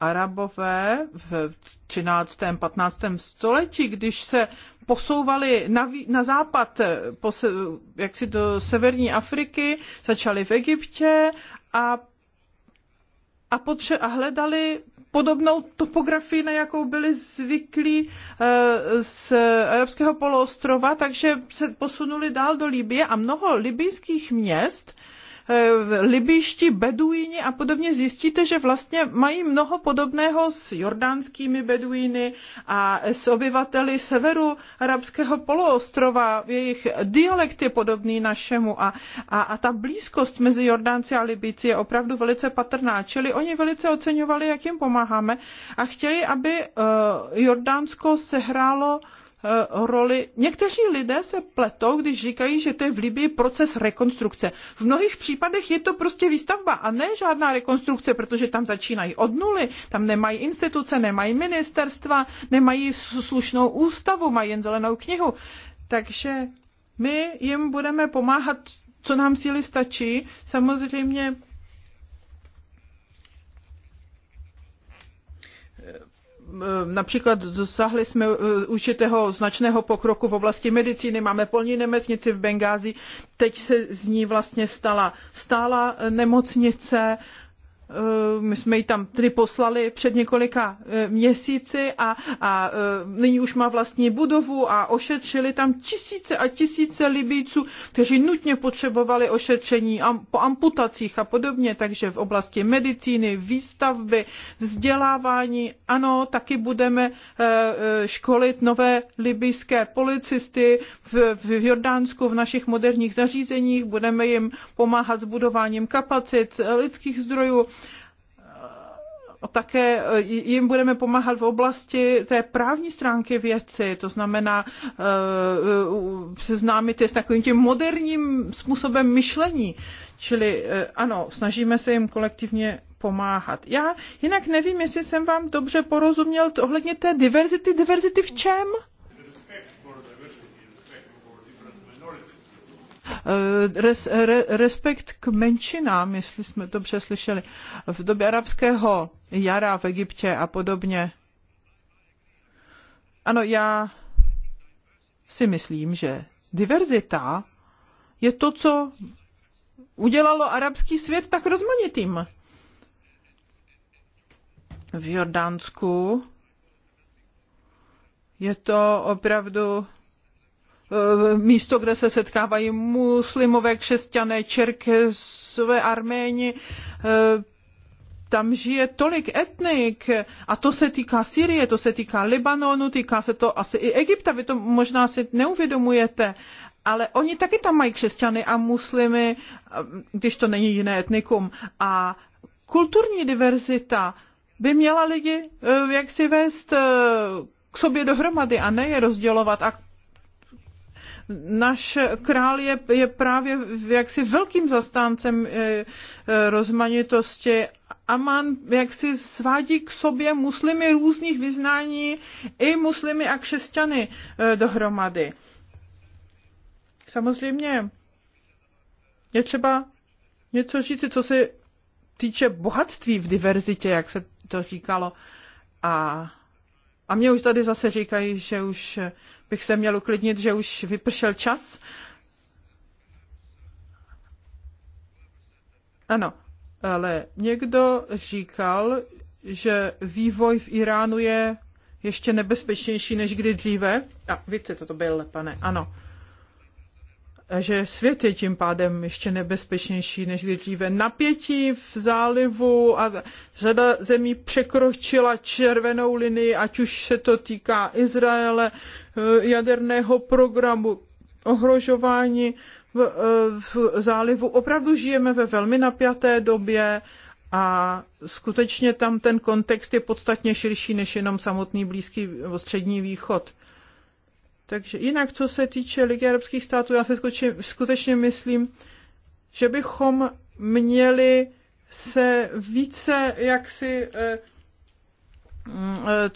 C: Arabové v 13. 15. století, když se posouvali na, na západ, eh, pose, jaksi do severní Afriky, začali v Egyptě a, a, potře- a hledali podobnou topografii, na jakou byli zvyklí eh, z arabského poloostrova, takže se posunuli dál do Libie a mnoho libijských měst Eh, libyští beduíni a podobně, zjistíte, že vlastně mají mnoho podobného s jordánskými beduíny a s obyvateli severu arabského poloostrova. Jejich dialekt je podobný našemu a, a, a ta blízkost mezi Jordánci a Libíci je opravdu velice patrná. Čili oni velice oceňovali, jak jim pomáháme a chtěli, aby eh, Jordánsko sehrálo Eh, roli. Někteří lidé se pletou, když říkají, že to je v Libii proces rekonstrukce. V mnohých případech je to prostě výstavba a ne žádná rekonstrukce, protože tam začínají od nuly, tam nemají instituce, nemají ministerstva, nemají slušnou ústavu, mají jen zelenou knihu. Takže my jim budeme pomáhat, co nám síly stačí. Samozřejmě Eh, například dosáhli jsme eh, určitého značného pokroku v oblasti medicíny, máme polní nemocnici v Bengázi, teď se z ní vlastně stala stála nemocnice Eh, my jsme ji tam tedy poslali před několika eh, měsíci a, a eh, nyní už má vlastní budovu a ošetřili tam tisíce a tisíce Libijců, kteří nutně potřebovali ošetření po amputacích a podobně, takže v oblasti medicíny, výstavby, vzdělávání, ano, taky budeme školit nové libijské policisty v, v Jordánsku, v našich moderních zařízeních, budeme jim pomáhat s budováním kapacit, lidských zdrojů, také e, jim budeme pomáhat v oblasti té právní stránky věci, to znamená e, seznámit je s takovým tím moderním způsobem myšlení. Čili e, ano, snažíme se jim kolektivně pomáhat. Já jinak nevím, jestli jsem vám dobře porozuměl ohledně té diverzity. Diverzity v čem? Eh, res, re, respekt k menšinám, jestli jsme to přeslyšeli, v době arabského jara v Egyptě a podobně. Ano, já si myslím, že diverzita je to, co udělalo arabský svět tak rozmanitým. V Jordánsku je to opravdu Eh, místo, kde se setkávají muslimové, křesťané, čerkesové, arméni. Eh, tam žije tolik etnik a to se týká Syrie, to se týká Libanonu, týká se to asi i Egypta, vy to možná si neuvědomujete, ale oni taky tam mají křesťany a muslimy, eh, když to není jiné etnikum. A kulturní diverzita by měla lidi jak si vést k sobě dohromady a ne je rozdělovat. A Náš král je, je právě jaksi velkým zastáncem eh, eh, rozmanitosti Aman jaksi svádí k sobě muslimy různých vyznání i muslimy a křesťany eh, dohromady. Samozřejmě je třeba něco říci, co se týče bohatství v diverzitě, jak se to říkalo. A, a mě už tady zase říkají, že už bych se měl uklidnit, že už vypršel čas. Ano, ale někdo říkal, že vývoj v Iránu je ještě nebezpečnější než kdy dříve. A víte, to byl, pane, ano že svět je tím pádem ještě nebezpečnější než dříve. Napětí v zálivu a řada zemí překročila červenou linii, ať už se to týká Izraele, eh, jaderného programu, ohrožování v, eh, v zálivu. Opravdu žijeme ve velmi napjaté době a skutečně tam ten kontext je podstatně širší než jenom samotný Blízký střední východ. Takže jinak, co se týče Ligy arabských států, já si skutečně myslím, že bychom měli se více jaksi eh, eh,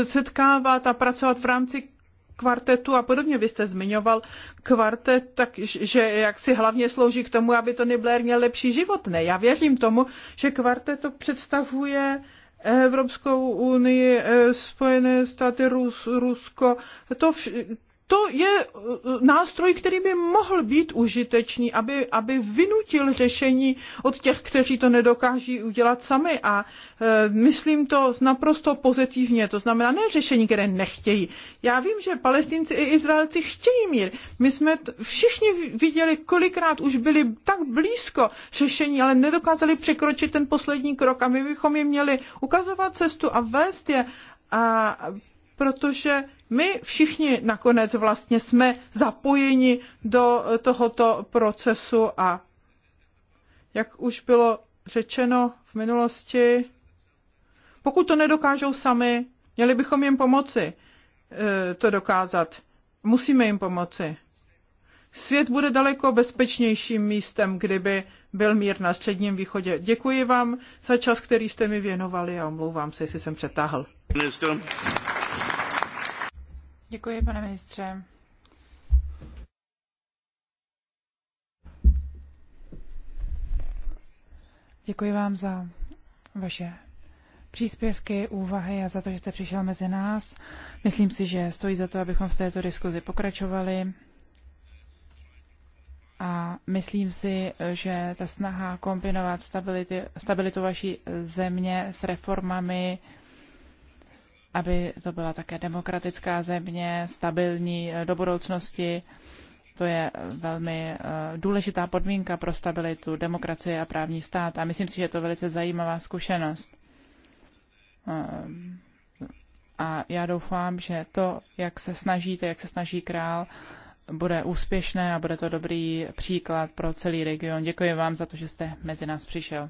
C: eh, setkávat a pracovat v rámci kvartetu a podobně. Vy jste zmiňoval kvartet, takže jak si hlavně slouží k tomu, aby Tony Blair měl lepší život. Ne, já věřím tomu, že kvartet to představuje Evropskou unii, eh, Spojené státy, Rus, Rusko. To vš- to je e, e, nástroj, který by mohl být užitečný, aby, aby vynutil řešení od těch, kteří to nedokáží udělat sami. A e, myslím to naprosto pozitivně. To znamená ne řešení, které nechtějí. Já vím, že palestinci i Izraelci chtějí mír. My jsme všichni viděli, kolikrát už byli tak blízko řešení, ale nedokázali překročit ten poslední krok. A my bychom jim měli ukazovat cestu a vést je. A protože my všichni nakonec vlastně jsme zapojeni do tohoto procesu a jak už bylo řečeno v minulosti, pokud to nedokážou sami, měli bychom jim pomoci e, to dokázat. Musíme jim pomoci. Svět bude daleko bezpečnějším místem, kdyby byl mír na Středním východě. Děkuji vám za čas, který jste mi věnovali a omlouvám se, jestli jsem přetáhl.
D: Děkuji, pane ministře. Děkuji vám za vaše příspěvky, úvahy a za to, že jste přišel mezi nás. Myslím si, že stojí za to, abychom v této diskuzi pokračovali. A myslím si, že ta snaha kombinovat stability, stabilitu vaší země s reformami aby to byla také demokratická země, stabilní eh, do budoucnosti. To je eh, velmi eh, důležitá podmínka pro stabilitu, demokracie a právní stát. A myslím si, že je to velice zajímavá zkušenost. A já doufám, že to, jak se snažíte, jak se snaží král, bude úspěšné a bude to dobrý příklad pro celý region. Děkuji vám za to, že jste mezi nás přišel.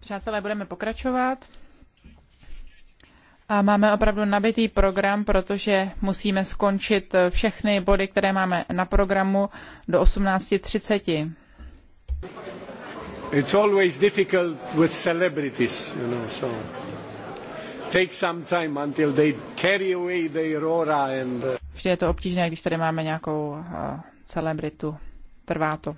D: Přátelé, budeme pokračovat. A máme opravdu nabitý program, protože musíme skončit všechny body, které máme na programu do 18.30.
B: It's always difficult with celebrities, you know, so take some time until they carry away their aura and... Uh,
D: Vždy je to obtížné, když tady máme nějakou uh, celebritu. Trvá to.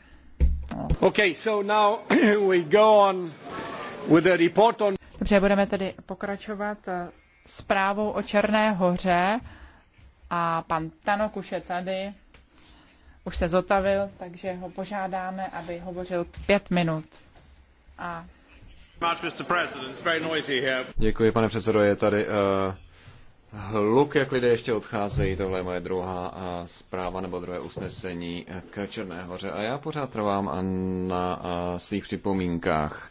D: Dobře, budeme tedy pokračovat eh, zprávou o Černé hoře a pan Tanok už je tady, už se zotavil, takže ho požádáme, aby hovořil pět minut. A...
A: Děkuji, pane předsedo, je tady uh hluk, jak lidé ještě odcházejí. Tohle je moje druhá zpráva nebo druhé usnesení k Černé hoře. A já pořád trvám na svých připomínkách.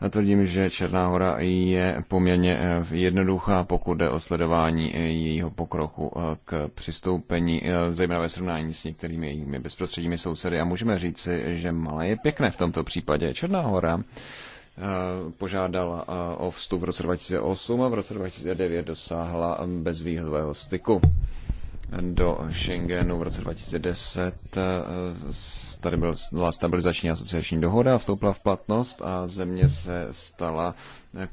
A: A Tvrdím, že Černá hora je poměrně e, jednoduchá, pokud jde o sledování e, jejího pokroku e, k přistoupení, zejména ve srovnání s některými jejími bezprostředními sousedy. A můžeme říci, že malé je pěkné v tomto případě. Černá hora Eh, požádala eh, o vstup v roce 2008 a v roce 2009 dosáhla eh, bezvýhodového styku do Schengenu v roce 2010. Tady byla stabilizační asociační dohoda, vstoupila v platnost a země se stala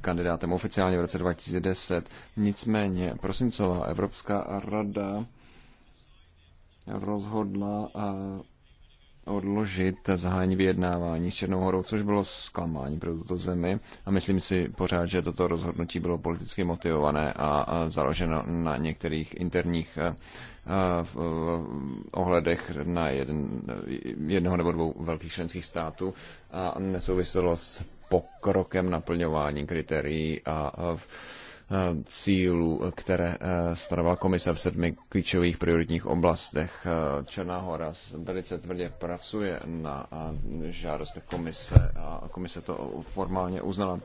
A: kandidátem oficiálně v roce 2010. Nicméně prosincová Evropská rada rozhodla odložit zahájení vyjednávání s Černou horou, což bylo zklamání pro tuto zemi. A myslím si pořád, že toto rozhodnutí bylo politicky motivované a založeno na některých interních eh, eh, ohledech na jeden, jednoho nebo dvou velkých členských států a nesouviselo s pokrokem naplňování kritérií a v Eh, cílů, které eh, stanovala komise v sedmi klíčových prioritních oblastech. Eh, Černá hora velice tvrdě pracuje na žádostech komise a komise to formálně uznala.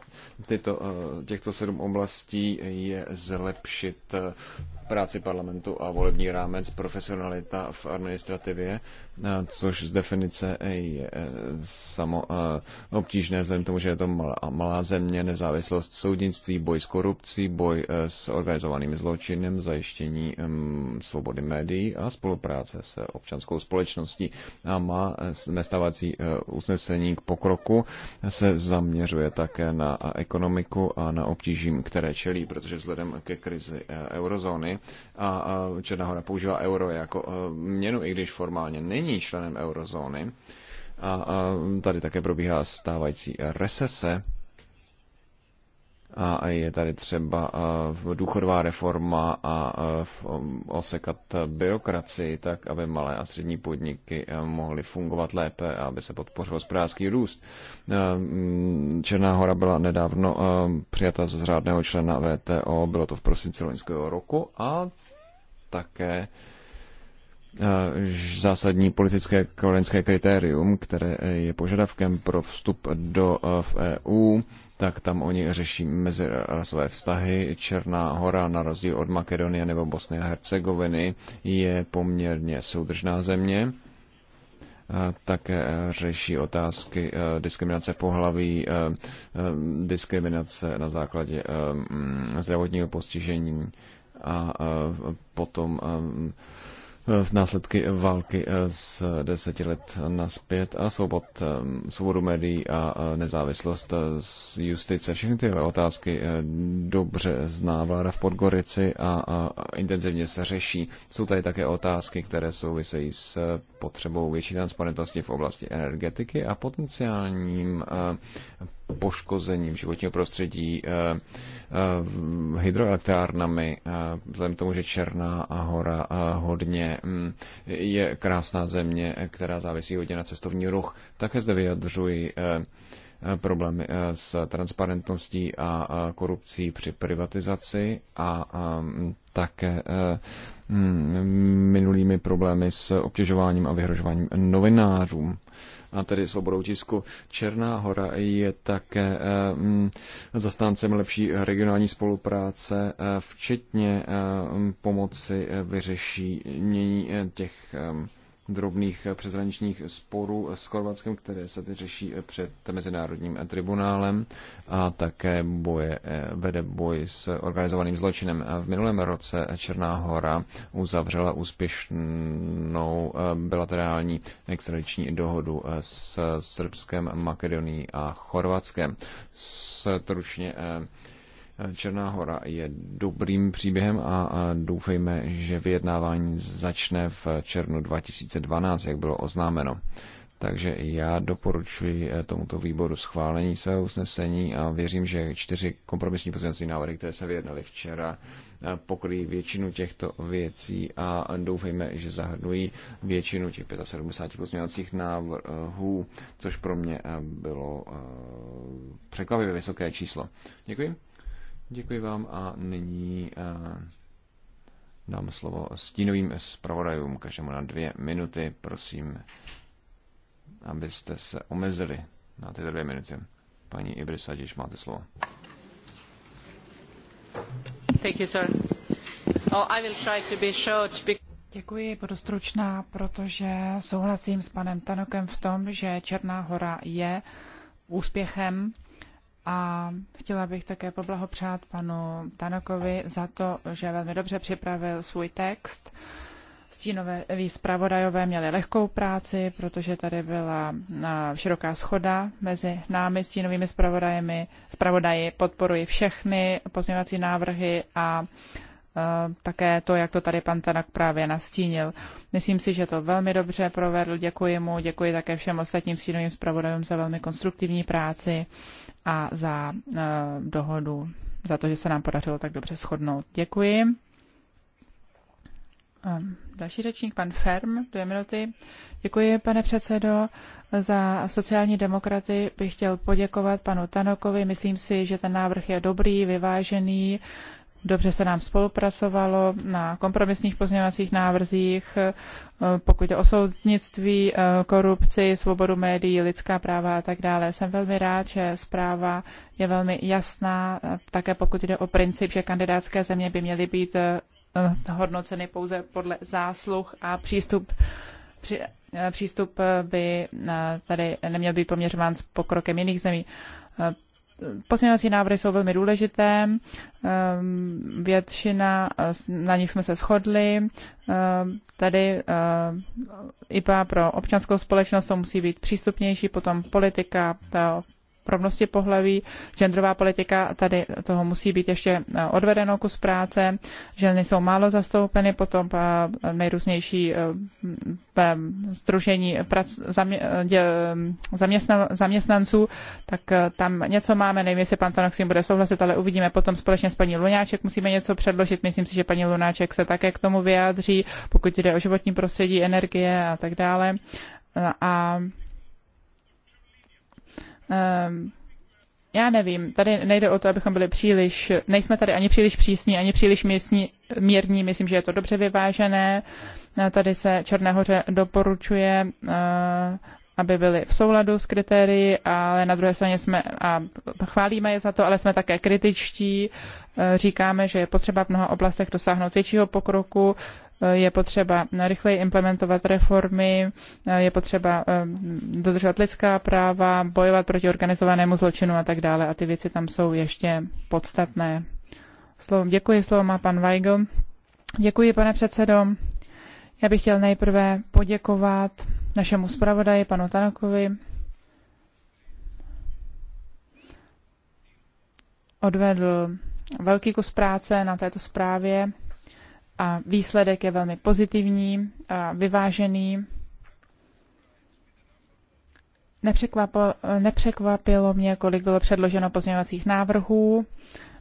A: Tyto, těchto sedm oblastí je zlepšit práci parlamentu a volební rámec profesionalita v administrativě, což z definice je samo obtížné, vzhledem tomu, že je to malá, malá země, nezávislost soudnictví, boj s korupcí, boj eh, s organizovaným zločinem, zajištění svobody médií a spolupráce s občanskou společností. A má eh, nestávací eh, usnesení k pokroku se zaměřuje také na ekonomiku a na obtížím, které čelí, protože vzhledem ke krizi eurozóny a Černá hora používá euro jako měnu, i když formálně není členem eurozóny, a tady také probíhá stávající recese, a je tady třeba důchodová reforma a um, osekat byrokracii tak, aby malé a střední podniky mohly fungovat lépe a aby se podpořil hospodářský růst. Mm, Černá hora byla nedávno přijata z řádného člena VTO, bylo to v prosinci loňského roku a také zásadní politické kolenské kritérium, které je požadavkem pro vstup do v EU, tak tam oni řeší své vztahy. Černá hora, na rozdíl od Makedonie nebo Bosny a Hercegoviny, je poměrně soudržná země. Také řeší otázky eh, diskriminace pohlaví, eh, eh, diskriminace na základě mm, zdravotního postižení a potom v následky války eh, z deseti let naspět a svobod, eh, svobodu médií a eh, nezávislost z justice. Všechny tyhle otázky dobře zná vláda v Podgorici a, a, a intenzivně se řeší. Jsou tady také otázky, které souvisejí s potřebou větší transparentnosti v oblasti energetiky a potenciálním eh, poškozením životního prostředí eh, eh, hydroelektrárnami, vzhledem k tomu, že Černá hora hodně hm, je krásná země, která závisí hodně na cestovní ruch, také zde vyjadřuji problémy s transparentností a korupcí při privatizaci a také eh, minulými problémy s obtěžováním a vyhrožováním novinářům a tedy svobodou tisku. Černá hora je také eh, zastáncem lepší regionální spolupráce, eh, včetně pomoci vyřešení těch drobných eh, přezraničních sporů eh, s Chorvatskem, které se teď řeší eh, před Mezinárodním tribunálem a také boje, vede boj s organizovaným zločinem. V minulém roce Černá hora uzavřela úspěšnou bilaterální extradiční dohodu s Srbskem, Makedonií a Chorvatskem. Stručně Černá hora je dobrým příběhem a doufejme, že vyjednávání začne v červnu 2012, jak bylo oznámeno. Takže já doporučuji eh, tomuto výboru schválení svého usnesení a věřím, že čtyři kompromisní pozměňovací návrhy, které se vyjednaly včera, eh, pokryjí většinu těchto věcí a doufejme, že zahrnují většinu těch 75 pozměňovacích návrhů, což pro mě eh, bylo překvapivě vysoké číslo. Děkuji. Děkuji vám a nyní eh, dám slovo stínovým zpravodajům, každému na dvě minuty, prosím, abyste se omezili na tyto dvě minuty. Paní Ibrisa, když máte slovo.
D: Thank you, sir. Oh, I will try to be short because... Děkuji, budu stručná, protože souhlasím s panem Tanokem v tom, že Černá hora je úspěchem a chtěla bych také poblahopřát panu Tanakovi za to, že velmi dobře připravil svůj text. Stínové eh, zpravodajové měli lehkou práci, protože tady byla eh, široká schoda mezi námi, stínovými zpravodajemi. Zpravodaji podporuji všechny pozměňovací návrhy a Eh, také to, jak to tady pan Tanak právě nastínil. Myslím si, že to velmi dobře provedl, děkuji mu, děkuji také všem ostatním sínovým zpravodajům za velmi konstruktivní práci a za eh, dohodu, za to, že se nám podařilo tak dobře shodnout. Děkuji. Ehm, další řečník, pan Ferm, dvě minuty. Děkuji, pane předsedo. Za sociální demokraty bych chtěl poděkovat panu Tanokovi. Myslím si, že ten návrh je dobrý, vyvážený Dobře se nám spolupracovalo na kompromisních pozměňovacích návrzích, eh, pokud jde o soudnictví, eh, korupci, svobodu médií, lidská práva a tak dále. Jsem velmi rád, že zpráva je velmi jasná, eh, také pokud jde o princip, že kandidátské země by měly být hodnoceny pouze podle zásluh a přístup při, přístup by tady neměl být poměřován s pokrokem jiných zemí. Pozměňovací návrhy jsou velmi důležité, ehm, většina eh, na nich jsme se shodli. Ehm, tady eh, IPA pro občanskou společnost to musí být přístupnější, potom politika, rovnosti pohlaví. Genderová politika, tady toho musí být ještě eh, odvedeno kus práce. Ženy jsou málo zastoupeny, potom eh, nejrůznější združení eh, zaměstnanců, tak tam něco máme, nevím, jestli pan Tanok s bude souhlasit, ale uvidíme potom společně s paní Lunáček, musíme něco předložit, myslím si, že paní Lunáček se také k tomu vyjádří, pokud jde o životní prostředí, energie a tak dále. A Ehm, já nevím, tady nejde o to, abychom byli příliš, nejsme tady ani příliš přísní, ani příliš místní, mírní, myslím, že je to dobře vyvážené. Eh, tady se Černéhoře doporučuje, eh, aby byli v souladu s kritérii, ale na druhé straně jsme a chválíme je za to, ale jsme také kritičtí. Eh, říkáme, že je potřeba v mnoha oblastech dosáhnout většího pokroku, je potřeba rychleji implementovat reformy, je potřeba eh, dodržovat lidská práva, bojovat proti organizovanému zločinu a tak dále. A ty věci tam jsou ještě podstatné. Slovo, děkuji, slovo má pan Weigl. Děkuji, pane předsedo. Já bych chtěl nejprve poděkovat našemu zpravodaji, panu Tanakovi. Odvedl velký kus práce na této zprávě a výsledek je velmi pozitivní a vyvážený. Nepřekvapilo, nepřekvapilo mě, kolik bylo předloženo pozměňovacích návrhů.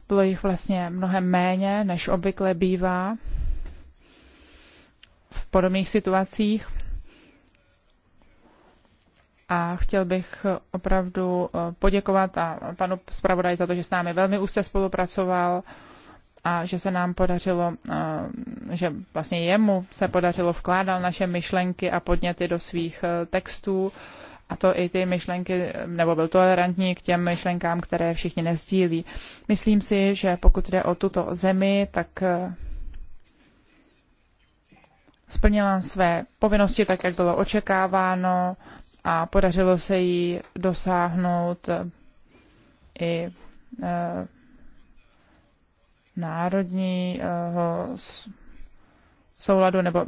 D: Bylo jich vlastně mnohem méně, než obvykle bývá v podobných situacích. A chtěl bych opravdu eh, poděkovat a panu zpravodaji za to, že s námi velmi úzce spolupracoval a že se nám podařilo, že vlastně jemu se podařilo vkládat naše myšlenky a podněty do svých e, textů a to i ty myšlenky, nebo byl tolerantní k těm myšlenkám, které všichni nezdílí. Myslím si, že pokud jde o tuto zemi, tak e, splnila své povinnosti tak, jak bylo očekáváno a podařilo se jí dosáhnout e, i národního souladu, nebo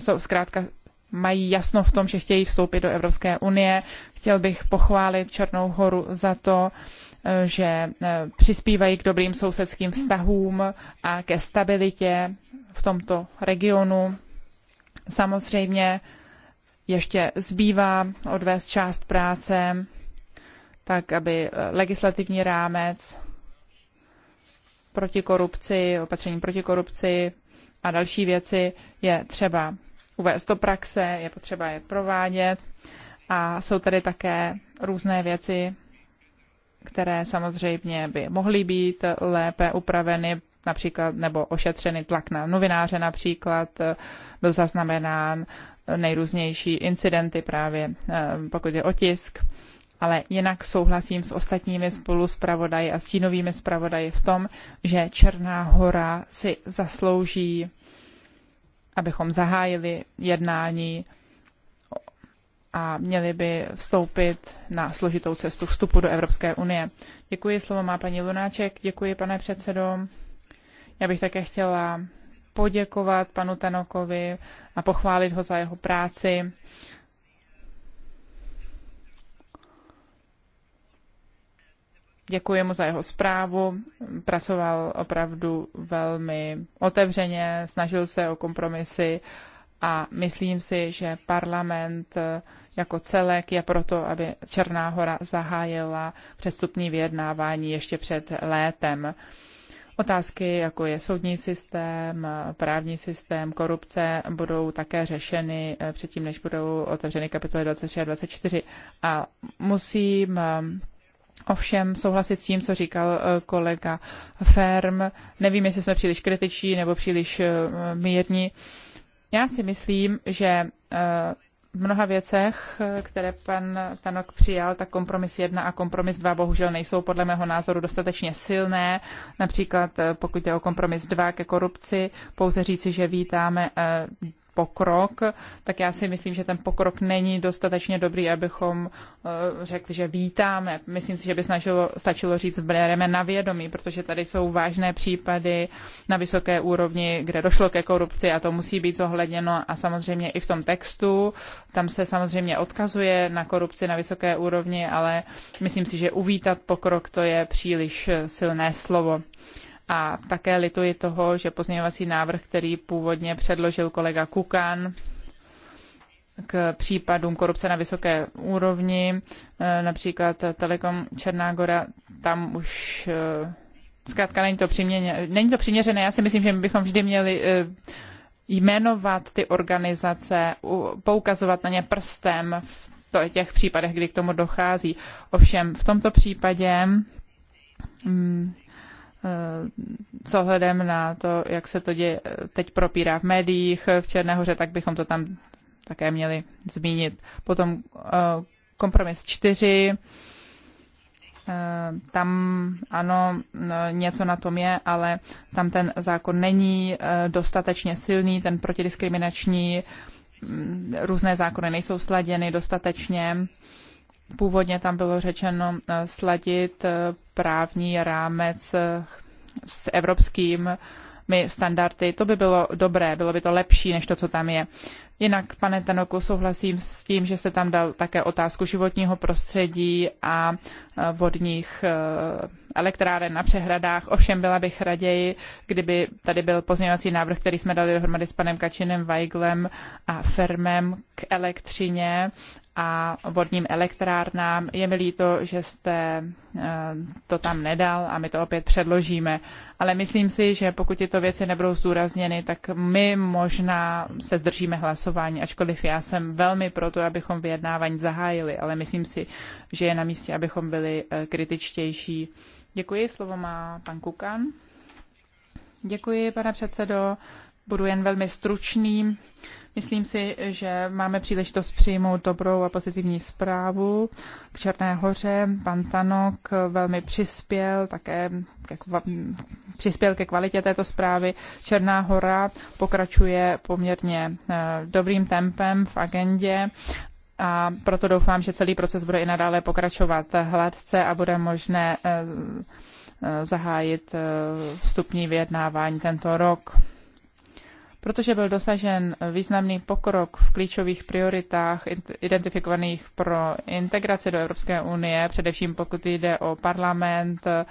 D: jsou zkrátka mají jasno v tom, že chtějí vstoupit do Evropské unie. Chtěl bych pochválit Černou horu za to, že eh, přispívají k dobrým sousedským vztahům a ke stabilitě v tomto regionu. Samozřejmě ještě zbývá odvést část práce, tak aby legislativní rámec proti korupci, opatření proti korupci a další věci je třeba uvést do praxe, je potřeba je provádět a jsou tady také různé věci, které samozřejmě by mohly být lépe upraveny, například nebo ošetřeny tlak na novináře například, byl zaznamenán nejrůznější incidenty právě eh, pokud je otisk ale jinak souhlasím s ostatními spolu zpravodaji a stínovými zpravodaji v tom, že Černá hora si zaslouží, abychom zahájili jednání a měli by vstoupit na složitou cestu vstupu do Evropské unie. Děkuji, slovo má paní Lunáček, děkuji, pane předsedo. Já bych také chtěla poděkovat panu Tanokovi a pochválit ho za jeho práci Děkuji mu za jeho zprávu. Pracoval opravdu velmi otevřeně, snažil se o kompromisy a myslím si, že parlament jako celek je proto, aby Černá hora zahájila předstupní vyjednávání ještě před létem. Otázky, jako je soudní systém, právní systém, korupce, budou také řešeny eh, předtím, než budou otevřeny kapitoly 23 a 24. A musím eh, ovšem souhlasit s tím, co říkal eh, kolega Ferm. Nevím, jestli jsme příliš kritičtí nebo příliš eh, mírní. Já si myslím, že eh, v mnoha věcech, které pan Tanok přijal, tak kompromis 1 a kompromis 2 bohužel nejsou podle mého názoru dostatečně silné. Například pokud je o kompromis 2 ke korupci, pouze říci, že vítáme pokrok, tak já si myslím, že ten pokrok není dostatečně dobrý, abychom eh, řekli, že vítáme. Myslím si, že by snažilo, stačilo říct, bereme na vědomí, protože tady jsou vážné případy na vysoké úrovni, kde došlo ke korupci a to musí být zohledněno a samozřejmě i v tom textu. Tam se samozřejmě odkazuje na korupci na vysoké úrovni, ale myslím si, že uvítat pokrok to je příliš silné slovo. A také lituji toho, že pozměňovací návrh, který původně předložil kolega Kukan, k případům korupce na vysoké úrovni, e, například Telekom Černá Gora, tam už e, zkrátka není to, přiměně, není to přiměřené. Já si myslím, že my bychom vždy měli e, jmenovat ty organizace, poukazovat na ně prstem v těch případech, kdy k tomu dochází. Ovšem v tomto případě mm, Eh, s ohledem na to, jak se to děje, eh, teď propírá v médiích eh, v Černéhoře, tak bychom to tam také měli zmínit. Potom kompromis 4. Tam ano, no, něco na tom je, ale tam ten zákon není dostatečně silný, ten protidiskriminační, mm, různé zákony nejsou sladěny dostatečně. Původně tam bylo řečeno eh, sladit eh, právní rámec eh, s evropským standardy. To by bylo dobré, bylo by to lepší než to, co tam je. Jinak, pane Tenoku, souhlasím s tím, že se tam dal také otázku životního prostředí a vodních elektráren na přehradách. Ovšem byla bych raději, kdyby tady byl pozměňovací návrh, který jsme dali dohromady s panem Kačinem Weiglem a Fermem k elektřině a vodním elektrárnám. Je mi líto, že jste eh, to tam nedal a my to opět předložíme. Ale myslím si, že pokud tyto věci nebudou zdůrazněny, tak my možná se zdržíme hlasování, ačkoliv já jsem velmi pro to, abychom vyjednávání zahájili, ale myslím si, že je na místě, abychom byli eh, kritičtější. Děkuji, slovo má pan Kukan. Děkuji, pane předsedo budu jen velmi stručný. Myslím si, že máme příležitost přijmout dobrou a pozitivní zprávu k Černé hoře. Pan Tanok velmi přispěl, také ke, přispěl ke kvalitě této zprávy. Černá hora pokračuje poměrně eh, dobrým tempem v agendě a proto doufám, že celý proces bude i nadále pokračovat hladce a bude možné eh, eh, zahájit vstupní vyjednávání tento rok. Protože byl dosažen významný pokrok v klíčových prioritách identifikovaných pro integraci do Evropské unie, především pokud jde o parlament, eh,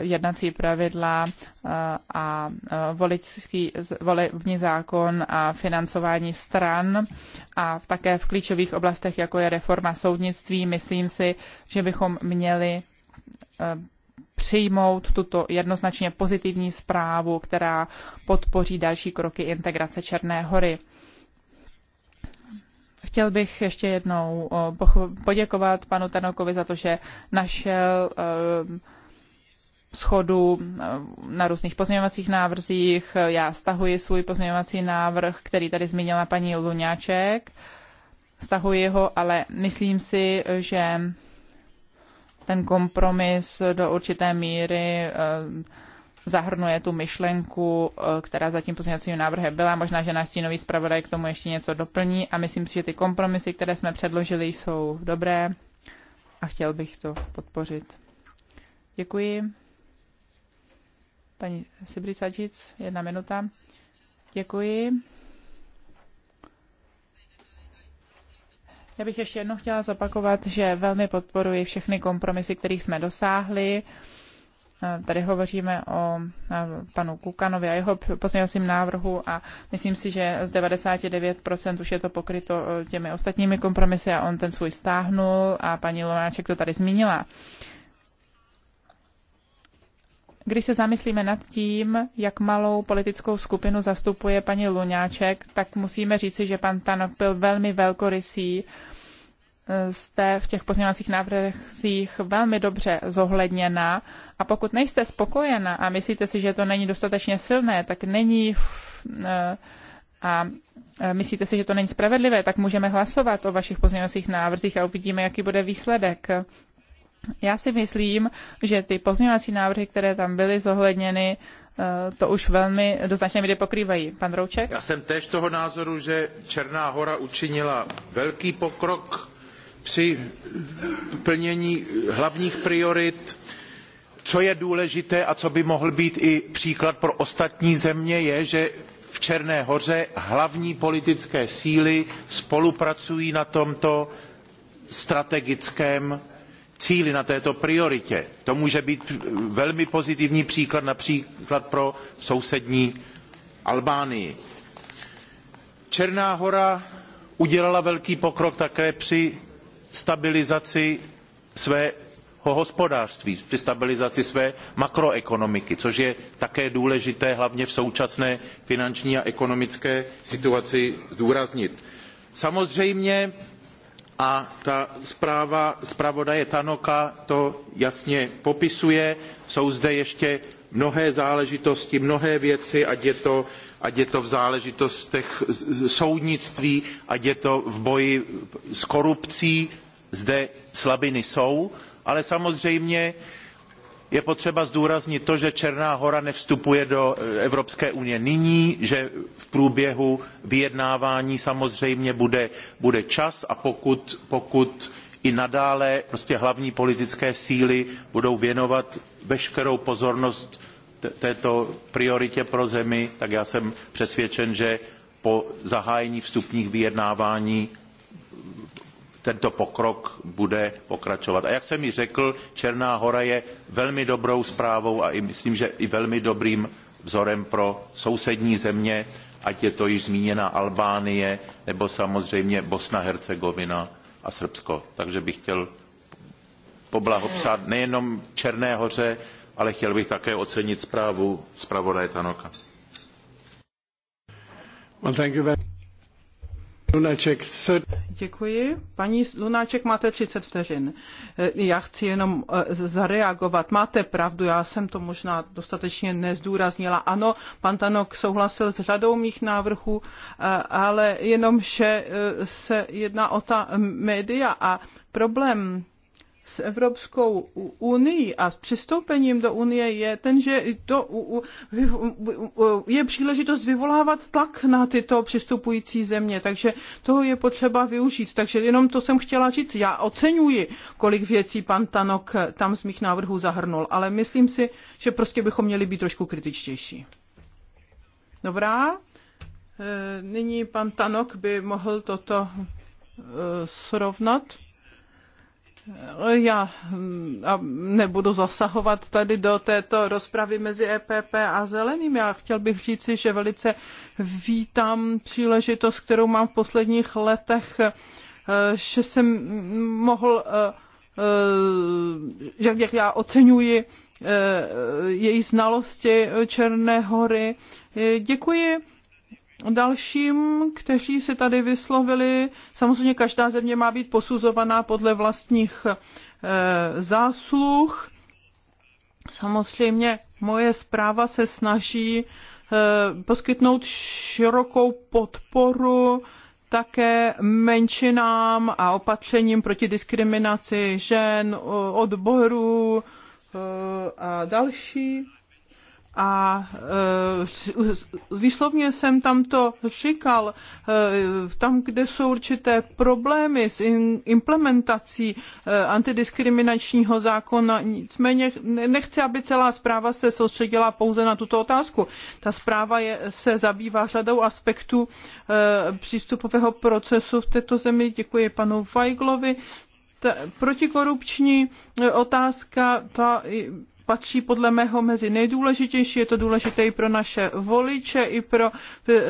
D: jednací pravidla eh, a eh, voličský, volební zákon a financování stran a také v klíčových oblastech, jako je reforma soudnictví, myslím si, že bychom měli přijmout tuto jednoznačně pozitivní zprávu, která podpoří další kroky integrace Černé hory. Chtěl bych ještě jednou eh, poděkovat panu Tanokovi za to, že našel eh, schodu eh, na různých pozměňovacích návrzích. Já stahuji svůj pozměňovací návrh, který tady zmínila paní Luňáček. Stahuji ho, ale myslím si, že ten kompromis do určité míry eh, zahrnuje tu myšlenku, eh, která za tím pozměňovacím návrhem byla. Možná, že náš stínový zpravodaj k tomu ještě něco doplní a myslím si, že ty kompromisy, které jsme předložili, jsou dobré a chtěl bych to podpořit. Děkuji. Paní Sibricačic, jedna minuta. Děkuji. Já bych ještě jednou chtěla zopakovat, že velmi podporuji všechny kompromisy, kterých jsme dosáhli. Eh, tady hovoříme o eh, panu Kukanovi a jeho pozměňovacím návrhu a myslím si, že z 99% už je to pokryto eh, těmi ostatními kompromisy a on ten svůj stáhnul a paní Lonáček to tady zmínila. Když se zamyslíme nad tím, jak malou politickou skupinu zastupuje paní Luňáček, tak musíme říci, že pan Tanok byl velmi velkorysý Eh, jste v těch pozměňovacích návrzích velmi dobře zohledněna a pokud nejste spokojena a myslíte si, že to není dostatečně silné, tak není eh, a eh, myslíte si, že to není spravedlivé, tak můžeme hlasovat o vašich pozměňovacích návrzích a uvidíme, jaký bude výsledek. Já si myslím, že ty pozměňovací návrhy, které tam byly zohledněny, to už velmi do značné míry pokrývají. Pan Rouček? Já jsem
B: též toho názoru, že Černá hora učinila velký pokrok při plnění hlavních priorit, co je důležité a co by mohl být i příklad pro ostatní země, je, že v Černé hoře hlavní politické síly spolupracují na tomto strategickém cíli, na této prioritě. To může být velmi pozitivní příklad například pro sousední Albánii. Černá hora udělala velký pokrok také při stabilizaci svého hospodářství, při stabilizaci své makroekonomiky, což je také důležité hlavně v současné finanční a ekonomické situaci zdůraznit. Samozřejmě a ta zpráva zpravodaje Tanoka to jasně popisuje. Jsou zde ještě mnohé záležitosti, mnohé věci, ať je to ať je to v záležitostech soudnictví, ať je to v boji s korupcí, zde slabiny jsou, ale samozřejmě je potřeba zdůraznit to, že Černá hora nevstupuje do Evropské unie nyní, že v průběhu vyjednávání samozřejmě bude, bude čas a pokud, pokud i nadále prostě hlavní politické síly budou věnovat veškerou pozornost této prioritě pro zemi, tak já jsem přesvědčen, že po zahájení vstupních vyjednávání tento pokrok bude pokračovat. A jak jsem ji řekl, Černá hora je velmi dobrou zprávou a i myslím, že i velmi dobrým vzorem pro sousední země, ať je to již zmíněna Albánie nebo samozřejmě Bosna, Hercegovina a Srbsko. Takže bych chtěl poblahopřát nejenom Černé hoře, ale chtěl bych také ocenit zprávu zpravodaje Tanoka.
C: Děkuji. Paní Lunáček, máte 30 vteřin. E, já chci jenom e, zareagovat. Máte pravdu, já jsem to možná dostatečně nezdůraznila. Ano, pan Tanok souhlasil s řadou mých návrhů, e, ale jenom, že se jedná o ta média a problém s Evropskou unii a s přistoupením do unie je ten, že to je příležitost vyvolávat tlak na tyto přistupující země, takže toho je potřeba využít. Takže jenom to jsem chtěla říct. Já oceňuji, kolik věcí pan Tanok tam z mých návrhů zahrnul, ale myslím si, že prostě bychom měli být trošku kritičtější. Dobrá, e, nyní pan Tanok by mohl toto e, srovnat. Já hm, nebudu zasahovat tady do této rozpravy mezi EPP a Zeleným. Já chtěl bych říci, že velice vítám příležitost, kterou mám v posledních letech, eh, že jsem mohl, eh, eh, jak já oceňuji její znalosti Černé hory. Děkuji Dalším, kteří se tady vyslovili, samozřejmě každá země má být posuzovaná podle vlastních e, zásluh. Samozřejmě moje zpráva se snaží e, poskytnout širokou podporu také menšinám a opatřením proti diskriminaci žen, odborů eh, a další a e, výslovně jsem tam to říkal, e, tam, kde jsou určité problémy s in, implementací e, antidiskriminačního zákona, nicméně nechci, aby celá zpráva se soustředila pouze na tuto otázku. Ta zpráva je, se zabývá řadou aspektů e, přístupového procesu v této zemi. Děkuji panu Feiglovi. Ta protikorupční e, otázka, ta patří podle mého mezi nejdůležitější. Je to důležité i pro naše voliče, i pro e,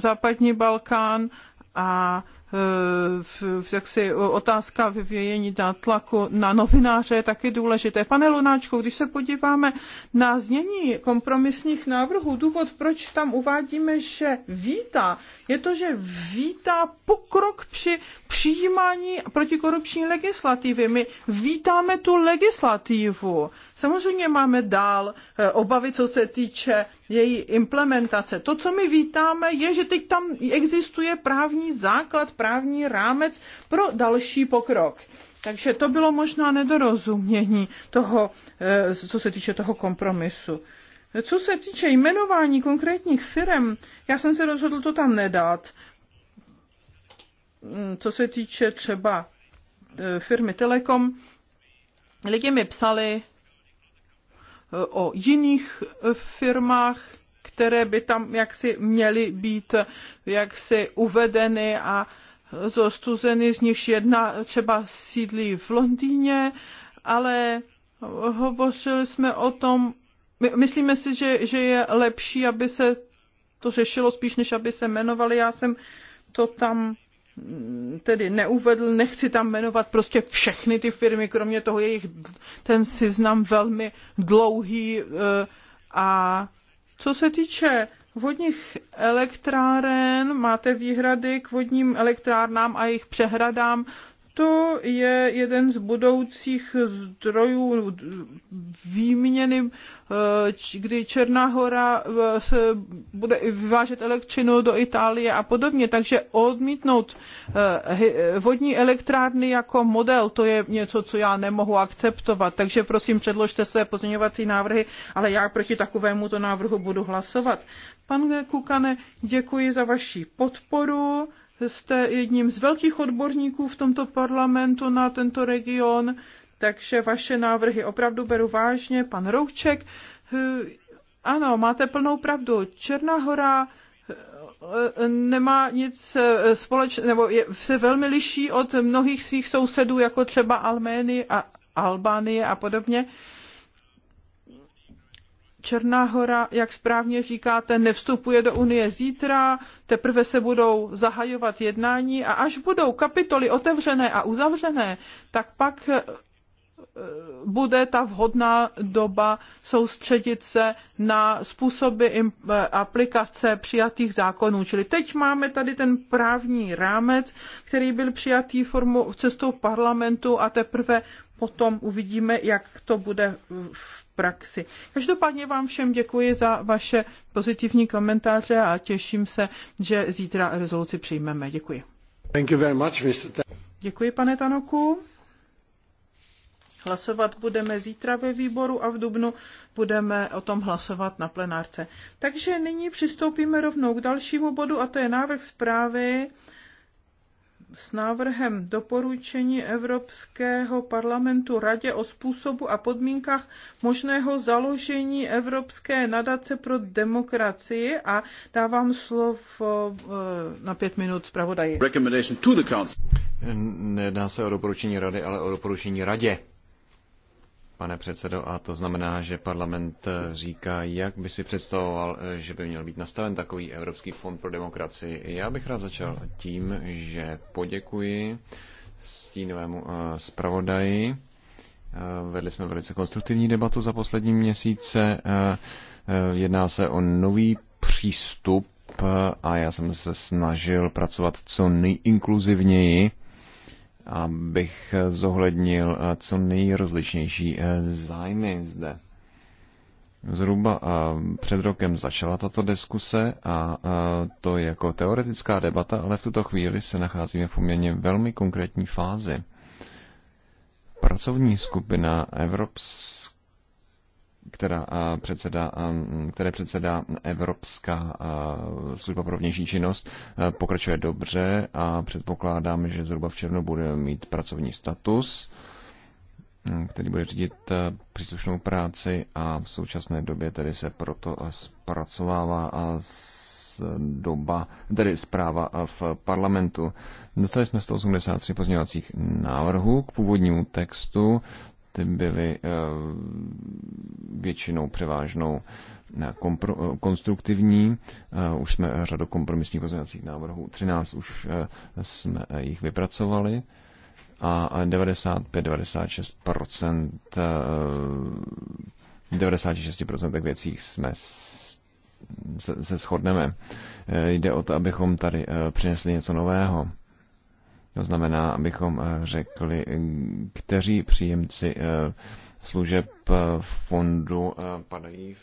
C: západní Balkán a e, v, jaksi otázka vyvějení tlaku na novináře je taky důležité. Pane Lunáčku, když se podíváme na znění kompromisních návrhů, důvod, proč tam uvádíme, že vítá, je to, že vítá pokrok při přijímání protikorupční legislativy. My vítáme tu legislativu. Samozřejmě máme dál eh, obavy, co se týče její implementace. To, co my vítáme, je, že teď tam existuje právní základ, právní rámec pro další pokrok. Takže to bylo možná nedorozumění toho, eh, co se týče toho kompromisu. Co se týče jmenování konkrétních firm, já jsem se rozhodl to tam nedat. Mm, co se týče třeba eh, firmy Telekom, lidi mi psali, o jiných firmách, které by tam jaksi měly být jaksi uvedeny a zostuzeny, z nich jedna třeba sídlí v Londýně, ale hovořili jsme o tom, my, myslíme si, že, že je lepší, aby se to řešilo spíš, než aby se jmenovali. Já jsem to tam tedy neuvedl, nechci tam jmenovat prostě všechny ty firmy, kromě toho je jich ten seznam velmi dlouhý. E, a co se týče vodních elektráren, máte výhrady k vodním elektrárnám a jejich přehradám, to je jeden z budoucích zdrojů výměny, eh, kdy Černá hora eh, se bude vyvážet elektřinu do Itálie a podobně. Takže odmítnout eh, vodní elektrárny jako model, to je něco, co já nemohu akceptovat. Takže prosím, předložte své pozměňovací návrhy, ale já proti takovému to návrhu budu hlasovat. Pan Kukane, děkuji za vaši podporu jste jedním z velkých odborníků v tomto parlamentu na tento region, takže vaše návrhy opravdu beru vážně. Pan Rouček, eh, ano, máte plnou pravdu. Černá hora eh, nemá nic eh, společného, nebo je, se velmi liší od mnohých svých sousedů, jako třeba Almény a Albánie a podobně. Černá hora, jak správně říkáte, nevstupuje do Unie zítra, teprve se budou zahajovat jednání a až budou kapitoly otevřené a uzavřené, tak pak eh, bude ta vhodná doba soustředit se na způsoby eh, aplikace přijatých zákonů. Čili teď máme tady ten právní rámec, který byl přijatý formou cestou parlamentu a teprve potom uvidíme, jak to bude v praxi. Každopádně vám všem děkuji za vaše pozitivní komentáře a těším se, že zítra rezoluci přijmeme. Děkuji.
B: Thank you very much, Mr.
C: Děkuji, pane Tanoku. Hlasovat budeme zítra ve výboru a v Dubnu budeme o tom hlasovat na plenárce. Takže nyní přistoupíme rovnou k dalšímu bodu a to je návrh zprávy s návrhem doporučení Evropského parlamentu Radě o způsobu a podmínkách možného založení Evropské nadace pro demokracii a dávám slovo eh,
A: na pět minut zpravodaji. Nedá se o doporučení Rady, ale o doporučení Radě pane předsedo, a to znamená, že parlament eh, říká, jak by si představoval, eh, že by měl být nastaven takový Evropský fond pro demokracii. Já bych rád začal tím, že poděkuji stínovému eh, zpravodaji. Vedli jsme velice konstruktivní debatu za poslední měsíce. Jedná se o nový přístup a já jsem se snažil pracovat co nejinkluzivněji abych zohlednil eh, co nejrozličnější eh, zájmy zde. Zhruba eh, před rokem začala tato diskuse a to je jako teoretická debata, ale v tuto chvíli se nacházíme v poměrně velmi konkrétní fázi. Pracovní skupina Evropské která předseda, které předseda Evropská služba pro vnější činnost, pokračuje dobře a předpokládám, že zhruba v červnu bude mít pracovní status, který bude řídit příslušnou práci a v současné době tedy se proto zpracovává a z doba, tedy zpráva v parlamentu. Dostali jsme 183 pozměňovacích návrhů k původnímu textu, ty byly eh, většinou převážnou eh, eh, konstruktivní. Už jsme řadu kompromisních pozměňovacích návrhů, 13 už jsme jich vypracovali a 95-96% 96% věcí jsme se, se shodneme. Jde o to, abychom tady přinesli něco nového to znamená, abychom eh, řekli, eh, kteří příjemci eh, služeb fondu padají v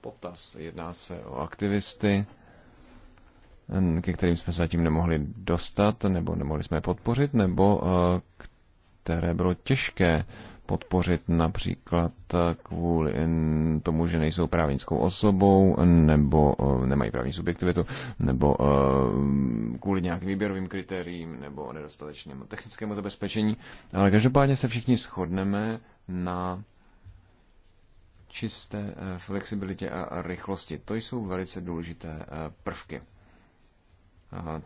A: potaz. Jedná se o aktivisty, ke kterým jsme zatím nemohli dostat, nebo nemohli jsme je podpořit, nebo které bylo těžké podpořit například eh, kvůli eh, tomu, že nejsou právnickou osobou nebo eh, nemají právní subjektivitu, nebo kvůli nějakým výběrovým kritériím nebo nedostatečnému technickému zabezpečení. Ale každopádně se všichni shodneme na čisté flexibilitě a rychlosti. To jsou velice důležité prvky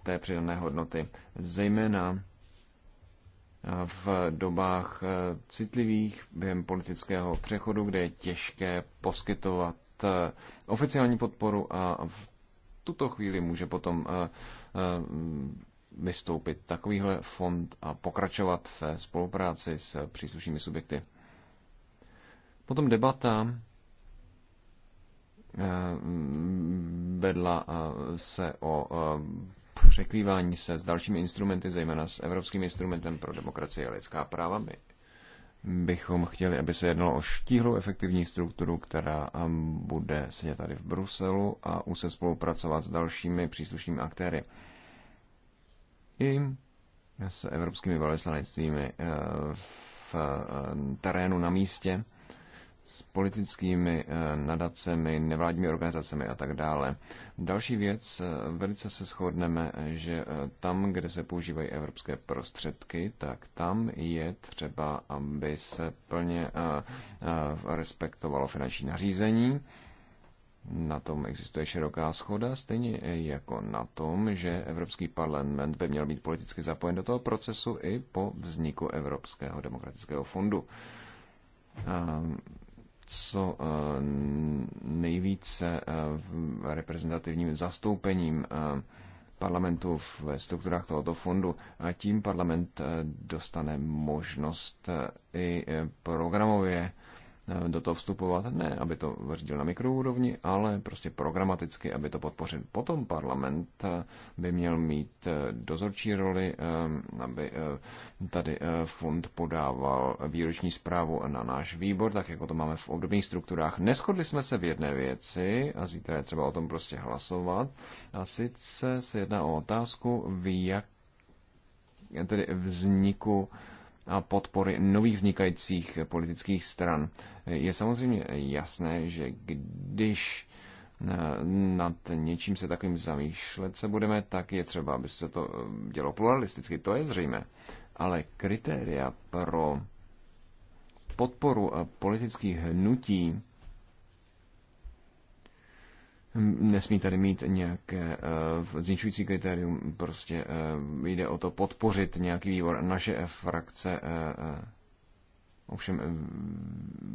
A: té přidané hodnoty. Zejména v dobách eh, citlivých během politického přechodu, kde je těžké poskytovat eh, oficiální podporu a v tuto chvíli může potom eh, vystoupit takovýhle fond a pokračovat v spolupráci s příslušnými subjekty. Potom debata vedla se o překrývání se s dalšími instrumenty, zejména s Evropským instrumentem pro demokracii a lidská práva. My bychom chtěli, aby se jednalo o štíhlou efektivní strukturu, která um, bude sedět tady v Bruselu a už se spolupracovat s dalšími příslušnými aktéry. I s evropskými velvyslanectvími eh, v eh, terénu na místě s politickými eh, nadacemi, nevládními organizacemi a tak dále. Další věc, eh, velice se shodneme, že eh, tam, kde se používají evropské prostředky, tak tam je třeba, aby se plně respektovalo finanční nařízení. Na tom existuje široká schoda, stejně jako na tom, že Evropský parlament by měl být politicky zapojen do toho procesu i po vzniku Evropského demokratického fondu. Um, co eh, nejvíce eh, reprezentativním zastoupením eh, parlamentu ve strukturách tohoto fondu a tím parlament dostane možnost i programově do toho vstupovat, ne, aby to řídil na mikroúrovni, ale prostě programaticky, aby to podpořil. Potom parlament eh, by měl mít eh, dozorčí roli, eh, aby tady fond podával výroční zprávu na náš výbor, tak jako to máme v obdobných strukturách. Neschodli jsme se v jedné věci a zítra je třeba o tom prostě hlasovat. A sice se jedná o otázku, v jak tedy vzniku a podpory nových vznikajících politických stran. Je samozřejmě jasné, že když eh, nad něčím se takovým zamýšlet se budeme, tak je třeba, aby se to eh, dělo pluralisticky, to je zřejmé. Ale kritéria pro podporu eh, politických hnutí Nesmí tady mít nějaké uh, zničující kritérium, prostě uh, jde o to podpořit nějaký vývor. Naše frakce uh, ovšem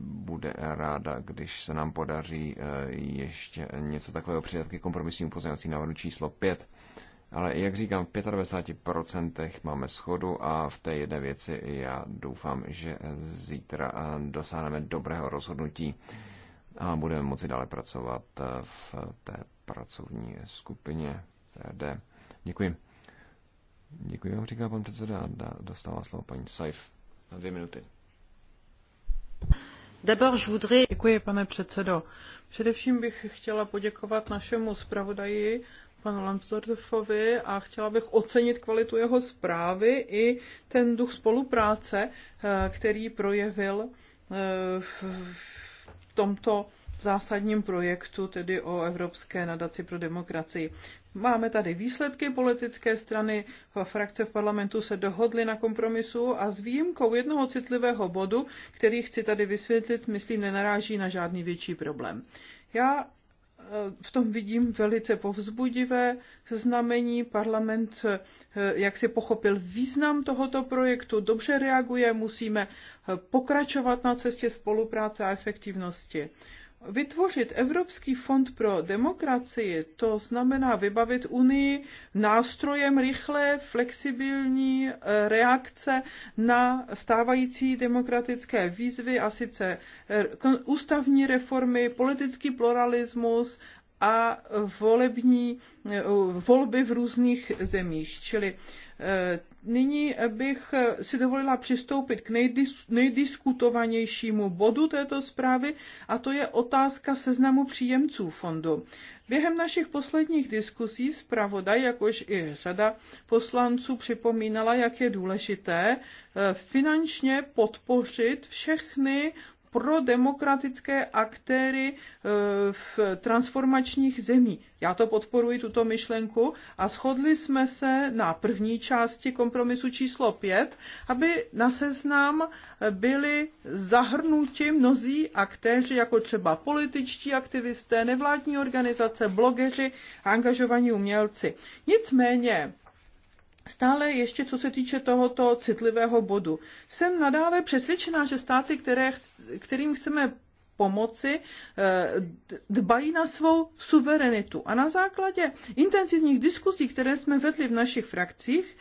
A: bude ráda, když se nám podaří ještě něco takového přidat ke kompromisnímu pozměňovací návrhu číslo 5. Ale jak říkám, v 25% máme schodu a v té jedné věci já doufám, že zítra dosáhneme dobrého rozhodnutí a budeme moci dále pracovat eh, v té pracovní skupině PD. Děkuji. Děkuji vám, říká pan předseda a dostává slovo paní Saif na dvě minuty.
C: Děkuji, pane předsedo. Především bych chtěla poděkovat našemu zpravodaji, panu Lambsdorffovi a chtěla bych ocenit kvalitu jeho zprávy i ten duch spolupráce, eh, který projevil eh, tomto zásadním projektu, tedy o Evropské nadaci pro demokracii. Máme tady výsledky politické strany, frakce v parlamentu se dohodly na kompromisu a s výjimkou jednoho citlivého bodu, který chci tady vysvětlit, myslím, nenaráží na žádný větší problém. Já Eh, v tom vidím velice povzbudivé znamení. Parlament, eh, jak si pochopil význam tohoto projektu, dobře reaguje, musíme eh, pokračovat na cestě spolupráce a efektivnosti vytvořit Evropský fond pro demokracii, to znamená vybavit Unii nástrojem rychlé, flexibilní eh, reakce na stávající demokratické výzvy, a sice eh, ústavní reformy, politický pluralismus a volební eh, volby v různých zemích. Čili Eh, nyní bych eh, si dovolila přistoupit k nejdis, nejdiskutovanějšímu bodu této zprávy a to je otázka seznamu příjemců fondu. Během našich posledních diskusí zpravodaj, jakož i řada poslanců připomínala, jak je důležité eh, finančně podpořit všechny prodemokratické aktéry e, v transformačních zemí. Já to podporuji, tuto myšlenku, a shodli jsme se na první části kompromisu číslo 5, aby na seznam byli zahrnuti mnozí aktéři, jako třeba političtí aktivisté, nevládní organizace, blogeři a angažovaní umělci. Nicméně Stále ještě co se týče tohoto citlivého bodu. Jsem nadále přesvědčená, že státy, které, kterým chceme pomoci, eh, dbají na svou suverenitu. A na základě intenzivních diskuzí, které jsme vedli v našich frakcích,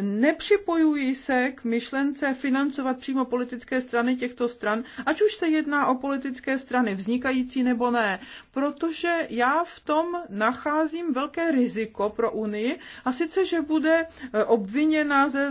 C: nepřipojují se k myšlence financovat přímo politické strany těchto stran, ať už se jedná o politické strany vznikající nebo ne, protože já v tom nacházím velké riziko pro Unii a sice, že bude eh, obviněna ze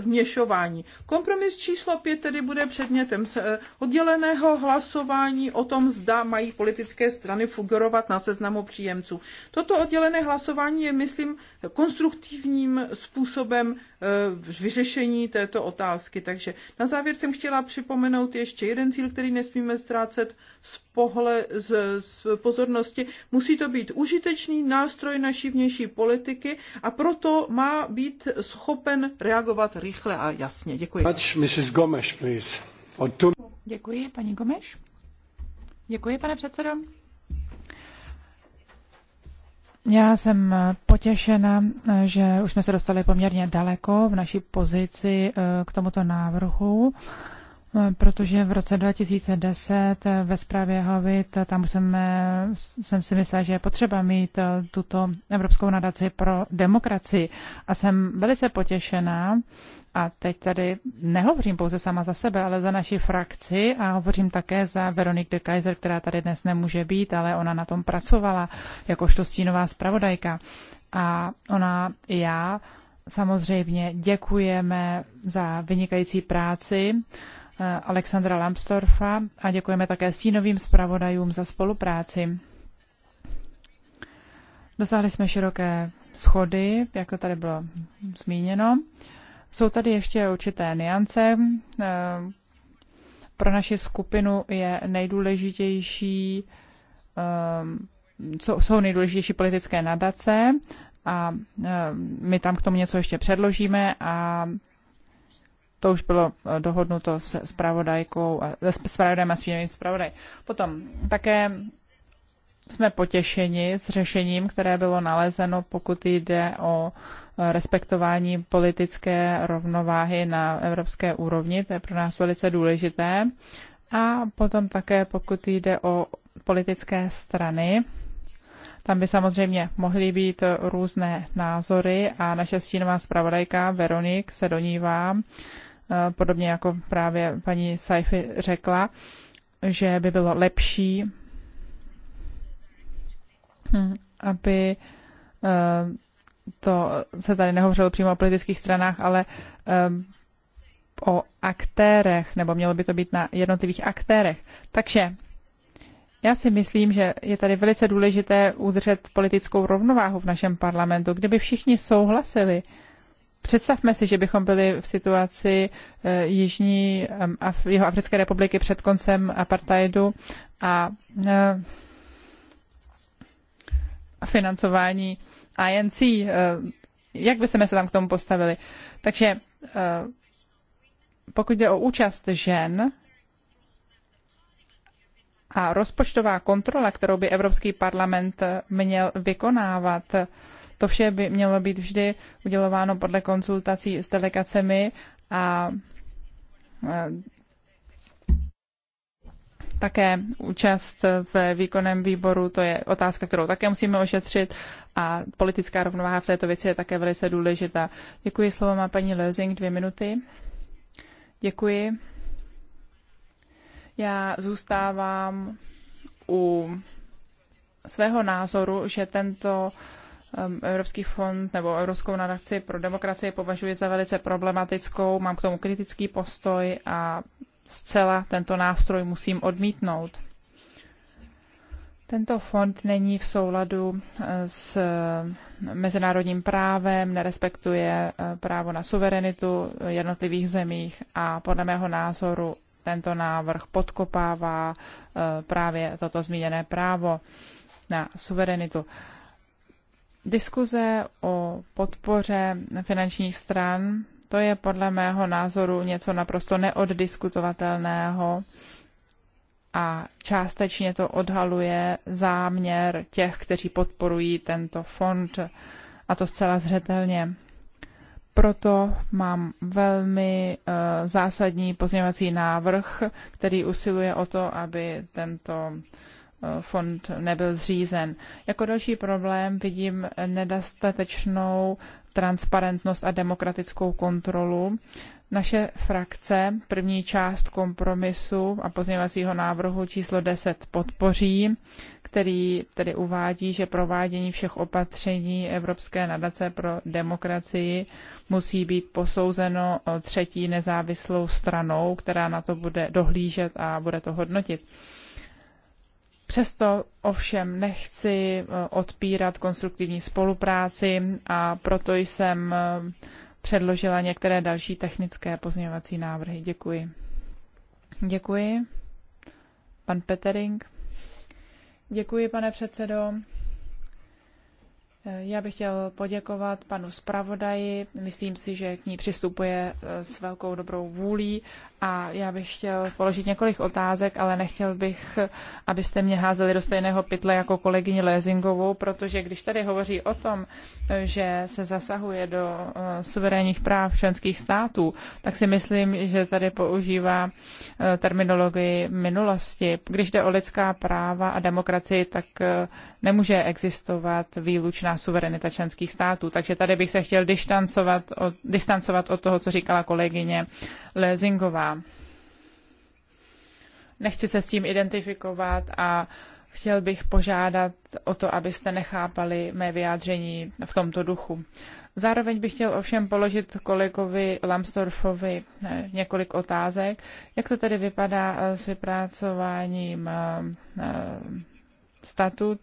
C: vměšování. Kompromis číslo 5 tedy bude předmětem eh, odděleného hlasování o tom, zda mají politické strany fungovat na seznamu příjemců. Toto oddělené hlasování je, myslím, konstruktivním způsobem způsobem eh, vyřešení této otázky. Takže na závěr jsem chtěla připomenout ještě jeden cíl, který nesmíme ztrácet z, pohle, z, z pozornosti. Musí to být užitečný nástroj naší vnější politiky a proto má být schopen reagovat rychle a jasně. Děkuji.
B: Mrs. Gomes, please.
C: Děkuji, paní Gomeš. Děkuji, pane
D: předsedo. Já jsem potěšena, že už jsme se dostali poměrně daleko v naší pozici eh, k tomuto návrhu, eh, protože v roce 2010 eh, ve zprávě Havit, tam jsem, jsem si myslela, že je potřeba mít tuto Evropskou nadaci pro demokracii. A jsem velice potěšená, a teď tady nehovořím pouze sama za sebe, ale za naši frakci a hovořím také za Veronik de Kaiser, která tady dnes nemůže být, ale ona na tom pracovala jakožto stínová zpravodajka. A ona i já samozřejmě děkujeme za vynikající práci eh, Alexandra Lambstorfa a děkujeme také stínovým zpravodajům za spolupráci. Dosáhli jsme široké schody, jak to tady bylo zmíněno. Jsou tady ještě určité niance. Eh, pro naši skupinu je nejdůležitější, eh, co jsou nejdůležitější politické nadace a eh, my tam k tomu něco ještě předložíme a to už bylo dohodnuto s spravodajkou, se spravodajem a svými spravodaj. Potom také jsme potěšeni s řešením, které bylo nalezeno, pokud jde o eh, respektování politické rovnováhy na evropské úrovni. To je pro nás velice důležité. A potom také, pokud jde o politické strany, tam by samozřejmě mohly být různé názory a naše stínová zpravodajka Veronik se do ní vám eh, podobně jako právě paní Saifi řekla, že by bylo lepší Hm, aby eh, to se tady nehovořilo přímo o politických stranách, ale eh, o aktérech, nebo mělo by to být na jednotlivých aktérech. Takže já si myslím, že je tady velice důležité udržet politickou rovnováhu v našem parlamentu. Kdyby všichni souhlasili, představme si, že bychom byli v situaci eh, Jižní Af- Jeho Africké republiky před koncem apartheidu a financování INC. Eh, jak by se tam k tomu postavili? Takže eh, pokud jde o účast žen a rozpočtová kontrola, kterou by Evropský parlament eh, měl vykonávat, to vše by mělo být vždy udělováno podle konzultací s delegacemi a také účast v výkonném výboru, to je otázka, kterou také musíme ošetřit a politická rovnováha v této věci je také velice důležitá. Děkuji, slovo má paní Lezing, dvě minuty. Děkuji. Já zůstávám u svého názoru, že tento um, Evropský fond nebo Evropskou nadaci pro demokracii považuji za velice problematickou. Mám k tomu kritický postoj a zcela tento nástroj musím odmítnout. Tento fond není v souladu eh, s eh, mezinárodním právem, nerespektuje eh, právo na suverenitu jednotlivých zemích a podle mého názoru tento návrh podkopává právě toto zmíněné právo na suverenitu. Diskuze o podpoře finančních stran to je podle mého názoru něco naprosto neoddiskutovatelného a částečně to odhaluje záměr těch, kteří podporují tento fond a to zcela zřetelně. Proto mám velmi uh, zásadní pozměvací návrh, který usiluje o to, aby tento eh, fond nebyl zřízen. Jako další problém vidím nedostatečnou transparentnost a demokratickou kontrolu. Naše frakce první část kompromisu a pozměňovacího návrhu číslo 10 podpoří, který tedy uvádí, že provádění všech opatření Evropské nadace pro demokracii musí být posouzeno třetí nezávislou stranou, která na to bude dohlížet a bude to hodnotit. Přesto ovšem nechci eh, odpírat konstruktivní spolupráci a proto jsem eh, předložila některé další technické pozměňovací návrhy. Děkuji. Děkuji. Pan Petering. Děkuji, pane předsedo. Eh, já bych chtěl poděkovat panu zpravodaji. Myslím si, že k ní přistupuje s velkou dobrou vůlí a já bych chtěl položit několik otázek, ale nechtěl bych, abyste mě házeli do stejného pytle jako kolegyni Lézingovou, protože když tady hovoří o tom, že se zasahuje do eh, suverénních práv členských států, tak si myslím, že tady používá eh, terminologii minulosti. Když jde o lidská práva a demokracii, tak eh, nemůže existovat výlučná suverenita členských států. Takže tady bych se chtěl distancovat od, distancovat od toho, co říkala kolegyně Lézingová. Nechci se s tím identifikovat a chtěl bych požádat o to, abyste nechápali mé vyjádření v tomto duchu. Zároveň bych chtěl ovšem položit kolegovi Lambsdorffovi eh, několik otázek. Jak to tedy vypadá eh, s vypracováním eh, statut?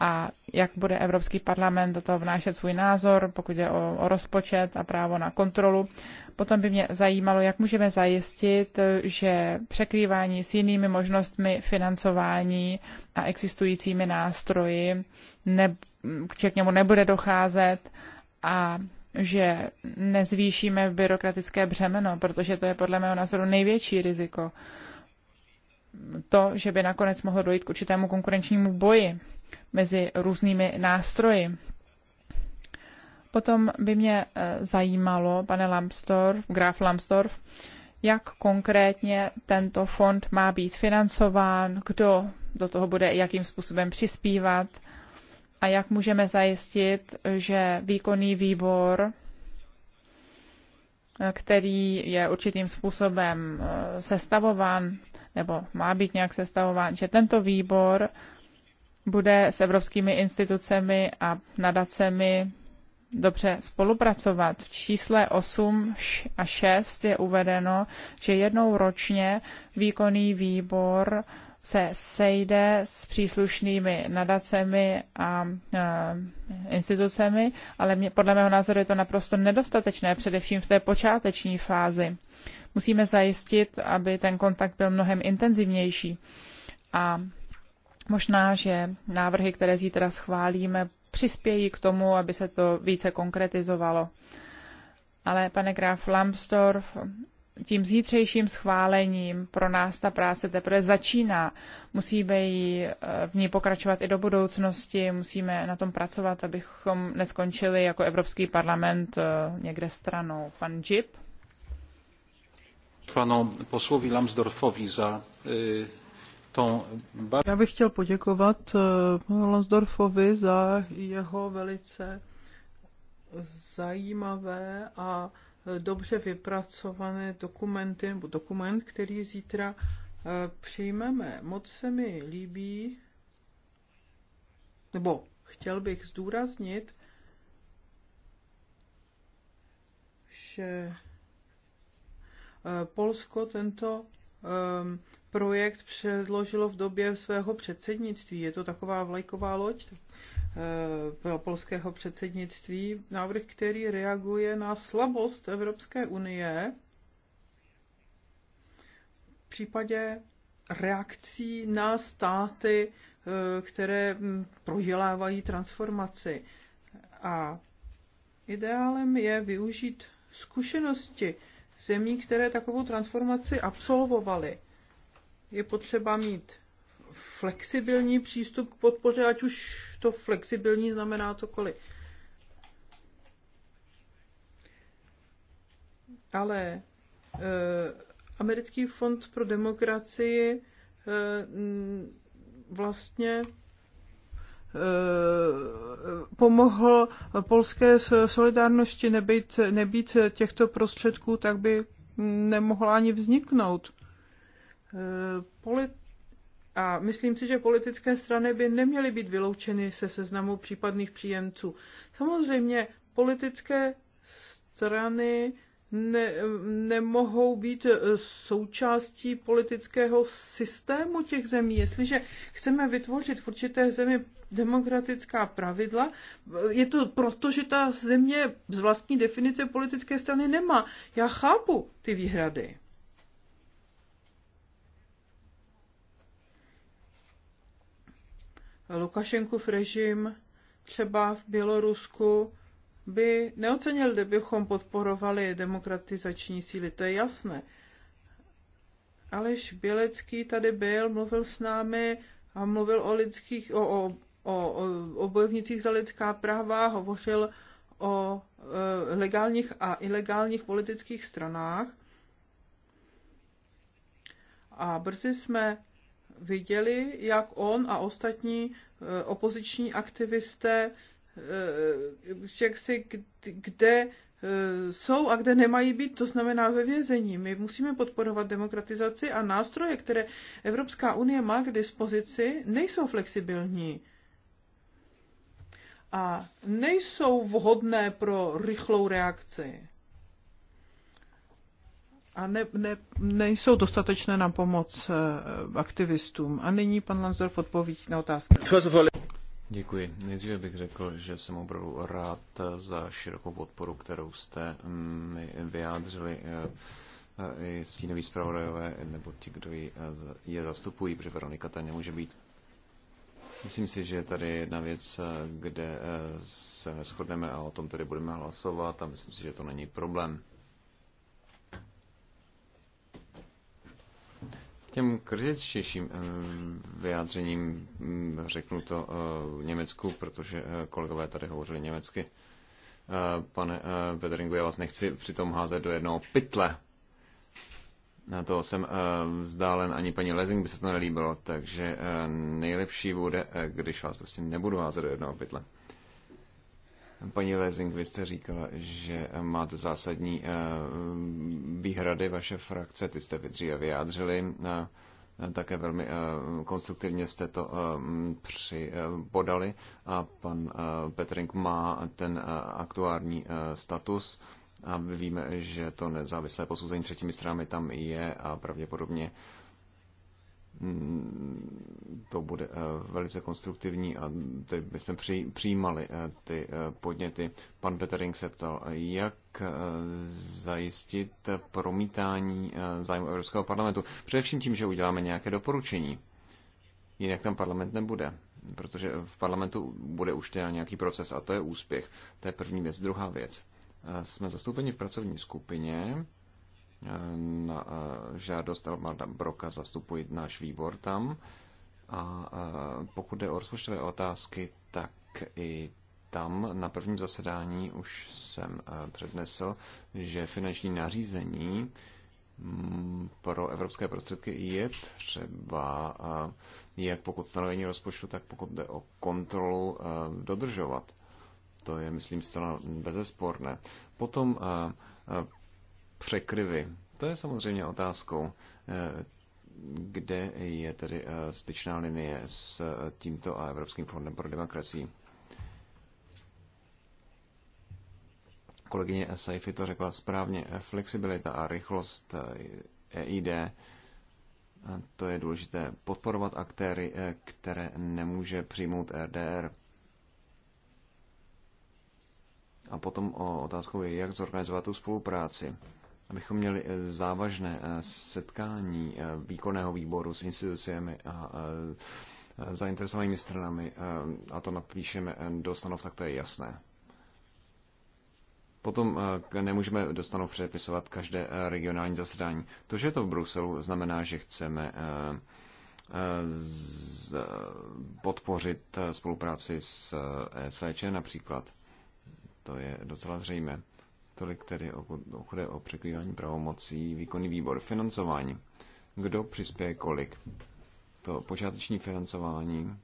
D: a jak bude Evropský parlament do toho vnášet svůj názor, pokud je o, o rozpočet a právo na kontrolu. Potom by mě zajímalo, jak můžeme zajistit, že překrývání s jinými možnostmi financování a existujícími nástroji, ne, k němu nebude docházet a že nezvýšíme byrokratické břemeno, protože to je podle mého názoru největší riziko. To, že by nakonec mohlo dojít k určitému konkurenčnímu boji mezi různými nástroji. Potom by mě eh, zajímalo, pane Lambsdorff, graf Lambsdorff, jak konkrétně tento fond má být financován, kdo do toho bude jakým způsobem přispívat a jak můžeme zajistit, že výkonný výbor, eh, který je určitým způsobem eh, sestavován nebo má být nějak sestavován, že tento výbor bude s evropskými institucemi a nadacemi dobře spolupracovat. V čísle 8 a 6 je uvedeno, že jednou ročně výkonný výbor se sejde s příslušnými nadacemi a e, institucemi, ale mě, podle mého názoru je to naprosto nedostatečné, především v té počáteční fázi. Musíme zajistit, aby ten kontakt byl mnohem intenzivnější. A Možná, že návrhy, které zítra schválíme, přispějí k tomu, aby se to více konkretizovalo. Ale pane Graf Lambsdorff, tím zítřejším schválením pro nás ta práce teprve začíná. Musíme jí eh, v ní pokračovat i do budoucnosti, musíme na tom pracovat, abychom neskončili jako Evropský parlament eh, někde stranou. Pan Jip.
B: Panu poslovi Lambsdorffovi za eh, já bych chtěl
C: poděkovat eh, Lonsdorfovi za jeho velice zajímavé a dobře vypracované dokumenty, nebo dokument, který zítra eh, přijmeme. Moc se mi líbí, nebo chtěl bych zdůraznit, že eh, Polsko tento Um, projekt předložilo v době svého předsednictví. Je to taková vlajková loď eh, polského předsednictví. Návrh, který reaguje na slabost Evropské unie v případě reakcí na státy, eh, které hm, prodělávají transformaci. A ideálem je využít zkušenosti zemí, které takovou transformaci absolvovaly. Je potřeba mít flexibilní přístup k podpoře, ať už to flexibilní znamená cokoliv. Ale e, Americký fond pro demokracii e, vlastně Eh, pomohl polské solidárnosti nebýt, nebýt těchto prostředků, tak by nemohla ani vzniknout. Eh, a myslím si, že politické strany by neměly být vyloučeny se seznamu případných příjemců. Samozřejmě politické strany ne, nemohou být součástí politického systému těch zemí. Jestliže chceme vytvořit v určité zemi demokratická pravidla, je to proto, že ta země z vlastní definice politické strany nemá. Já chápu ty výhrady. Lukašenkov režim třeba v Bělorusku by neocenil, kdybychom podporovali demokratizační síly, to je jasné. Aleš Bělecký tady byl, mluvil s námi a mluvil o lidských, o, o, o, o bojovnicích za lidská práva, hovořil o e, legálních a ilegálních politických stranách. A brzy jsme viděli, jak on a ostatní e, opoziční aktivisté jaksi, eh, kde eh, jsou a kde nemají být, to znamená ve vězení. My musíme podporovat demokratizaci a nástroje, které Evropská unie má k dispozici, nejsou flexibilní a nejsou vhodné pro rychlou reakci. A ne, ne, nejsou dostatečné na pomoc eh, aktivistům. A nyní pan Lansdorf odpoví na otázky.
A: Děkuji. Nejdříve bych řekl, že jsem opravdu rád za širokou podporu, kterou jste mm, mi vyjádřili eh, eh, i stínoví zpravodajové, nebo ti, kdo eh, je zastupují, protože Veronika tady nemůže být. Myslím si, že tady je jedna věc, kde se neschodneme a o tom tedy budeme hlasovat a myslím si, že to není problém. těm kritičtějším eh, vyjádřením hm, řeknu to eh, v Německu, protože eh, kolegové tady hovořili německy. Pane Bedringu, já vás nechci přitom házet do jednoho pytle. Na to jsem vzdálen, ani paní Lezing by se to nelíbilo, takže nejlepší bude, když vás prostě nebudu házet do jednoho pytle. Paní Lezing, vy jste říkala, že máte zásadní eh, výhrady vaše frakce, ty jste dříve vyjádřili. Eh, také velmi eh, konstruktivně jste to při, podali a pan Petrink má ten aktuární status a víme, že to nezávislé posouzení třetími stranami tam je a pravděpodobně uh, Mm, to bude eh, velice konstruktivní a tedy bychom přijímali eh, ty eh, podněty. Pan Petering se ptal, jak zajistit promítání zájmu Evropského parlamentu. Především tím, že uděláme nějaké doporučení. Jinak tam parlament nebude, protože v parlamentu bude už nějaký proces a to je úspěch. To je první věc. Druhá věc. Jsme zastoupeni v pracovní skupině na eh, žádost Elmarda Broka zastupuji náš výbor tam. A eh, pokud jde o rozpočtové otázky, tak i tam na prvním zasedání už jsem eh, přednesl, že finanční nařízení mm, pro evropské prostředky je třeba, jak pokud stanovení rozpočtu, tak pokud jde o kontrolu, dodržovat. To je, myslím, zcela bezesporné. Potom překryvy. To je samozřejmě otázkou, eh, kde je tedy eh, styčná linie s eh, tímto a Evropským fondem pro demokracii. Kolegyně Saifi to řekla správně. Flexibilita a rychlost EID e to je důležité podporovat aktéry, které nemůže přijmout RDR. E a potom otázkou je, jak zorganizovat tu spolupráci abychom měli eh, závažné eh, setkání eh, výkonného výboru s institucemi a zainteresovanými stranami a to napíšeme do stanov, tak to je jasné. Potom nemůžeme do stanov přepisovat každé regionální zasedání. To, že je to v Bruselu, znamená, že chceme podpořit spolupráci s SVČ například. To je docela zřejmé. Tolik tedy pokud je o překrývání pravomocí, výkonný výbor, financování. Kdo přispěje kolik? To počáteční financování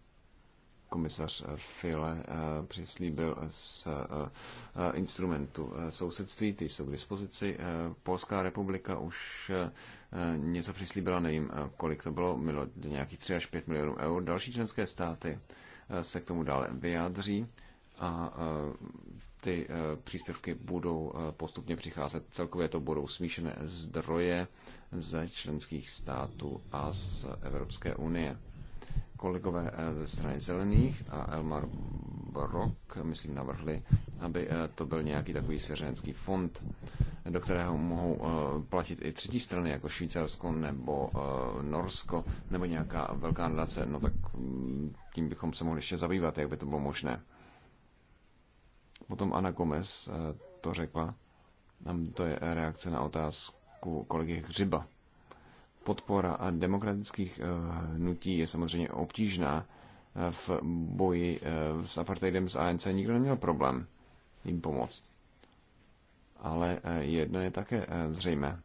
A: komisař File eh, přislíbil z eh, eh, instrumentu sousedství, ty jsou k dispozici. Polská republika už něco přislíbila, nevím, kolik to bylo, bylo nějakých 3 až 5 milionů eur. Další členské státy se k tomu dále vyjádří a ty eh, příspěvky budou eh, postupně přicházet. Celkově to budou smíšené zdroje ze členských států a z Evropské unie. Kolegové eh, ze strany Zelených a Elmar Brok, myslím, navrhli, aby to byl nějaký takový svěřenský fond, do kterého mohou platit i třetí strany, jako Švýcarsko nebo Norsko, nebo nějaká velká nadace. No tak mm, tím bychom se mohli ještě zabývat, jak by to bylo možné. Potom Ana Gomez eh, to řekla. To je reakce na otázku kolegy Hřiba. Podpora demokratických eh, hnutí je samozřejmě obtížná. Eh, v boji s apartheidem z ANC nikdo neměl problém jim pomoct. Ale jedno je také zřejmé.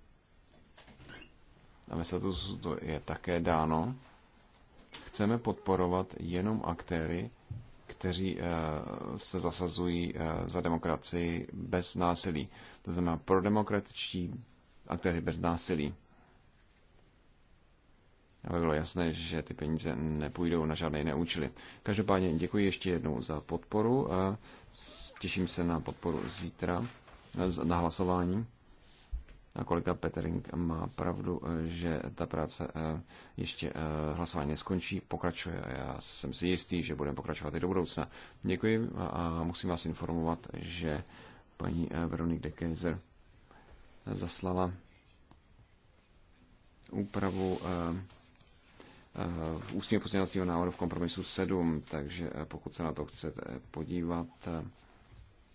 A: A ve statusu to je také dáno. Chceme podporovat jenom aktéry, kteří eh, se zasazují eh, za demokracii bez násilí. To znamená a aktéři bez násilí. Aby bylo jasné, že ty peníze nepůjdou na žádné jiné účely. Každopádně děkuji ještě jednou za podporu a těším se na podporu zítra na hlasování. A kolega Petering má pravdu, eh, že ta práce eh, ještě eh, hlasování neskončí, pokračuje a já jsem si jistý, že budeme pokračovat i do budoucna. Děkuji a musím vás informovat, že paní Veronik de Kaiser zaslala úpravu ústního pozměňovacího návrhu v kompromisu 7, takže pokud se na to chcete podívat,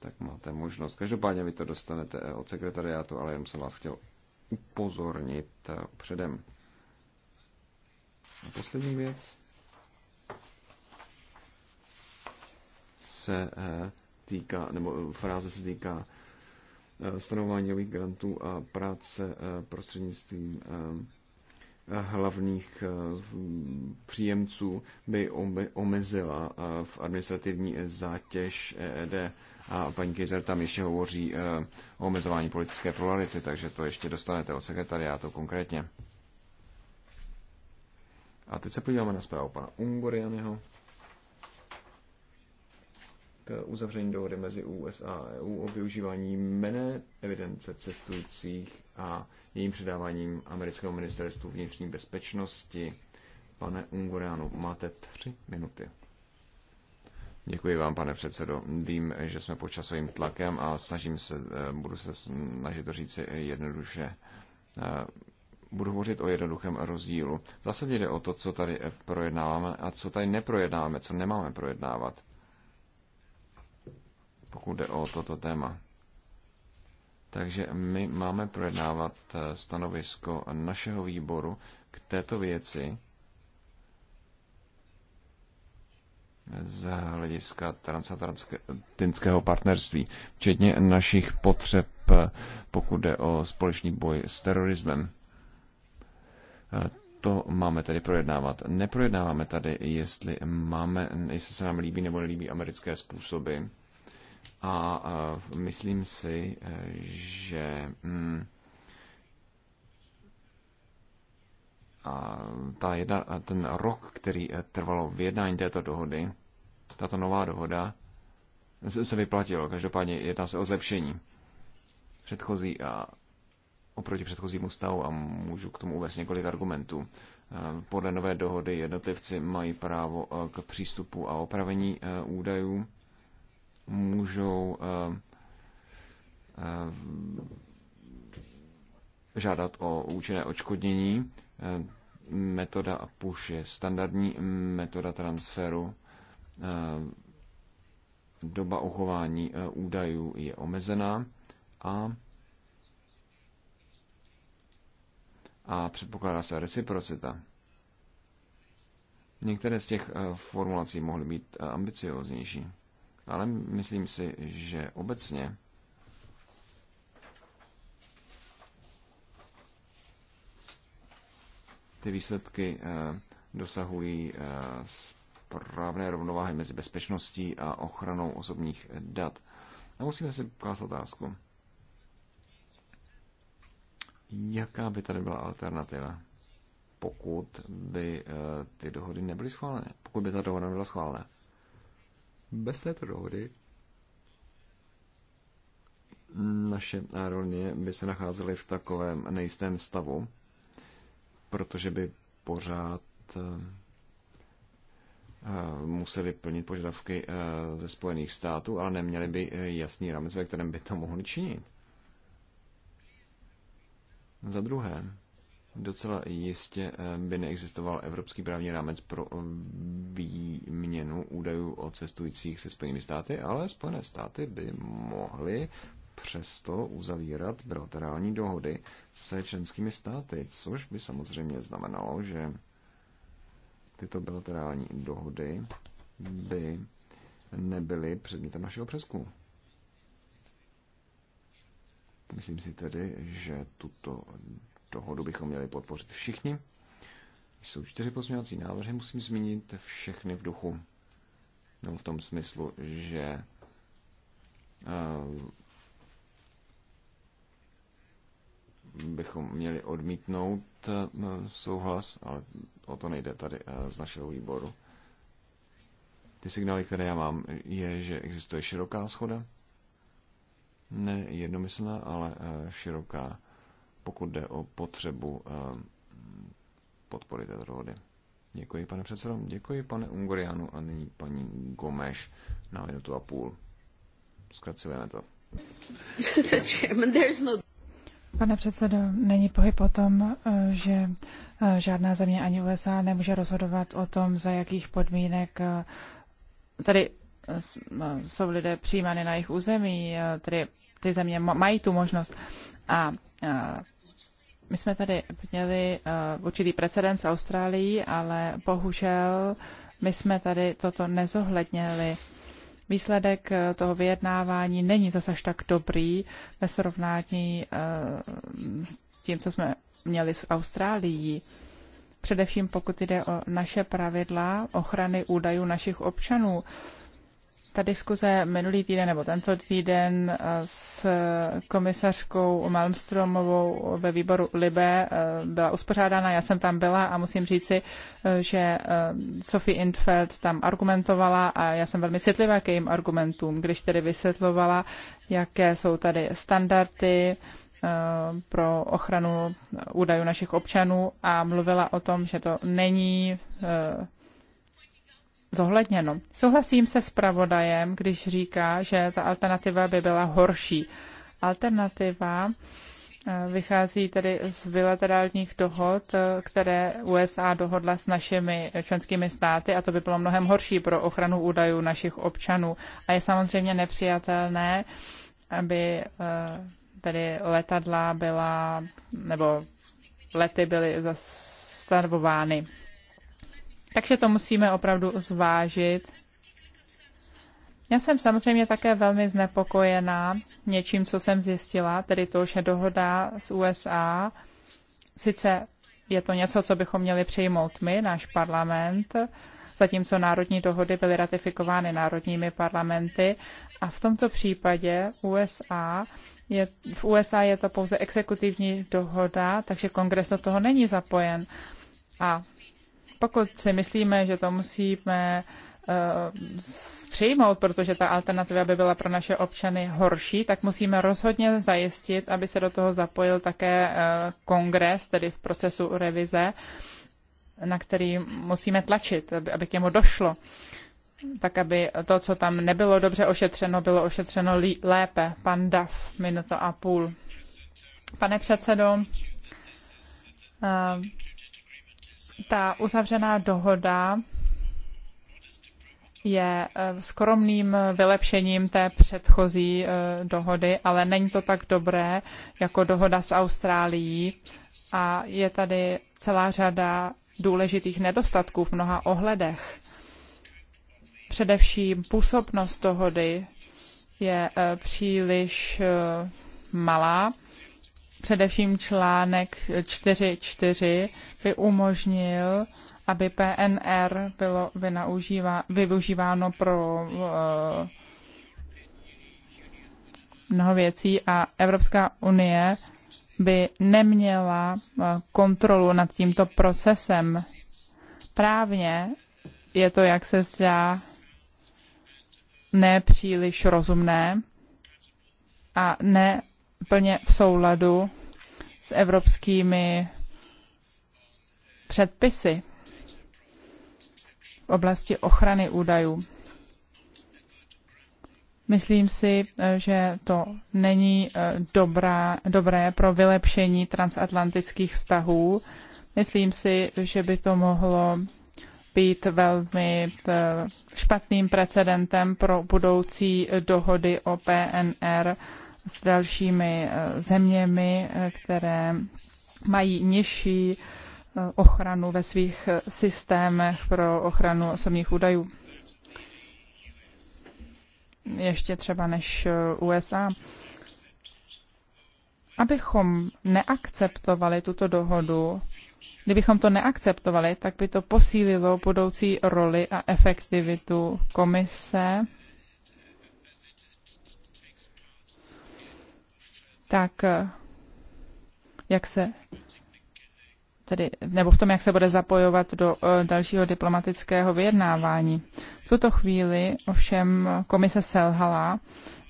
A: tak máte možnost. Každopádně vy to dostanete od sekretariátu, ale jenom jsem vás chtěl upozornit eh, předem. A poslední věc se eh, týká, nebo eh, fráze se týká stanovování nových grantů a práce prostřednictvím hlavních příjemců by omezila v administrativní zátěž EED. A paní Kejzer tam ještě hovoří eh, o omezování politické plurality, takže to ještě dostanete od sekretariátu konkrétně. A teď se podíváme na zprávu pana Ungorianyho k uzavření dohody mezi USA a EU o využívání jmené evidence cestujících a jejím předáváním americkému ministerstvu vnitřní bezpečnosti. Pane Ungoránu, máte tři minuty. Děkuji vám, pane předsedo. Vím, že jsme pod časovým tlakem a snažím se, eh, budu se snažit to říci jednoduše. Eh, budu hovořit o jednoduchém rozdílu. Zase jde o to, co tady eh, projednáváme a co tady neprojednáváme, co nemáme projednávat, pokud jde o toto téma. Takže my máme projednávat stanovisko našeho výboru k této věci, z hlediska transatlantického partnerství, včetně našich potřeb, pokud jde o společný boj s terorismem. To máme tady projednávat. Neprojednáváme tady, jestli, máme, jestli se nám líbí nebo nelíbí americké způsoby. A myslím si, že mm, a ta jedna, ten rok, který trvalo vyjednání této dohody, tato nová dohoda se vyplatilo. Každopádně jedná se o zlepšení předchozí a oproti předchozímu stavu a můžu k tomu uvést několik argumentů. Eh, podle nové dohody jednotlivci mají právo eh, k přístupu a opravení eh, údajů, můžou žádat o účinné očkodnění. Metoda push je standardní metoda transferu Eh, doba uchování eh, údajů je omezená a a předpokládá se reciprocita. Některé z těch eh, formulací mohly být ambicioznější, ale myslím si, že obecně ty výsledky dosahují správné rovnováhy mezi bezpečností a ochranou osobních dat. A musíme si klást otázku. Jaká by tady byla alternativa, pokud by eh, ty dohody nebyly schválené? Pokud by ta dohoda nebyla schválená?
B: Bez této dohody
A: naše aerolinie by se nacházely v takovém nejistém stavu, protože by pořád eh, Eh, museli plnit požadavky eh, ze Spojených států, ale neměli by eh, jasný rámec, ve kterém by to mohli činit. Za druhé, docela jistě by neexistoval evropský právní rámec pro výměnu údajů o cestujících se Spojenými státy, ale Spojené státy by mohly přesto uzavírat bilaterální dohody se členskými státy, což by samozřejmě znamenalo, že tyto bilaterální dohody by nebyly předmětem našeho přeskumu. Myslím si tedy, že tuto dohodu bychom měli podpořit všichni. Jsou čtyři pozměňovací návrhy, musím zmínit všechny v duchu. Nebo v tom smyslu, že eh, bychom měli odmítnout Eh, souhlas, ale o to nejde tady eh, z našeho výboru. Ty signály, které já mám, je, že existuje široká schoda, ne jednomyslná, ale eh, široká, pokud jde o potřebu podpory této dohody. Děkuji, pane předsedo. Děkuji, pane Ungorianu. A nyní paní Gomeš na minutu a půl. Zkracujeme to.
D: Pane předsedo, není pohyb o tom, eh, že eh, žádná země ani USA nemůže rozhodovat o tom, za jakých podmínek eh, tady jsou lidé přijímány na jejich území, tedy ty země mají tu možnost. A my jsme tady měli určitý precedens s Austrálií, ale bohužel my jsme tady toto nezohlednili výsledek eh, toho vyjednávání není zase tak dobrý ve srovnání eh, s tím, co jsme měli s Austrálií. Především pokud jde o naše pravidla ochrany údajů našich občanů ta diskuze minulý týden nebo tento týden eh, s komisařkou Malmstromovou ve výboru Libe eh, byla uspořádána. Já jsem tam byla a musím říci, eh, že Sophie Intfeld tam argumentovala a já jsem velmi citlivá k jejím argumentům, když tedy vysvětlovala, jaké jsou tady standardy, pro ochranu údajů našich občanů a mluvila o tom, že to není zohledněno. Souhlasím se s pravodajem, když říká, že ta alternativa by byla horší. Alternativa eh, vychází tedy z bilaterálních dohod, eh, které USA dohodla s našimi členskými státy a to by bylo mnohem horší pro ochranu údajů našich občanů. A je samozřejmě nepřijatelné, aby eh, tedy letadla byla, nebo lety byly zastavovány. Takže to musíme opravdu zvážit. Já jsem samozřejmě také velmi znepokojená něčím, co jsem zjistila, tedy to, že dohoda s USA, sice je to něco, co bychom měli přijmout my, náš parlament, zatímco národní dohody byly ratifikovány národními parlamenty. A v tomto případě USA je, v USA je to pouze exekutivní dohoda, takže kongres do toho není zapojen. A pokud si myslíme, že to musíme eh, přijmout, protože ta alternativa by byla pro naše občany horší, tak musíme rozhodně zajistit, aby se do toho zapojil také eh, kongres, tedy v procesu revize, na který musíme tlačit, aby, aby k němu došlo, tak aby to, co tam nebylo dobře ošetřeno, bylo ošetřeno lépe. Pan Dav, minuta a půl. Pane předsedo, eh, ta uzavřená dohoda je eh, skromným vylepšením té předchozí eh, dohody, ale není to tak dobré jako dohoda s Austrálií a je tady celá řada důležitých nedostatků v mnoha ohledech. Především působnost dohody je eh, příliš malá Především článek 4.4 by umožnil, aby PNR bylo využíváno pro eh, mnoho věcí a Evropská unie by neměla eh, kontrolu nad tímto procesem. Právně je to, jak se zdá, nepříliš rozumné a ne plně v souladu s evropskými předpisy v oblasti ochrany údajů. Myslím si, eh, že to není eh, dobrá, dobré pro vylepšení transatlantických vztahů. Myslím si, že by to mohlo být velmi eh, špatným precedentem pro budoucí dohody o PNR s dalšími eh, zeměmi, eh, které mají nižší eh, ochranu ve svých systémech pro ochranu osobních údajů. Ještě třeba než USA. Abychom neakceptovali tuto dohodu, kdybychom to neakceptovali, tak by to posílilo budoucí roli a efektivitu komise tak eh, jak se tedy, nebo v tom, jak se bude zapojovat do eh, dalšího diplomatického vyjednávání. V tuto chvíli ovšem komise selhala,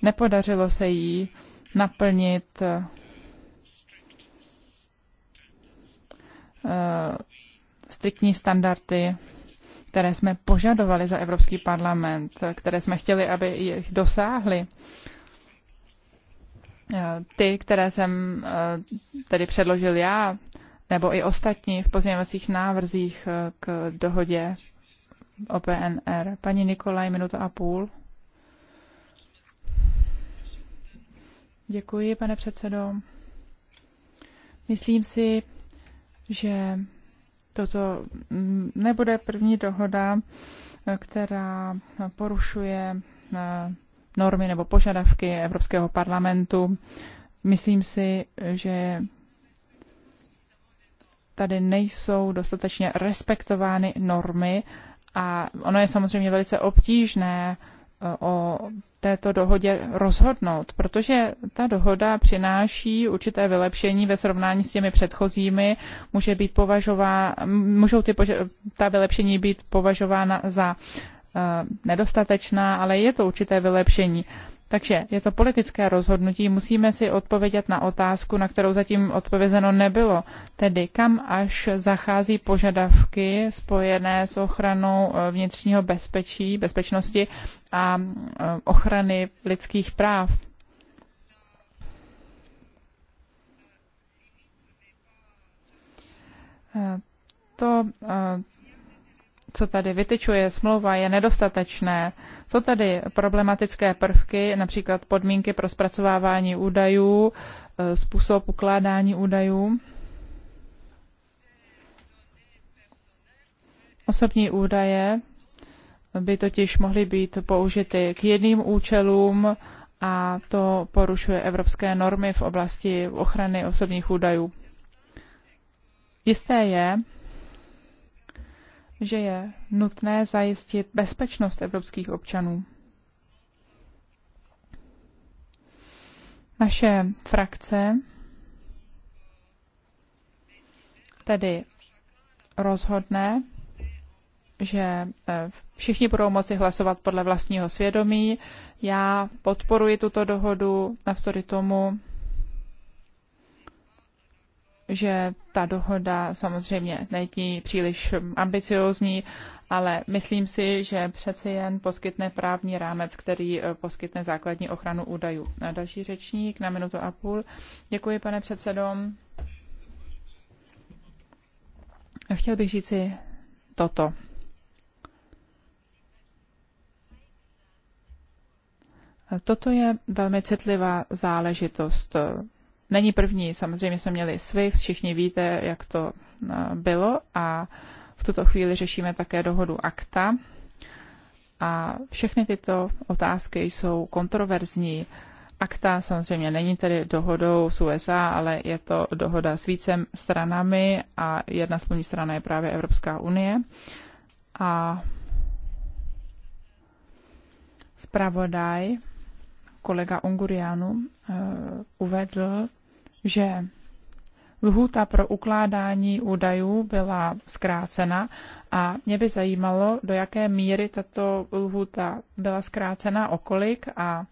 D: nepodařilo se jí naplnit eh, striktní standardy, které jsme požadovali za Evropský parlament, které jsme chtěli, aby jich dosáhli. Eh, ty, které jsem eh, tedy předložil já, nebo i ostatní v pozměňovacích návrzích eh, k dohodě o PNR. Paní Nikolaj, minuta a půl. Děkuji, pane předsedo. Myslím si, že toto mm, nebude první dohoda, která porušuje normy nebo požadavky Evropského parlamentu. Myslím si, že tady nejsou dostatečně respektovány normy a ono je samozřejmě velice obtížné eh, o této dohodě rozhodnout, protože ta dohoda přináší určité vylepšení ve srovnání s těmi předchozími, může být považová, můžou ty, ta vylepšení být považována za Eh, nedostatečná, ale je to určité vylepšení. Takže je to politické rozhodnutí, musíme si odpovědět na otázku, na kterou zatím odpovězeno nebylo, tedy kam až zachází požadavky spojené s ochranou eh, vnitřního bezpečí, bezpečnosti a eh, ochrany lidských práv. To co tady vytyčuje smlouva, je nedostatečné. Jsou tady problematické prvky, například podmínky pro zpracovávání údajů, e, způsob ukládání údajů. Osobní údaje by totiž mohly být použity k jedným účelům a to porušuje evropské normy v oblasti ochrany osobních údajů. Jisté je, že je nutné zajistit bezpečnost evropských občanů. Naše frakce tedy rozhodne, že eh, všichni budou moci hlasovat podle vlastního svědomí. Já podporuji tuto dohodu navzdory tomu, že ta dohoda samozřejmě není příliš ambiciozní, ale myslím si, že přeci jen poskytne právní rámec, který eh, poskytne základní ochranu údajů. A další řečník na minutu a půl. Děkuji, pane předsedo. Chtěl bych říci toto. Toto je velmi citlivá záležitost není první. Samozřejmě jsme měli SWIFT, všichni víte, jak to eh, bylo a v tuto chvíli řešíme také dohodu akta. A všechny tyto otázky jsou kontroverzní. Akta samozřejmě není tedy dohodou s USA, ale je to dohoda s více stranami a jedna smluvní strana je právě Evropská unie. A zpravodaj kolega Ungurianu eh, uvedl, že lhůta pro ukládání údajů byla zkrácena a mě by zajímalo, do jaké míry tato lhůta byla zkrácena, okolik a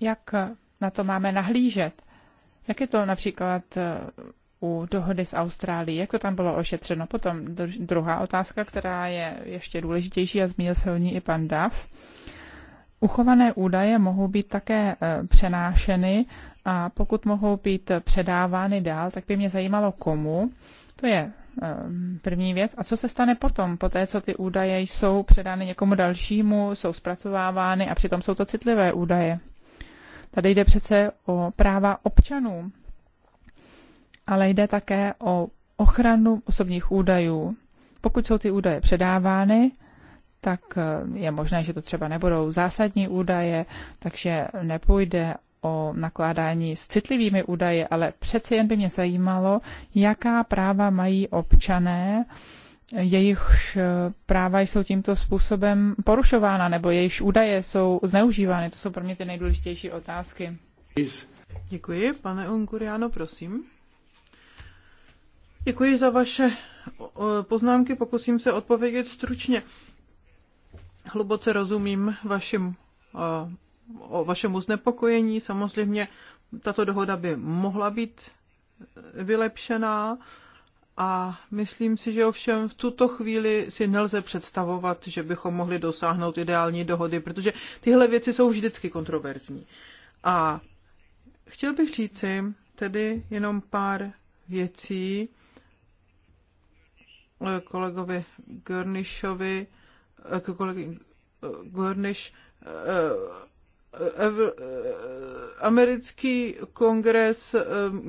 D: jak na to máme nahlížet. Jak je to například eh, u dohody s Austrálií, jak to tam bylo ošetřeno. Potom druhá otázka, která je ještě důležitější a zmínil se o ní i pan Dav. Uchované údaje mohou být také eh, přenášeny a pokud mohou být předávány dál, tak by mě zajímalo komu. To je eh, první věc. A co se stane potom, po té, co ty údaje jsou předány někomu dalšímu, jsou zpracovávány a přitom jsou to citlivé údaje? Tady jde přece o práva občanů, ale jde také o ochranu osobních údajů. Pokud jsou ty údaje předávány, tak eh, je možné, že to třeba nebudou zásadní údaje, takže nepůjde o nakládání s citlivými údaje, ale přeci jen by mě zajímalo, jaká práva mají občané, jejichž eh, práva jsou tímto způsobem porušována, nebo jejichž údaje jsou zneužívány. To jsou
C: pro mě ty nejdůležitější otázky. Děkuji. Pane Unguriano, prosím. Děkuji za vaše poznámky, pokusím se odpovědět stručně. Hluboce rozumím vašim, eh, o vašemu znepokojení. Samozřejmě tato dohoda by mohla být eh, vylepšená a myslím si, že ovšem v tuto chvíli si nelze představovat, že bychom mohli dosáhnout ideální dohody, protože tyhle věci jsou vždycky kontroverzní. A chtěl bych říci tedy jenom pár věcí eh, kolegovi Görnišovi, k kolegy eh, Gornish, eh, eh, americký kongres,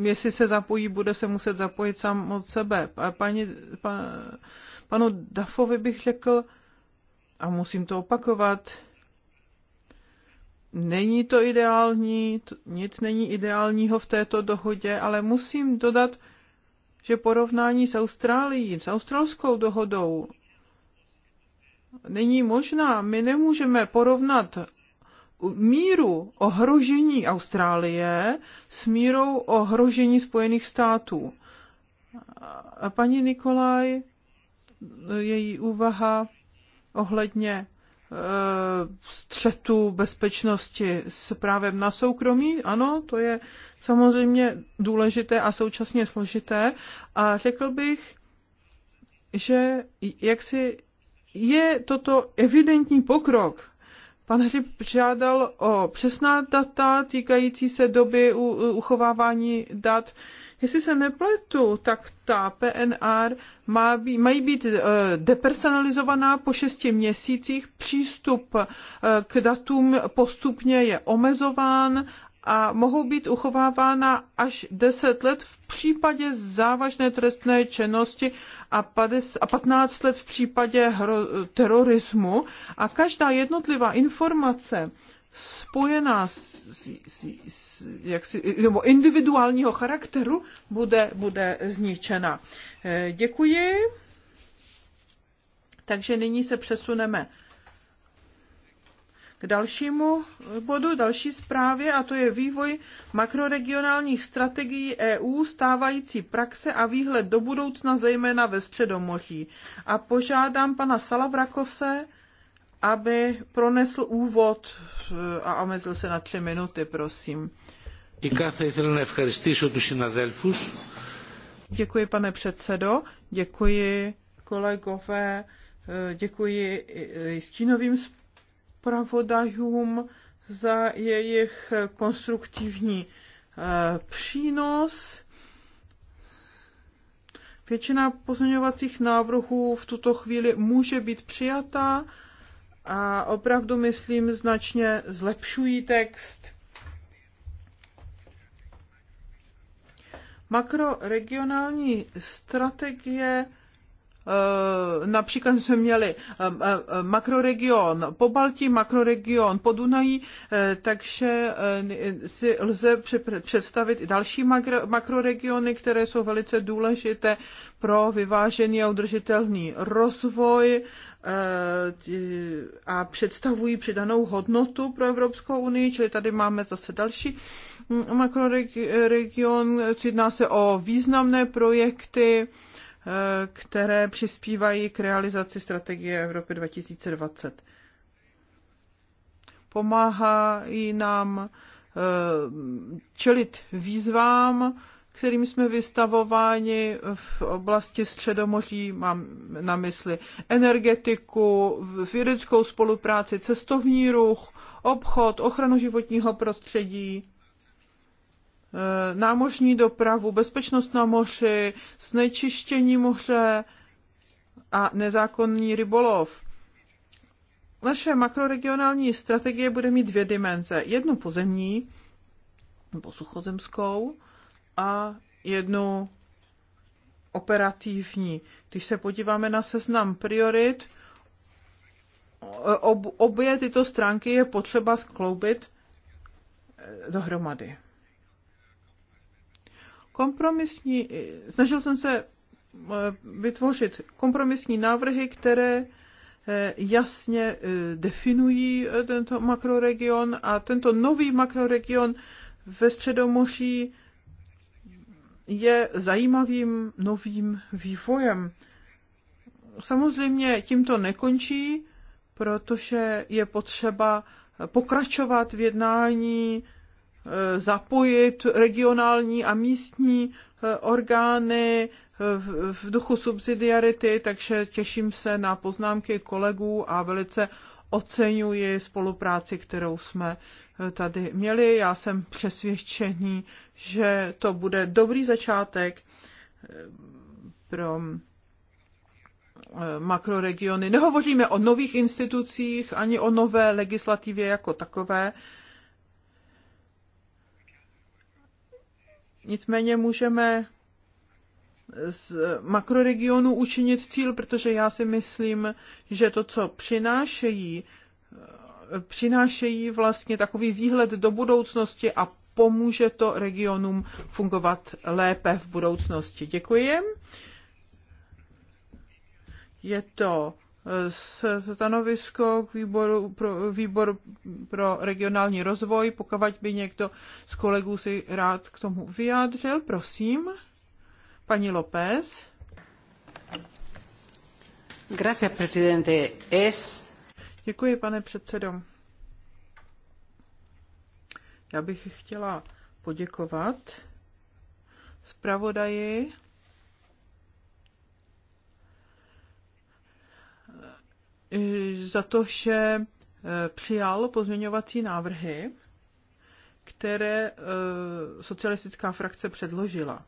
C: jestli se zapojí, bude se muset zapojit sám od sebe. A paní, pa, panu Dafovi bych řekl, a musím to opakovat, není to ideální, nic není ideálního v této dohodě, ale musím dodat, že porovnání s Austrálií, s australskou dohodou, není možná. My nemůžeme porovnat míru ohrožení Austrálie s mírou ohrožení Spojených států. A paní Nikolaj, její úvaha ohledně e, střetu bezpečnosti s právem na soukromí. Ano, to je samozřejmě důležité a současně složité. A řekl bych, že jak si je toto evidentní pokrok. Pan Hřib žádal o přesná data týkající se doby u, uchovávání dat. Jestli se nepletu, tak ta PNR má být, mají být eh, depersonalizovaná po šesti měsících. Přístup eh, k datům postupně je omezován a mohou být uchovávána až 10 let v případě závažné trestné činnosti a 15 let v případě terorismu. A každá jednotlivá informace spojená s, s, s jaksi, nebo individuálního charakteru bude, bude zničena. Eh, děkuji. Takže nyní se přesuneme k dalšímu bodu, další zprávě, a to je vývoj makroregionálních strategií EU, stávající praxe a výhled do budoucna, zejména ve Středomoří. A požádám pana Salabrakose, aby pronesl úvod eh, a omezil se na tři minuty, prosím. Děkuji, pane předsedo, děkuji kolegové, eh, děkuji stínovým společnostem zpravodajům za jejich konstruktivní eh, přínos. Většina pozměňovacích návrhů v tuto chvíli může být přijata a opravdu, myslím, značně zlepšují text. Makroregionální strategie Eh, například jsme měli eh, eh, makroregion po makroregion po Dunají, takže si lze představit i další makroregiony, které jsou velice důležité pro vyvážený a udržitelný rozvoj a představují přidanou hodnotu pro Evropskou unii, čili tady máme zase další hm, makroregion, jedná se o významné projekty, které přispívají k realizaci strategie Evropy 2020. Pomáhá i nám eh, čelit výzvám, kterým jsme vystavováni v oblasti Středomoří, mám na mysli energetiku, vědeckou spolupráci, cestovní ruch, obchod, ochranu životního prostředí Eh, námořní dopravu, bezpečnost na moři, znečištění moře a nezákonný rybolov. Naše makroregionální strategie bude mít dvě dimenze. Jednu pozemní, nebo suchozemskou, a jednu operativní. Když se podíváme na seznam priorit, eh, ob, obě tyto stránky je potřeba skloubit eh, dohromady. Kompromisní, snažil jsem se eh, vytvořit kompromisní návrhy, které eh, jasně eh, definují tento makroregion a tento nový makroregion ve Středomoří je zajímavým novým vývojem. Samozřejmě tím to nekončí, protože je potřeba pokračovat v jednání Eh, zapojit regionální a místní eh, orgány eh, v duchu subsidiarity, takže těším se na poznámky kolegů a velice oceňuji spolupráci, kterou jsme tady měli. Já jsem přesvědčený, že to bude dobrý začátek pro makroregiony. Nehovoříme o nových institucích ani o nové legislativě jako takové, Nicméně můžeme z makroregionu učinit cíl, protože já si myslím, že to, co přinášejí, přinášejí vlastně takový výhled do budoucnosti a pomůže to regionům fungovat lépe v budoucnosti. Děkuji. Je to stanovisko k výboru pro, výbor pro regionální rozvoj. Pokud by někdo z kolegů si rád k tomu vyjádřil, prosím. Paní López. Gracias, presidente. Es... Děkuji, pane předsedo. Já bych chtěla poděkovat zpravodaji Eh, za to, že eh, přijal pozměňovací návrhy, které eh, socialistická frakce předložila.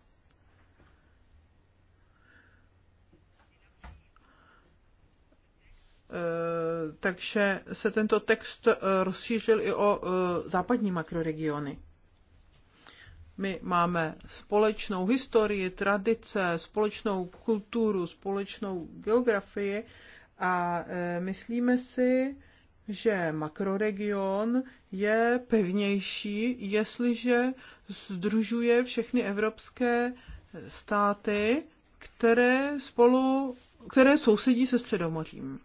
C: takže se tento text rozšířil i o západní makroregiony. My máme společnou historii, tradice, společnou kulturu, společnou geografii a e, myslíme si, že makroregion je pevnější, jestliže združuje všechny evropské státy, které spolu, které sousedí se Středomořím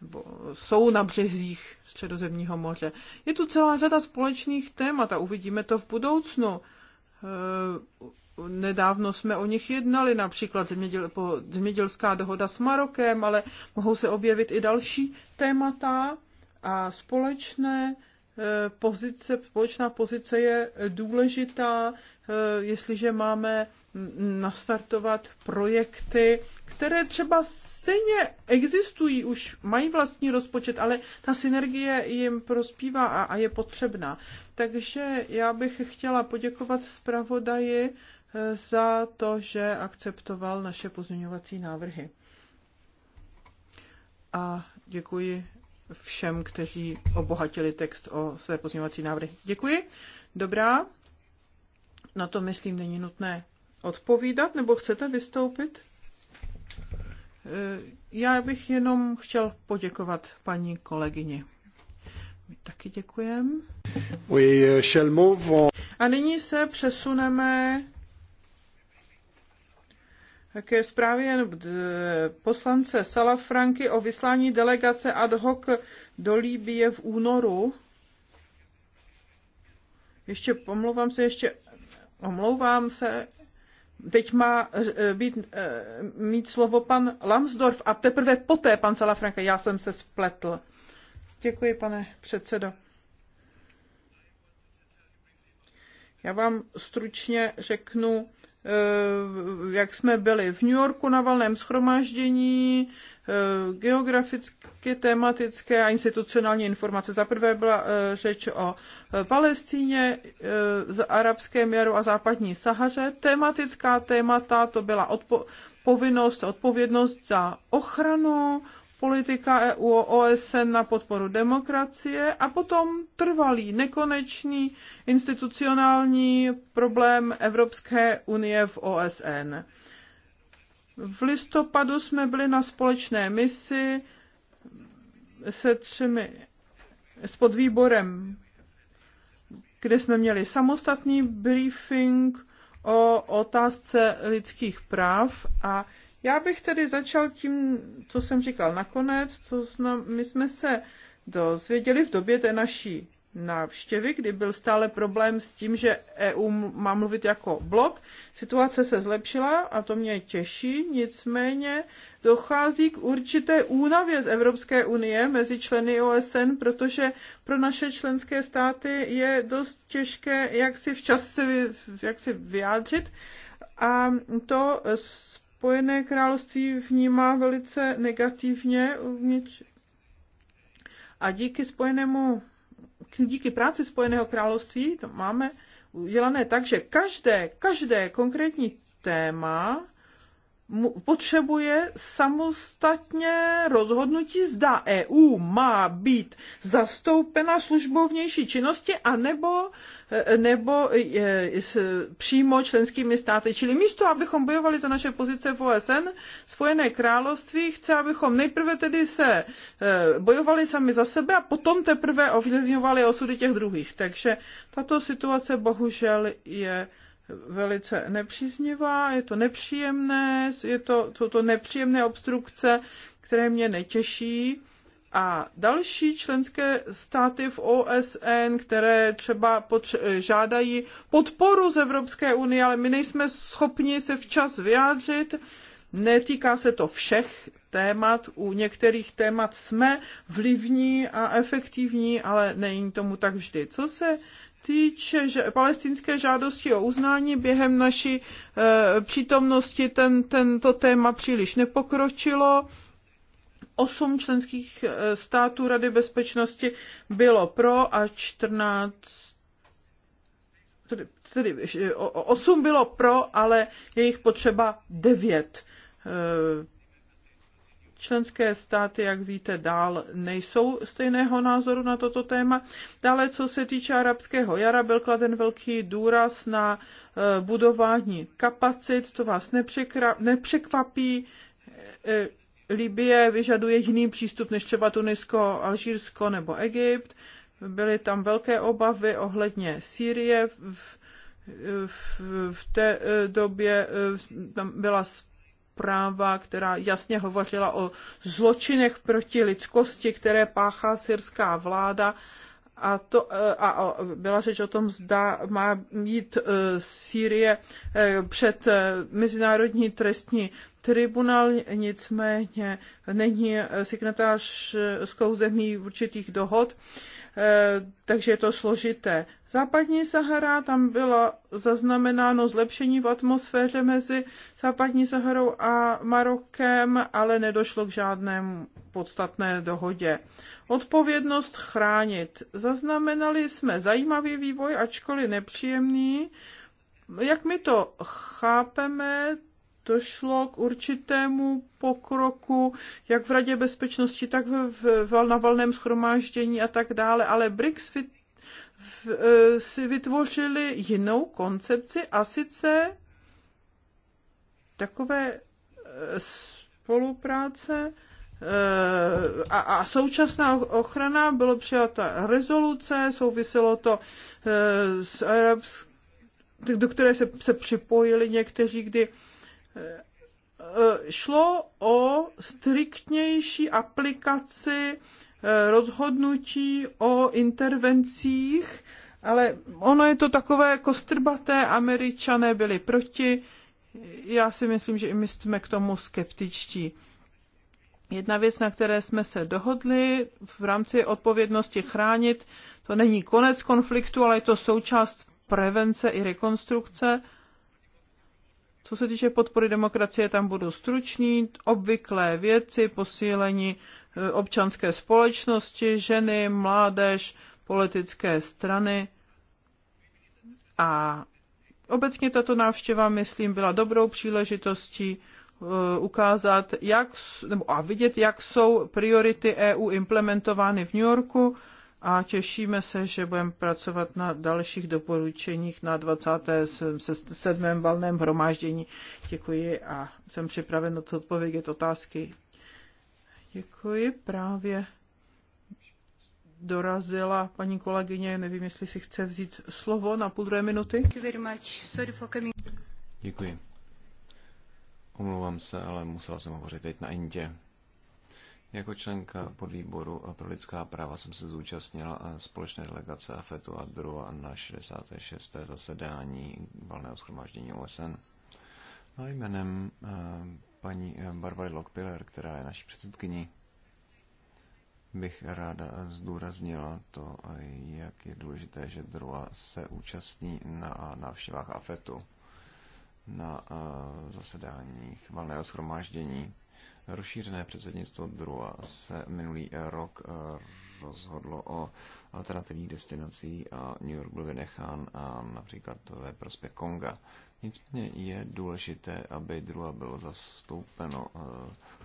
C: nebo jsou na břehzích Středozemního moře. Je tu celá řada společných témat a uvidíme to v budoucnu. E, Nedávno jsme o nich jednali, například zeměděl, po, zemědělská dohoda s Marokem, ale mohou se objevit i další témata a společné eh, pozice, společná pozice je důležitá, eh, jestliže máme nastartovat projekty, které třeba stejně existují, už mají vlastní rozpočet, ale ta synergie jim prospívá a, a je potřebná. Takže já bych chtěla poděkovat zpravodaji za to, že akceptoval naše pozměňovací návrhy. A děkuji všem, kteří obohatili text o své pozměňovací návrhy. Děkuji. Dobrá. Na to, myslím, není nutné odpovídat, nebo chcete vystoupit? Eh, já bych jenom chtěl poděkovat paní kolegyni. My taky děkujeme.
B: Euh,
C: A nyní se přesuneme ke zprávě eh, poslance Salafranky o vyslání delegace ad hoc do Líbie v únoru. Ještě pomlouvám se, ještě omlouvám se. Teď má eh, být, eh, mít slovo pan Lambsdorff a teprve poté pan Salafranka. Já jsem se spletl. Děkuji, pane předsedo. Já vám stručně řeknu, Eh, jak jsme byli v New Yorku na valném schromáždění, eh, geografické, tematické a institucionální informace. Za prvé byla eh, řeč o Palestíně, arabském jaru a západní Sahaře. Tematická témata to byla odpo- povinnost, odpovědnost za ochranu, politika EU OSN na podporu demokracie a potom trvalý, nekonečný institucionální problém Evropské unie v OSN. V listopadu jsme byli na společné misi se třemi s podvýborem, kde jsme měli samostatný briefing o otázce lidských práv a já bych tedy začal tím, co jsem říkal nakonec, co znam, my jsme se dozvěděli v době té naší návštěvy, kdy byl stále problém s tím, že EU má mluvit jako blok. Situace se zlepšila a to mě těší, nicméně dochází k určité únavě z Evropské unie mezi členy OSN, protože pro naše členské státy je dost těžké jak si včas se, jak si vyjádřit a to Spojené království vnímá velice negativně uvnitř a díky spojenému, díky práci Spojeného království to máme udělané tak, že každé, každé konkrétní téma potřebuje samostatně rozhodnutí, zda EU má být zastoupena službou vnější činnosti, anebo nebo e, e, přímo členskými státy. Čili místo, abychom bojovali za naše pozice v OSN, Spojené království chce, abychom nejprve tedy se e, bojovali sami za sebe a potom teprve ovlivňovali osudy těch druhých. Takže tato situace bohužel je velice nepříznivá, je to nepříjemné, je to, jsou to nepříjemné obstrukce, které mě netěší. A další členské státy v OSN, které třeba žádají podporu z Evropské unie, ale my nejsme schopni se včas vyjádřit, netýká se to všech témat, u některých témat jsme vlivní a efektivní, ale není tomu tak vždy. Co se týče že palestinské žádosti o uznání během naší e, přítomnosti, ten, tento téma příliš nepokročilo. Osm členských eh, států Rady bezpečnosti bylo pro a 14 tedy, tedy 8 eh, bylo pro, ale je jich potřeba devět. E, Členské státy, jak víte, dál nejsou stejného názoru na toto téma. Dále, co se týče arabského jara, byl kladen velký důraz na eh, budování kapacit. To vás nepřekvapí. Eh, Libie vyžaduje jiný přístup než třeba Tunisko, Alžírsko nebo Egypt. Byly tam velké obavy ohledně Sýrie. V, v, v té eh, době tam byla zpráva, která jasně hovořila o zločinech proti lidskosti, které páchá syrská vláda. A, to, e, a byla řeč o tom, zda má mít e, Sýrie e, před Mezinárodní trestní tribunál, nicméně není sekretářskou zemí určitých dohod. Eh, takže je to složité. Západní Sahara, tam bylo zaznamenáno zlepšení v atmosféře mezi Západní Saharou a Marokem, ale nedošlo k žádnému podstatné dohodě. Odpovědnost chránit. Zaznamenali jsme zajímavý vývoj, ačkoliv nepříjemný. Jak my to chápeme, došlo k určitému pokroku, jak v Radě bezpečnosti, tak v, v, na valném schromáždění a tak dále, ale BRICS vy, v, e, si vytvořili jinou koncepci a sice takové e, spolupráce e, a, a současná ochrana, bylo přijata rezoluce, souviselo to s arabským do které se, se připojili někteří, kdy Eh, eh, šlo o striktnější aplikaci eh, rozhodnutí o intervencích, ale ono je to takové kostrbaté, jako američané byli proti, já si myslím, že i my jsme k tomu skeptičtí. Jedna věc, na které jsme se dohodli v rámci odpovědnosti chránit, to není konec konfliktu, ale je to součást prevence i rekonstrukce co se týče podpory demokracie, tam budou struční obvyklé věci, posílení e, občanské společnosti, ženy, mládež, politické strany. A obecně tato návštěva, myslím, byla dobrou příležitostí e, ukázat, jak, nebo a vidět, jak jsou priority EU implementovány v New Yorku a těšíme se, že budeme pracovat na dalších doporučeních na 27. valném hromáždění. Děkuji a jsem připraven odpovědět otázky. Děkuji. Právě dorazila paní kolegyně, nevím, jestli si chce vzít slovo na půl druhé minuty.
A: Děkuji. Omlouvám se, ale musela jsem hovořit teď na Indě. Jako členka podvýboru pro lidská práva jsem se zúčastnila společné delegace AFETu a a na 66. zasedání valného schromáždění OSN. No jménem eh, paní Barbary Lockpiller, která je naší předsedkyní, bych ráda zdůraznila to, jak je důležité, že DRUA se účastní na návštěvách AFETu, na eh, zasedáních valného schromáždění Rozšířené předsednictvo druhá se minulý rok eh, rozhodlo o alternativních destinací a New York byl vynechán a například ve prospěch Konga. Nicméně je důležité, aby Drua bylo zastoupeno eh,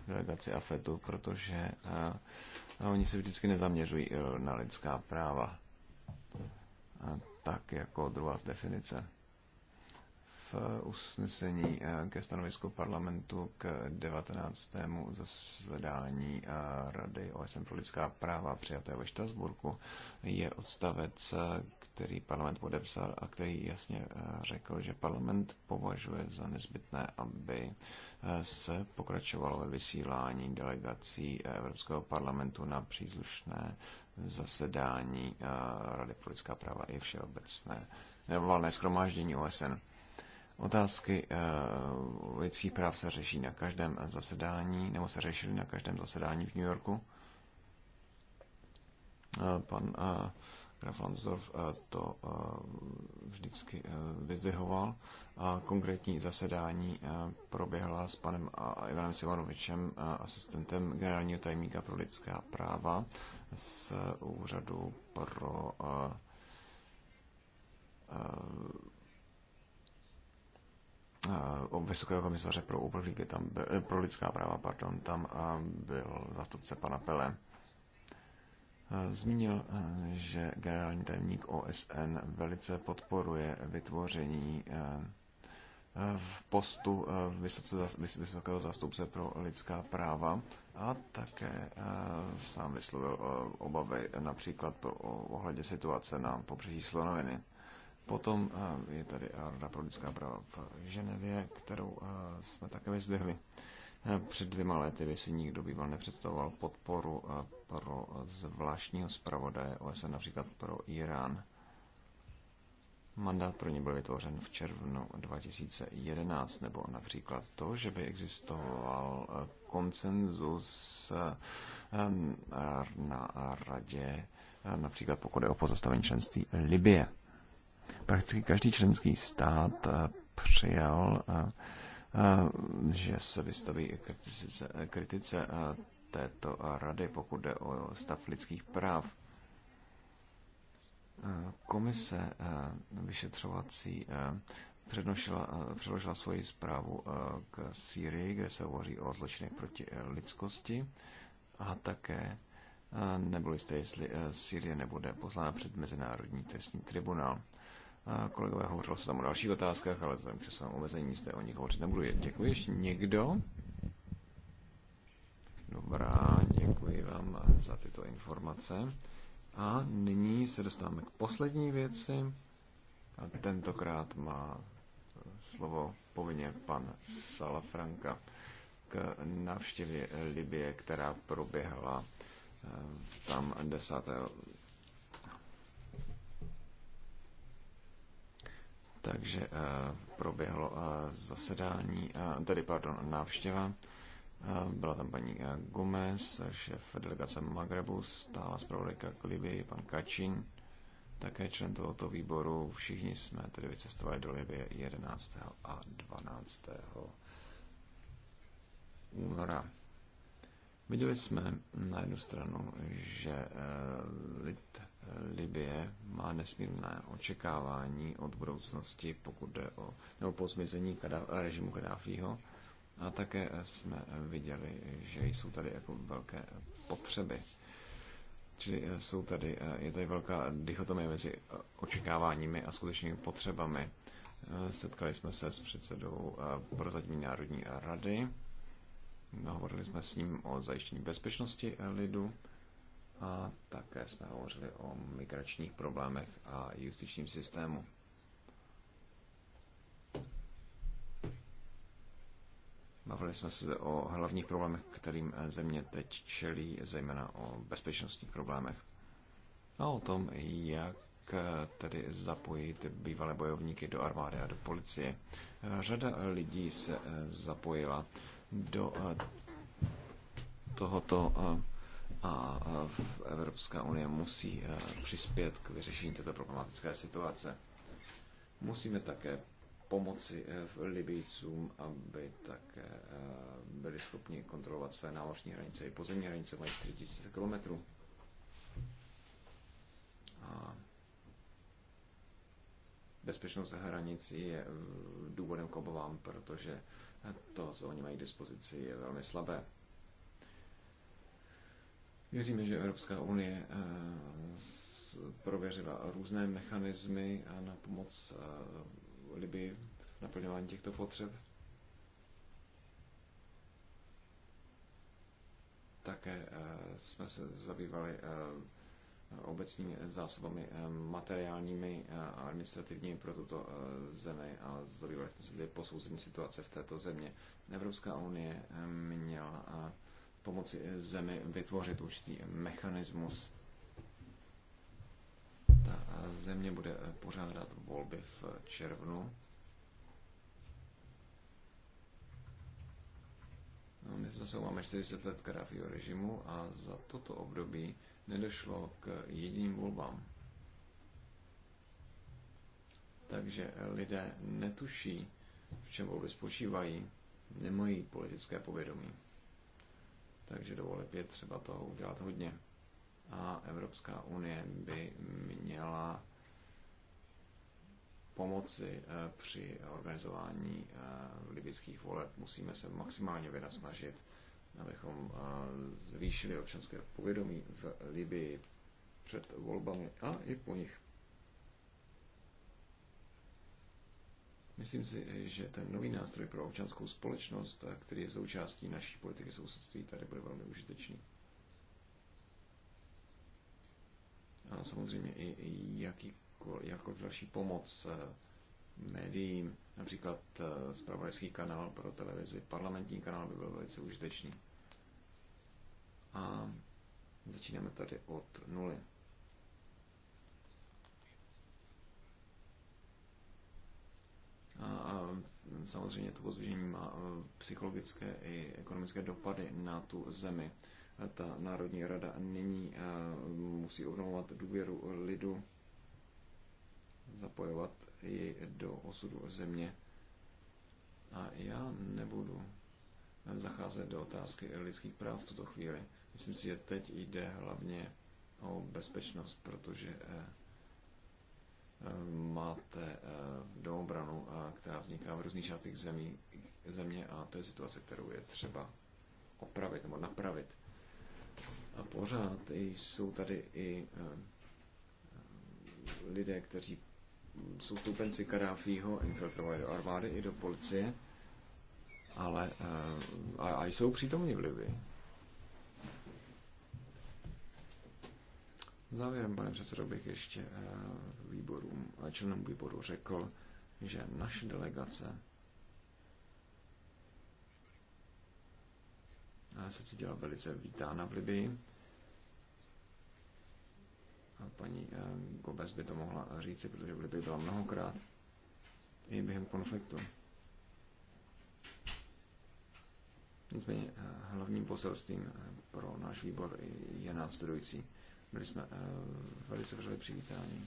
A: v delegaci AFETu, protože eh, oni se vždycky nezaměřují na lidská práva, tak jako druhá z definice. Eh, usnesení eh, ke stanovisku parlamentu k 19. zasedání eh, Rady OSN pro lidská práva přijaté ve Štrasburku je odstavec, který parlament podepsal a který jasně řekl, že parlament považuje za nezbytné, aby se pokračovalo ve vysílání delegací Evropského parlamentu na příslušné zasedání Rady pro lidská práva i všeobecné valné schromáždění OSN. Otázky uh, eh, lidských práv se řeší na každém zasedání, nebo se řešily na každém zasedání v New Yorku. Uh, pan uh, Graf Lansdorf uh, to uh, vždycky uh, vyzdvihoval. A konkrétní zasedání uh, proběhla s panem uh, Ivanem Simonovičem, uh, asistentem generálního tajemníka pro lidská práva z úřadu pro uh, uh, vysokého komisaře pro uprchlíky, tam byl, eh, pro lidská práva, pardon, tam byl zástupce pana Pele. Zmínil, eh, že generální tajemník OSN velice podporuje vytvoření eh, v postu vysokého zástupce pro lidská práva a také sám vyslovil obavy například ohledě situace na pobřeží Slonoviny. Potom eh, je tady eh, Rada pro lidská práva v Ženevě, kterou eh, jsme také vyzdvihli. Před dvěma lety by si nikdo býval nepředstavoval podporu pro zvláštního zpravodaje OSN například pro Irán. Mandát pro ně byl vytvořen v červnu 2011, nebo například to, že by existoval konsenzus na radě, například pokud je o pozastavení členství Libie. Prakticky každý členský stát eh, přijal, eh, eh, že se vystaví kritice, kritice této rady, pokud jde o stav lidských práv. Komise vyšetřovací předložila, svoji zprávu k Sýrii, kde se hovoří o zločinech proti lidskosti a také nebylo jisté, jestli Sýrie nebude pozvána před Mezinárodní trestní tribunál. A kolegové, hovořilo se tam o dalších otázkách, ale tam přes svém omezení jste o nich hovořit nebudu. Děkuji. Ještě někdo? Dobrá, děkuji vám za tyto informace. A nyní se dostáváme k poslední věci. A tentokrát má slovo povinně pan Salafranka k návštěvě Libie, která proběhla eh, tam 10. takže eh, proběhlo eh, zasedání, eh, tedy pardon, návštěva. Byla tam paní Gomez, šéf delegace Magrebu, stála zpravodajka k Libii, pan Kačin, také člen tohoto výboru. Všichni jsme tedy vycestovali do Libie 11. a 12. února. Viděli jsme na jednu stranu, že lid Libie má nesmírné očekávání od budoucnosti, pokud jde o, nebo po zmizení režimu Kadáfího. A také jsme viděli, že jsou tady jako velké potřeby. Čili jsou tady, je tady velká dichotomie mezi očekáváními a skutečnými potřebami. Setkali jsme se s předsedou Prozadní Národní rady. Hovorili jsme s ním o zajištění bezpečnosti lidu a také jsme hovořili o migračních problémech a justičním systému. Bavili jsme se o hlavních problémech, kterým země teď čelí, zejména o bezpečnostních problémech. A o tom, jak tedy zapojit bývalé bojovníky do armády a do policie. Řada lidí se zapojila do tohoto eh, a Evropská unie musí e, přispět k vyřešení této problematické situace. Musíme také pomoci e, Libijcům, aby také e, byli schopni kontrolovat své námořní hranice. I pozemní hranice mají 4000 km. A bezpečnost hranic je důvodem k obavám, protože to, co oni mají k dispozici, je velmi slabé. Věříme, že Evropská unie eh, prověřila různé mechanismy a na pomoc eh, Libii v naplňování těchto potřeb. Také eh, jsme se zabývali obecními zásobami materiálními a administrativními pro tuto zemi a zabývali jsme se posouzení situace v této země. Evropská unie měla pomoci zemi vytvořit určitý mechanismus. Ta země bude pořádat volby v červnu. No, my jsme se máme 40 let Kadáfího režimu a za toto období nedošlo k jediným volbám. Takže lidé netuší, v čem volby spočívají, nemají politické povědomí takže do voleb je třeba toho udělat hodně. A Evropská unie by měla pomoci eh, při organizování eh, libických voleb. Musíme se maximálně snažit, abychom eh, zvýšili občanské povědomí v Libii před volbami a i po nich. Myslím si, že ten nový nástroj pro občanskou společnost, který je součástí naší politiky sousedství, tady bude velmi užitečný. A samozřejmě i, i jakýkoliv, další pomoc eh, médiím, například spravodajský eh, kanál pro televizi, parlamentní kanál by byl velice užitečný. A začínáme tady od nuly. A samozřejmě to pozvěžení má e, psychologické i ekonomické dopady na tu zemi. Ta Národní rada nyní e, musí obnovovat důvěru lidu, zapojovat ji do osudu země. A já nebudu zacházet do otázky lidských práv v tuto chvíli. Myslím si, že teď jde hlavně o bezpečnost, protože e, máte eh, domobranu, eh, která vzniká v různých částech zemí, země a to je situace, kterou je třeba opravit nebo napravit. A pořád jsou tady i eh, lidé, kteří jsou stoupenci Kadáfího, infiltrovali do armády i do policie, ale a, a jsou přítomní v Libii. Závěrem, pane předsedo, bych ještě eh, výborům eh, členům výboru řekl, že naše delegace se cítila velice vítána v Libii. A paní eh, Gobes by to mohla říci, protože v Libii byla mnohokrát i během konfliktu. Nicméně hlavním poselstvím pro náš výbor je následující. Byli jsme eh, velice vřele přivítáni.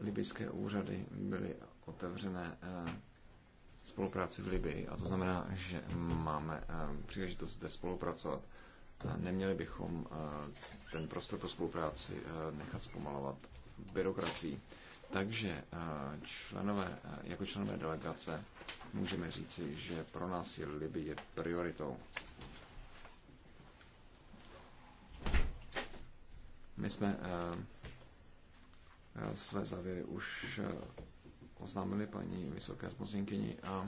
A: Libyjské úřady byly otevřené eh, spolupráci v Libii a to znamená, že máme eh, příležitost zde spolupracovat. Neměli bychom ten prostor pro spolupráci nechat zpomalovat byrokracií. Takže členové, jako členové delegace můžeme říci, že pro nás je Libie prioritou My jsme eh, eh, své závěry už eh, oznámili paní vysoké zmocněnkyni a,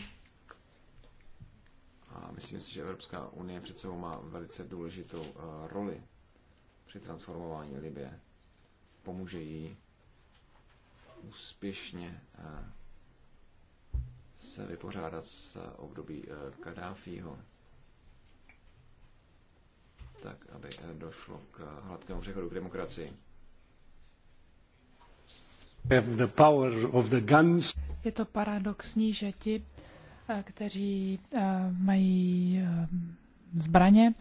A: a myslím si, že Evropská unie před sebou má velice důležitou roli při transformování Libie. Pomůže jí úspěšně se vypořádat s období Kadáfího tak aby došlo k hladkému přechodu k demokracii.
D: Je to paradoxní, že ti, eh, kteří eh, mají eh, zbraně,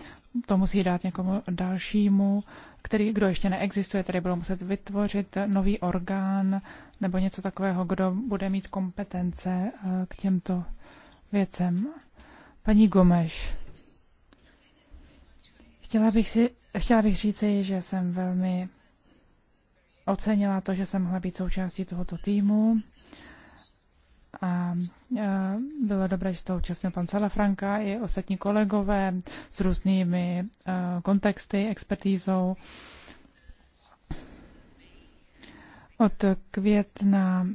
D: to musí dát někomu dalšímu, který, kdo ještě neexistuje, tedy budou muset vytvořit nový orgán nebo něco takového, kdo bude mít kompetence k těmto věcem. Paní Gomeš. Chtěla bych, si, chtěla bych říci, že jsem velmi ocenila to, že jsem mohla být součástí tohoto týmu. A e, bylo dobré, že se toho účastnil pan Salafranka i ostatní kolegové s různými e, kontexty, expertízou. Od května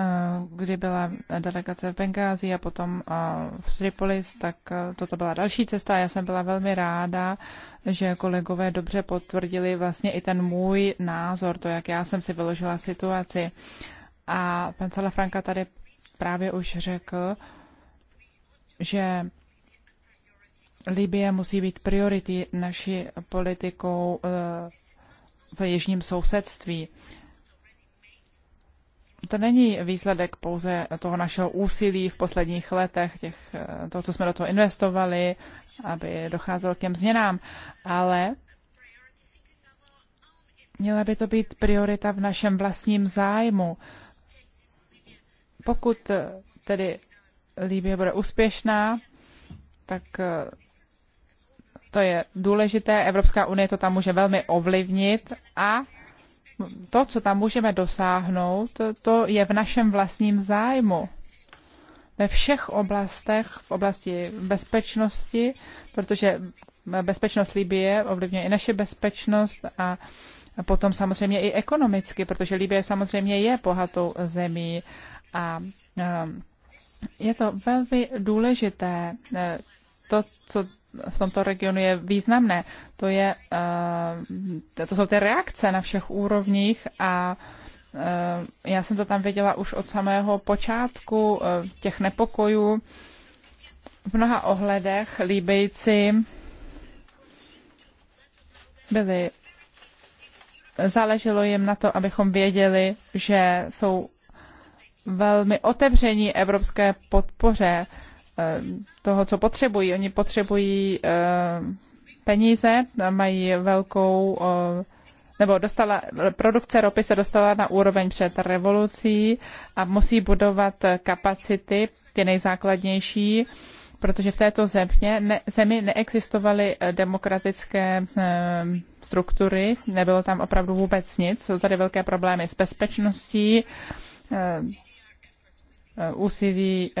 D: Eh, kdy byla delegace v Bengázi a potom eh, v Tripolis, tak eh, toto byla další cesta. Já jsem byla velmi ráda, že kolegové dobře potvrdili vlastně i ten můj názor, to, jak já jsem si vyložila situaci. A pan Salafranka tady právě už řekl, že Libie musí být priority naší politikou v jižním sousedství to není výsledek pouze toho našeho úsilí v posledních letech, těch, toho, co jsme do toho investovali, aby docházelo k těm změnám, ale měla by to být priorita v našem vlastním zájmu. Pokud tedy Líbě bude úspěšná, tak eh, to je důležité. Evropská unie to tam může velmi ovlivnit a to, co tam můžeme dosáhnout, to je v našem vlastním zájmu. Ve všech oblastech, v oblasti bezpečnosti, protože bezpečnost Libie ovlivňuje i naše bezpečnost a potom samozřejmě i ekonomicky, protože Libie samozřejmě je bohatou zemí a je to velmi důležité, eh, to, co v tomto regionu je významné. To, je, eh, to jsou ty reakce na všech úrovních a eh, já jsem to tam viděla už od samého počátku eh, těch nepokojů. V mnoha ohledech líbejci byli záleželo jim na to, abychom věděli, že jsou velmi otevření evropské podpoře. Eh, toho, co potřebují. Oni potřebují eh, peníze, mají velkou, eh, nebo dostala, produkce ropy se dostala na úroveň před revolucí a musí budovat kapacity, ty nejzákladnější, protože v této země, ne, zemi neexistovaly demokratické struktury, nebylo tam opravdu vůbec nic, jsou tady velké problémy s bezpečností, úsilí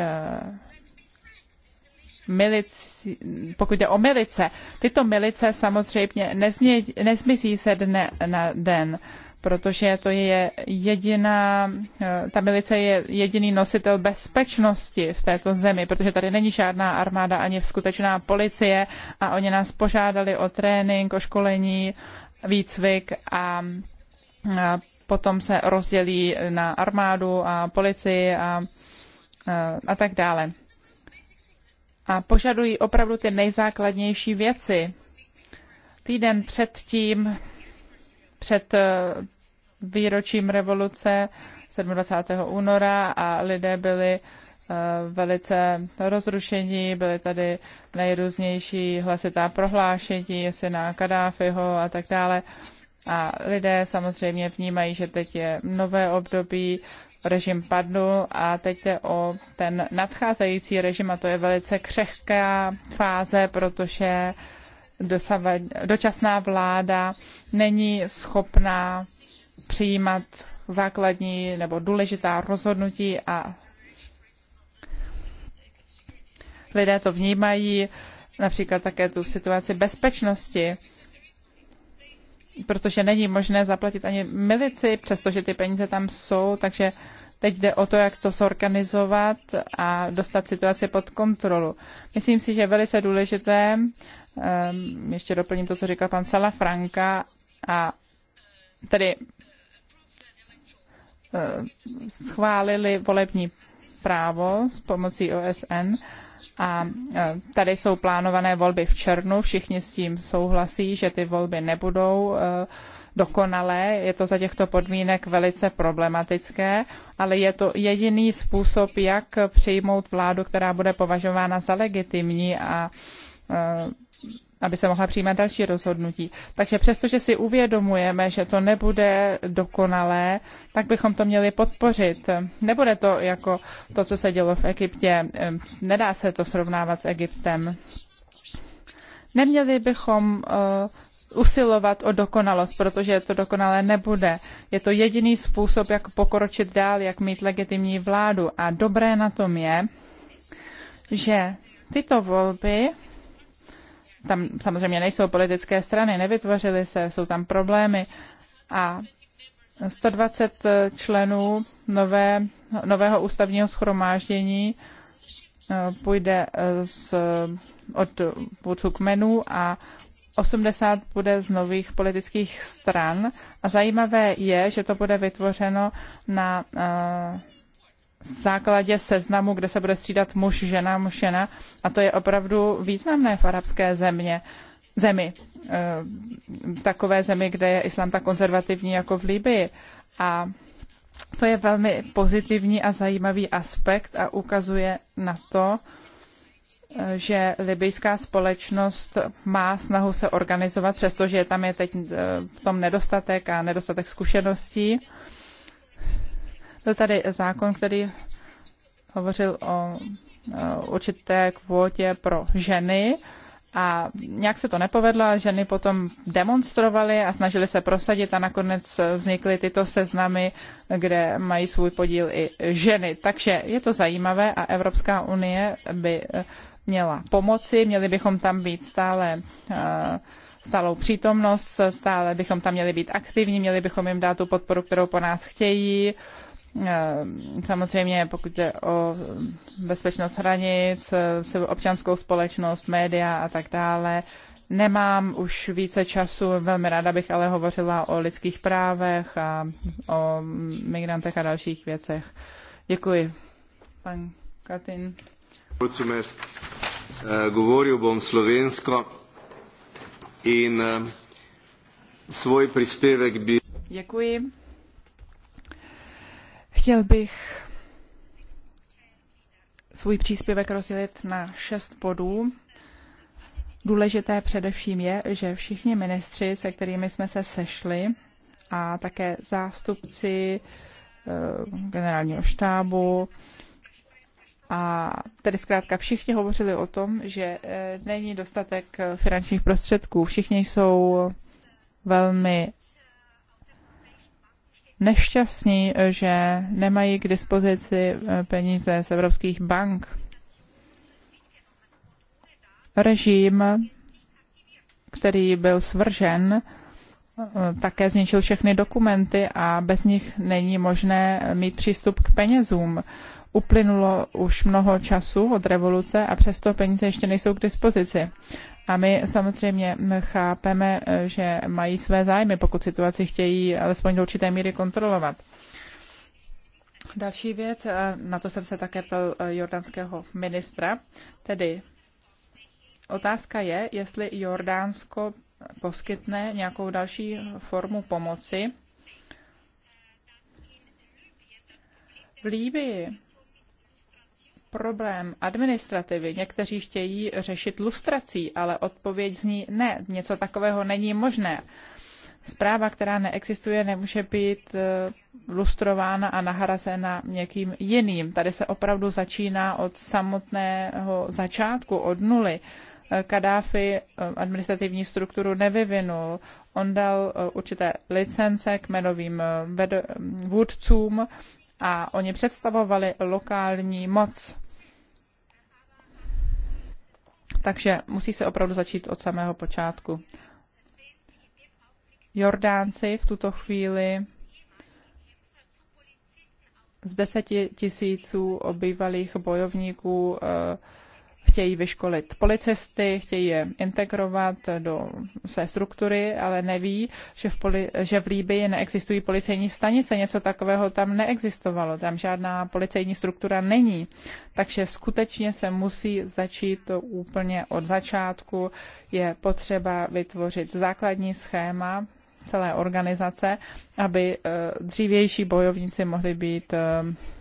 D: milici, pokud jde o milice, tyto milice samozřejmě nezmě, nezmizí se dne na den, protože to je jediná, eh, ta milice je jediný nositel bezpečnosti v této zemi, protože tady není žádná armáda ani skutečná policie a oni nás požádali o trénink, o školení, výcvik a, a potom se rozdělí na armádu a policii a, a, a tak dále a požadují opravdu ty nejzákladnější věci. Týden předtím, před eh, výročím revoluce 27. února a lidé byli eh, velice rozrušení, byly tady nejrůznější hlasitá prohlášení, jestli na Kadáfiho a tak dále. A lidé samozřejmě vnímají, že teď je nové období, režim padl a teď jde o ten nadcházející režim a to je velice křehká fáze, protože dosava, dočasná vláda není schopná přijímat základní nebo důležitá rozhodnutí a lidé to vnímají, například také tu situaci bezpečnosti protože není možné zaplatit ani milici, přestože ty peníze tam jsou, takže teď jde o to, jak to zorganizovat a dostat situaci pod kontrolu. Myslím si, že je velice důležité, ehm, ještě doplním to, co říkal pan Sala Franka, a tedy eh, schválili volební právo s pomocí OSN a e, tady jsou plánované volby v červnu. Všichni s tím souhlasí, že ty volby nebudou e, dokonalé, je to za těchto podmínek velice problematické, ale je to jediný způsob, jak přijmout vládu, která bude považována za legitimní a e, aby se mohla přijímat další rozhodnutí. Takže přestože si uvědomujeme, že to nebude dokonalé, tak bychom to měli podpořit. Nebude to jako to, co se dělo v Egyptě. Nedá se to srovnávat s Egyptem. Neměli bychom eh, usilovat o dokonalost, protože to dokonalé nebude. Je to jediný způsob, jak pokročit dál, jak mít legitimní vládu. A dobré na tom je, že tyto volby tam samozřejmě nejsou politické strany, nevytvořily se, jsou tam problémy a 120 členů nové, nového ústavního schromáždění eh, půjde eh, z, od vůdců kmenů a 80 bude z nových politických stran. A zajímavé je, že to bude vytvořeno na eh, základě seznamu, kde se bude střídat muž, žena, muž, žena. A to je opravdu významné v arabské země, zemi. Eh, v takové zemi, kde je islám tak konzervativní jako v Libii. A to je velmi pozitivní a zajímavý aspekt a ukazuje na to, eh, že libijská společnost má snahu se organizovat, přestože tam je teď eh, v tom nedostatek a nedostatek zkušeností. Byl tady zákon, který hovořil o určité kvótě pro ženy a nějak se to nepovedlo a ženy potom demonstrovaly a snažily se prosadit a nakonec vznikly tyto seznamy, kde mají svůj podíl i ženy. Takže je to zajímavé a Evropská unie by měla pomoci, měli bychom tam být stále eh, stálou přítomnost, stále bychom tam měli být aktivní, měli bychom jim dát tu podporu, kterou po nás chtějí Eh, samozřejmě, pokud jde o bezpečnost hranic, eh, občanskou společnost, média a tak dále, Nemám už více času, velmi ráda bych ale hovořila o lidských právech a o migrantech a dalších věcech. Děkuji. Pan Katin.
B: Mulțumesc. Govoril bom slovensko in eh, svůj příspěvek by...
D: Děkuji. Chtěl bych svůj příspěvek rozdělit na šest bodů. Důležité především je, že všichni ministři, se kterými jsme se sešli, a také zástupci eh, generálního štábu, a tedy zkrátka všichni hovořili o tom, že eh, není dostatek eh, finančních prostředků. Všichni jsou velmi nešťastní, že nemají k dispozici eh, peníze z evropských bank. Režim, který byl svržen, eh, také zničil všechny dokumenty a bez nich není možné mít přístup k penězům. Uplynulo už mnoho času od revoluce a přesto peníze ještě nejsou k dispozici. A my samozřejmě chápeme, eh, že mají své zájmy, pokud situaci chtějí alespoň do určité míry kontrolovat. Další věc, na to jsem se také ptal eh, jordánského ministra, tedy otázka je, jestli Jordánsko poskytne nějakou další formu pomoci. V Líbii problém administrativy někteří chtějí řešit lustrací, ale odpověď zní ne, něco takového není možné. Zpráva, která neexistuje, nemůže být eh, lustrována a nahrazena někým jiným. Tady se opravdu začíná od samotného začátku, od nuly. Eh, Kadáfi eh, administrativní strukturu nevyvinul. On dal určité licence kmenovým vůdcům a oni představovali lokální moc. Takže musí se opravdu začít od samého počátku. Jordánci v tuto chvíli z deseti tisíců obývalých bojovníků eh, chtějí vyškolit policisty, chtějí je integrovat do své struktury, ale neví, že v, poli, že v Líbyi neexistují policejní stanice. Něco takového tam neexistovalo, tam žádná policejní struktura není. Takže skutečně se musí začít to úplně od začátku. Je potřeba vytvořit základní schéma celé organizace, aby eh, dřívější bojovníci mohli být eh,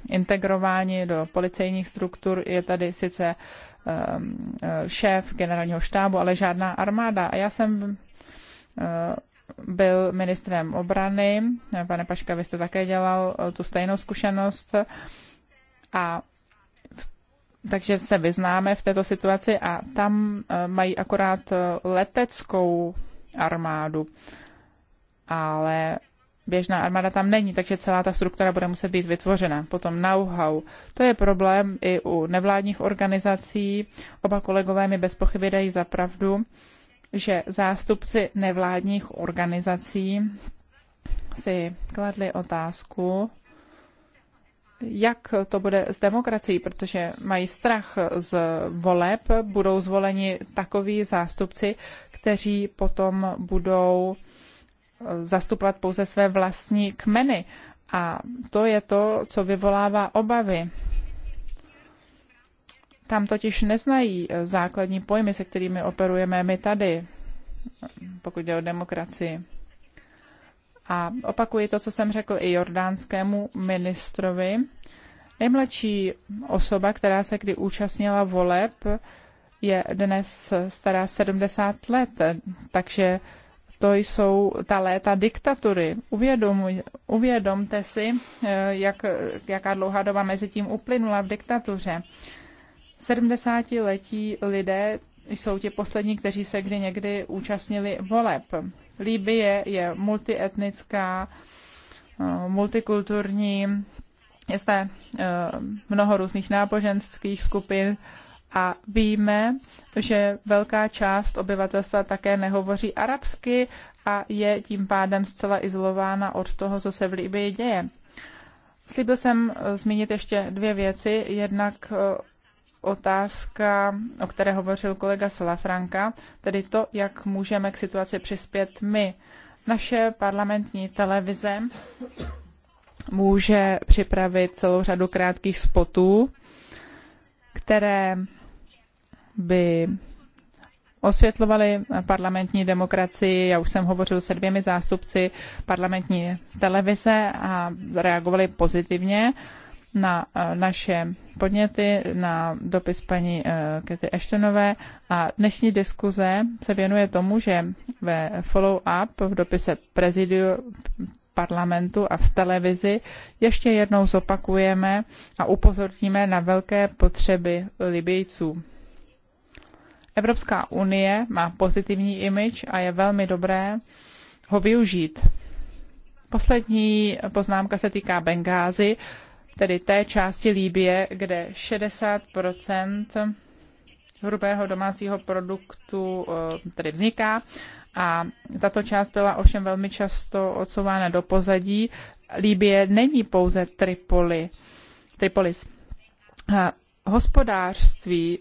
D: integrováni do policejních struktur. Je tady sice Um, šéf generálního štábu, ale žádná armáda. A já jsem uh, byl ministrem obrany. Pane Paška, vy jste také dělal uh, tu stejnou zkušenost. A takže se vyznáme v této situaci a tam uh, mají akorát leteckou armádu. Ale Běžná armáda tam není, takže celá ta struktura bude muset být vytvořena. Potom know-how. To je problém i u nevládních organizací. Oba kolegové mi bez pochyby dají za pravdu, že zástupci nevládních organizací si kladli otázku, jak to bude s demokracií, protože mají strach z voleb, budou zvoleni takoví zástupci, kteří potom budou zastupovat pouze své vlastní kmeny. A to je to, co vyvolává obavy. Tam totiž neznají eh, základní pojmy, se kterými operujeme my tady, pokud jde o demokracii. A opakuji to, co jsem řekl i jordánskému ministrovi. Nejmladší osoba, která se kdy účastnila voleb, je dnes stará 70 let, takže to jsou ta léta diktatury. Uvědomuj, uvědomte si, eh, jak, jaká dlouhá doba mezi tím uplynula v diktatuře. 70-letí lidé jsou ti poslední, kteří se kdy někdy účastnili voleb. Líbie je multietnická, eh, multikulturní, je zde eh, mnoho různých náboženských skupin, a víme, že velká část obyvatelstva také nehovoří arabsky a je tím pádem zcela izolována od toho, co se v Libii děje. Slíbil jsem eh, zmínit ještě dvě věci. Jednak eh, otázka, o které hovořil kolega Salafranka, tedy to, jak můžeme k situaci přispět my. Naše parlamentní televize může připravit celou řadu krátkých spotů, které by osvětlovali parlamentní demokracii. Já už jsem hovořil se dvěmi zástupci parlamentní televize a reagovali pozitivně na eh, naše podněty, na dopis paní eh, Kety Eštenové a dnešní diskuze se věnuje tomu, že ve follow-up v dopise prezidiu parlamentu a v televizi ještě jednou zopakujeme a upozorníme na velké potřeby Libijců. Evropská unie má pozitivní image a je velmi dobré ho využít. Poslední poznámka se týká Bengázy, tedy té části Líbie, kde 60 hrubého domácího produktu eh, tedy vzniká. A tato část byla ovšem velmi často odsouvána do pozadí. Líbie není pouze Tripoli, Tripolis. Hospodářství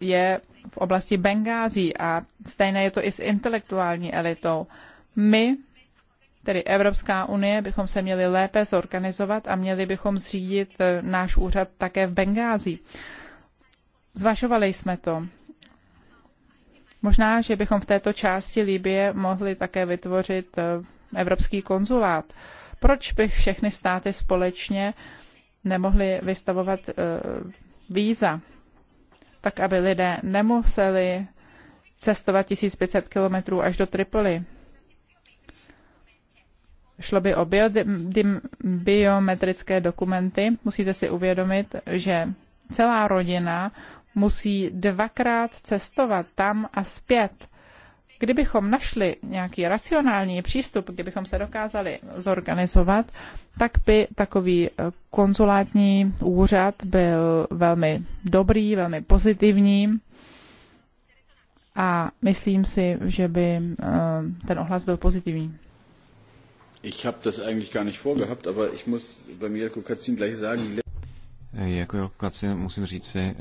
D: je v oblasti Bengází a stejné je to i s intelektuální elitou. My, tedy Evropská unie, bychom se měli lépe zorganizovat a měli bychom zřídit eh, náš úřad také v Bengází. Zvažovali jsme to. Možná, že bychom v této části Libie mohli také vytvořit eh, evropský konzulát. Proč by všechny státy společně nemohly vystavovat eh, víza? tak aby lidé nemuseli cestovat 1500 kilometrů až do Tripoli. Šlo by o biometrické dokumenty. Musíte si uvědomit, že celá rodina musí dvakrát cestovat tam a zpět. Kdybychom našli nějaký racionální přístup, kdybychom se dokázali zorganizovat, tak by takový eh, konzulátní úřad byl velmi dobrý, velmi pozitivní a myslím si, že by eh, ten ohlas byl pozitivní.
A: Ich habe das eigentlich gar nicht vorgehabt, aber ich muss bei mir Kukacin gleich sagen. Eh, jako Jelko Katzin musím říci,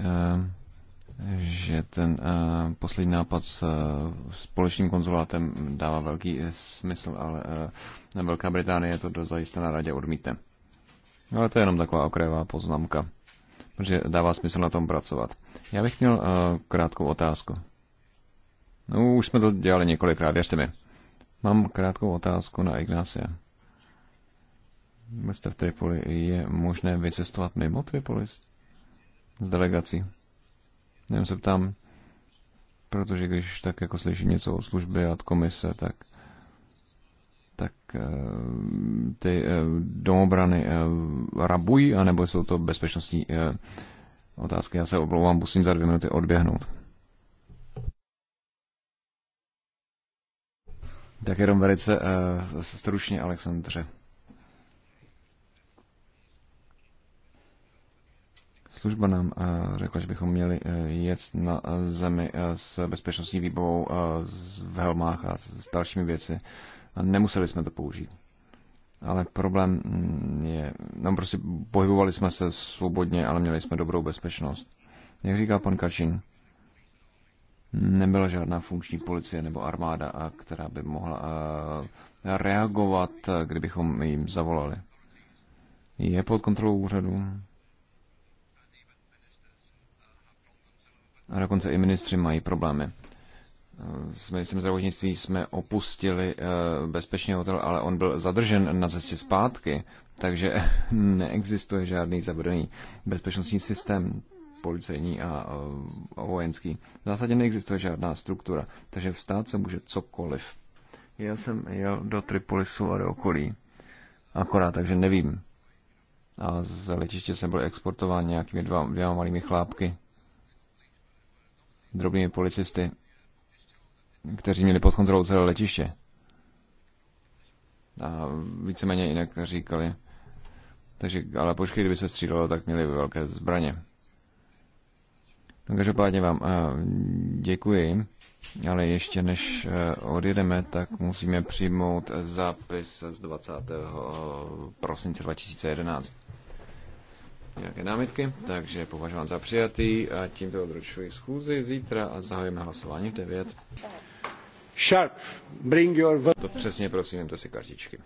A: že ten eh, poslední nápad eh, s společným konzulátem dává velký eh, smysl, ale Velká Británie to do zajisté na radě odmítne. Ale to je jenom taková okrajová poznámka, protože dává smysl na tom pracovat. Já bych měl krátkou otázku. No, už jsme to dělali několikrát, věřte mi. Mám krátkou otázku na Ignácia. Jste v Tripoli, je možné vycestovat mimo Tripolis? S delegací. Jenom se ptám, protože když tak jako slyším něco o službě a od komise, tak tak eh, ty eh, domobrany eh, rabují, anebo jsou to bezpečnostní otázky. Já se oblouvám, musím za dvě minuty odběhnout. Tak jenom velice stručně, Alexandře. Služba nám eh, řekla, že bychom měli eh, jet na eh, zemi s bezpečnostní výbavou v helmách a s dalšími věci. Nemuseli jsme to použít. Ale problém mm, je, no prostě pohybovali jsme se svobodně, ale měli jsme dobrou bezpečnost. Jak říká pan Kačin, nebyla žádná funkční policie nebo armáda, která by mohla reagovat, kdybychom jim zavolali. Je pod kontrolou úřadu A dokonce i ministři mají problémy. Eh, s ministrem zdravotnictví jsme opustili eh, bezpečný hotel, ale on byl zadržen na cestě zpátky, takže neexistuje žádný zabrný bezpečnostní systém policejní eh, a vojenský. V zásadě neexistuje žádná struktura, takže vstát se může cokoliv. Já jsem jel do Tripolisu a do okolí. Akorát, takže nevím. A z letiště jsem byl exportován nějakými dva, dvěma malými chlápky drobnými policisty, kteří měli pod kontrolou celé letiště. A víceméně jinak říkali. Takže, ale počkej, kdyby se střídalo, tak měli by velké zbraně. No každopádně vám eh, děkuji, ale ještě než eh, odjedeme, tak musíme přijmout eh, zápis z 20. prosince 2011 nějaké námitky, takže považován za přijatý a tímto odročuji schůzi zítra a zahajujeme hlasování v 9. Sharp, bring your... To přesně prosím, to si kartičky.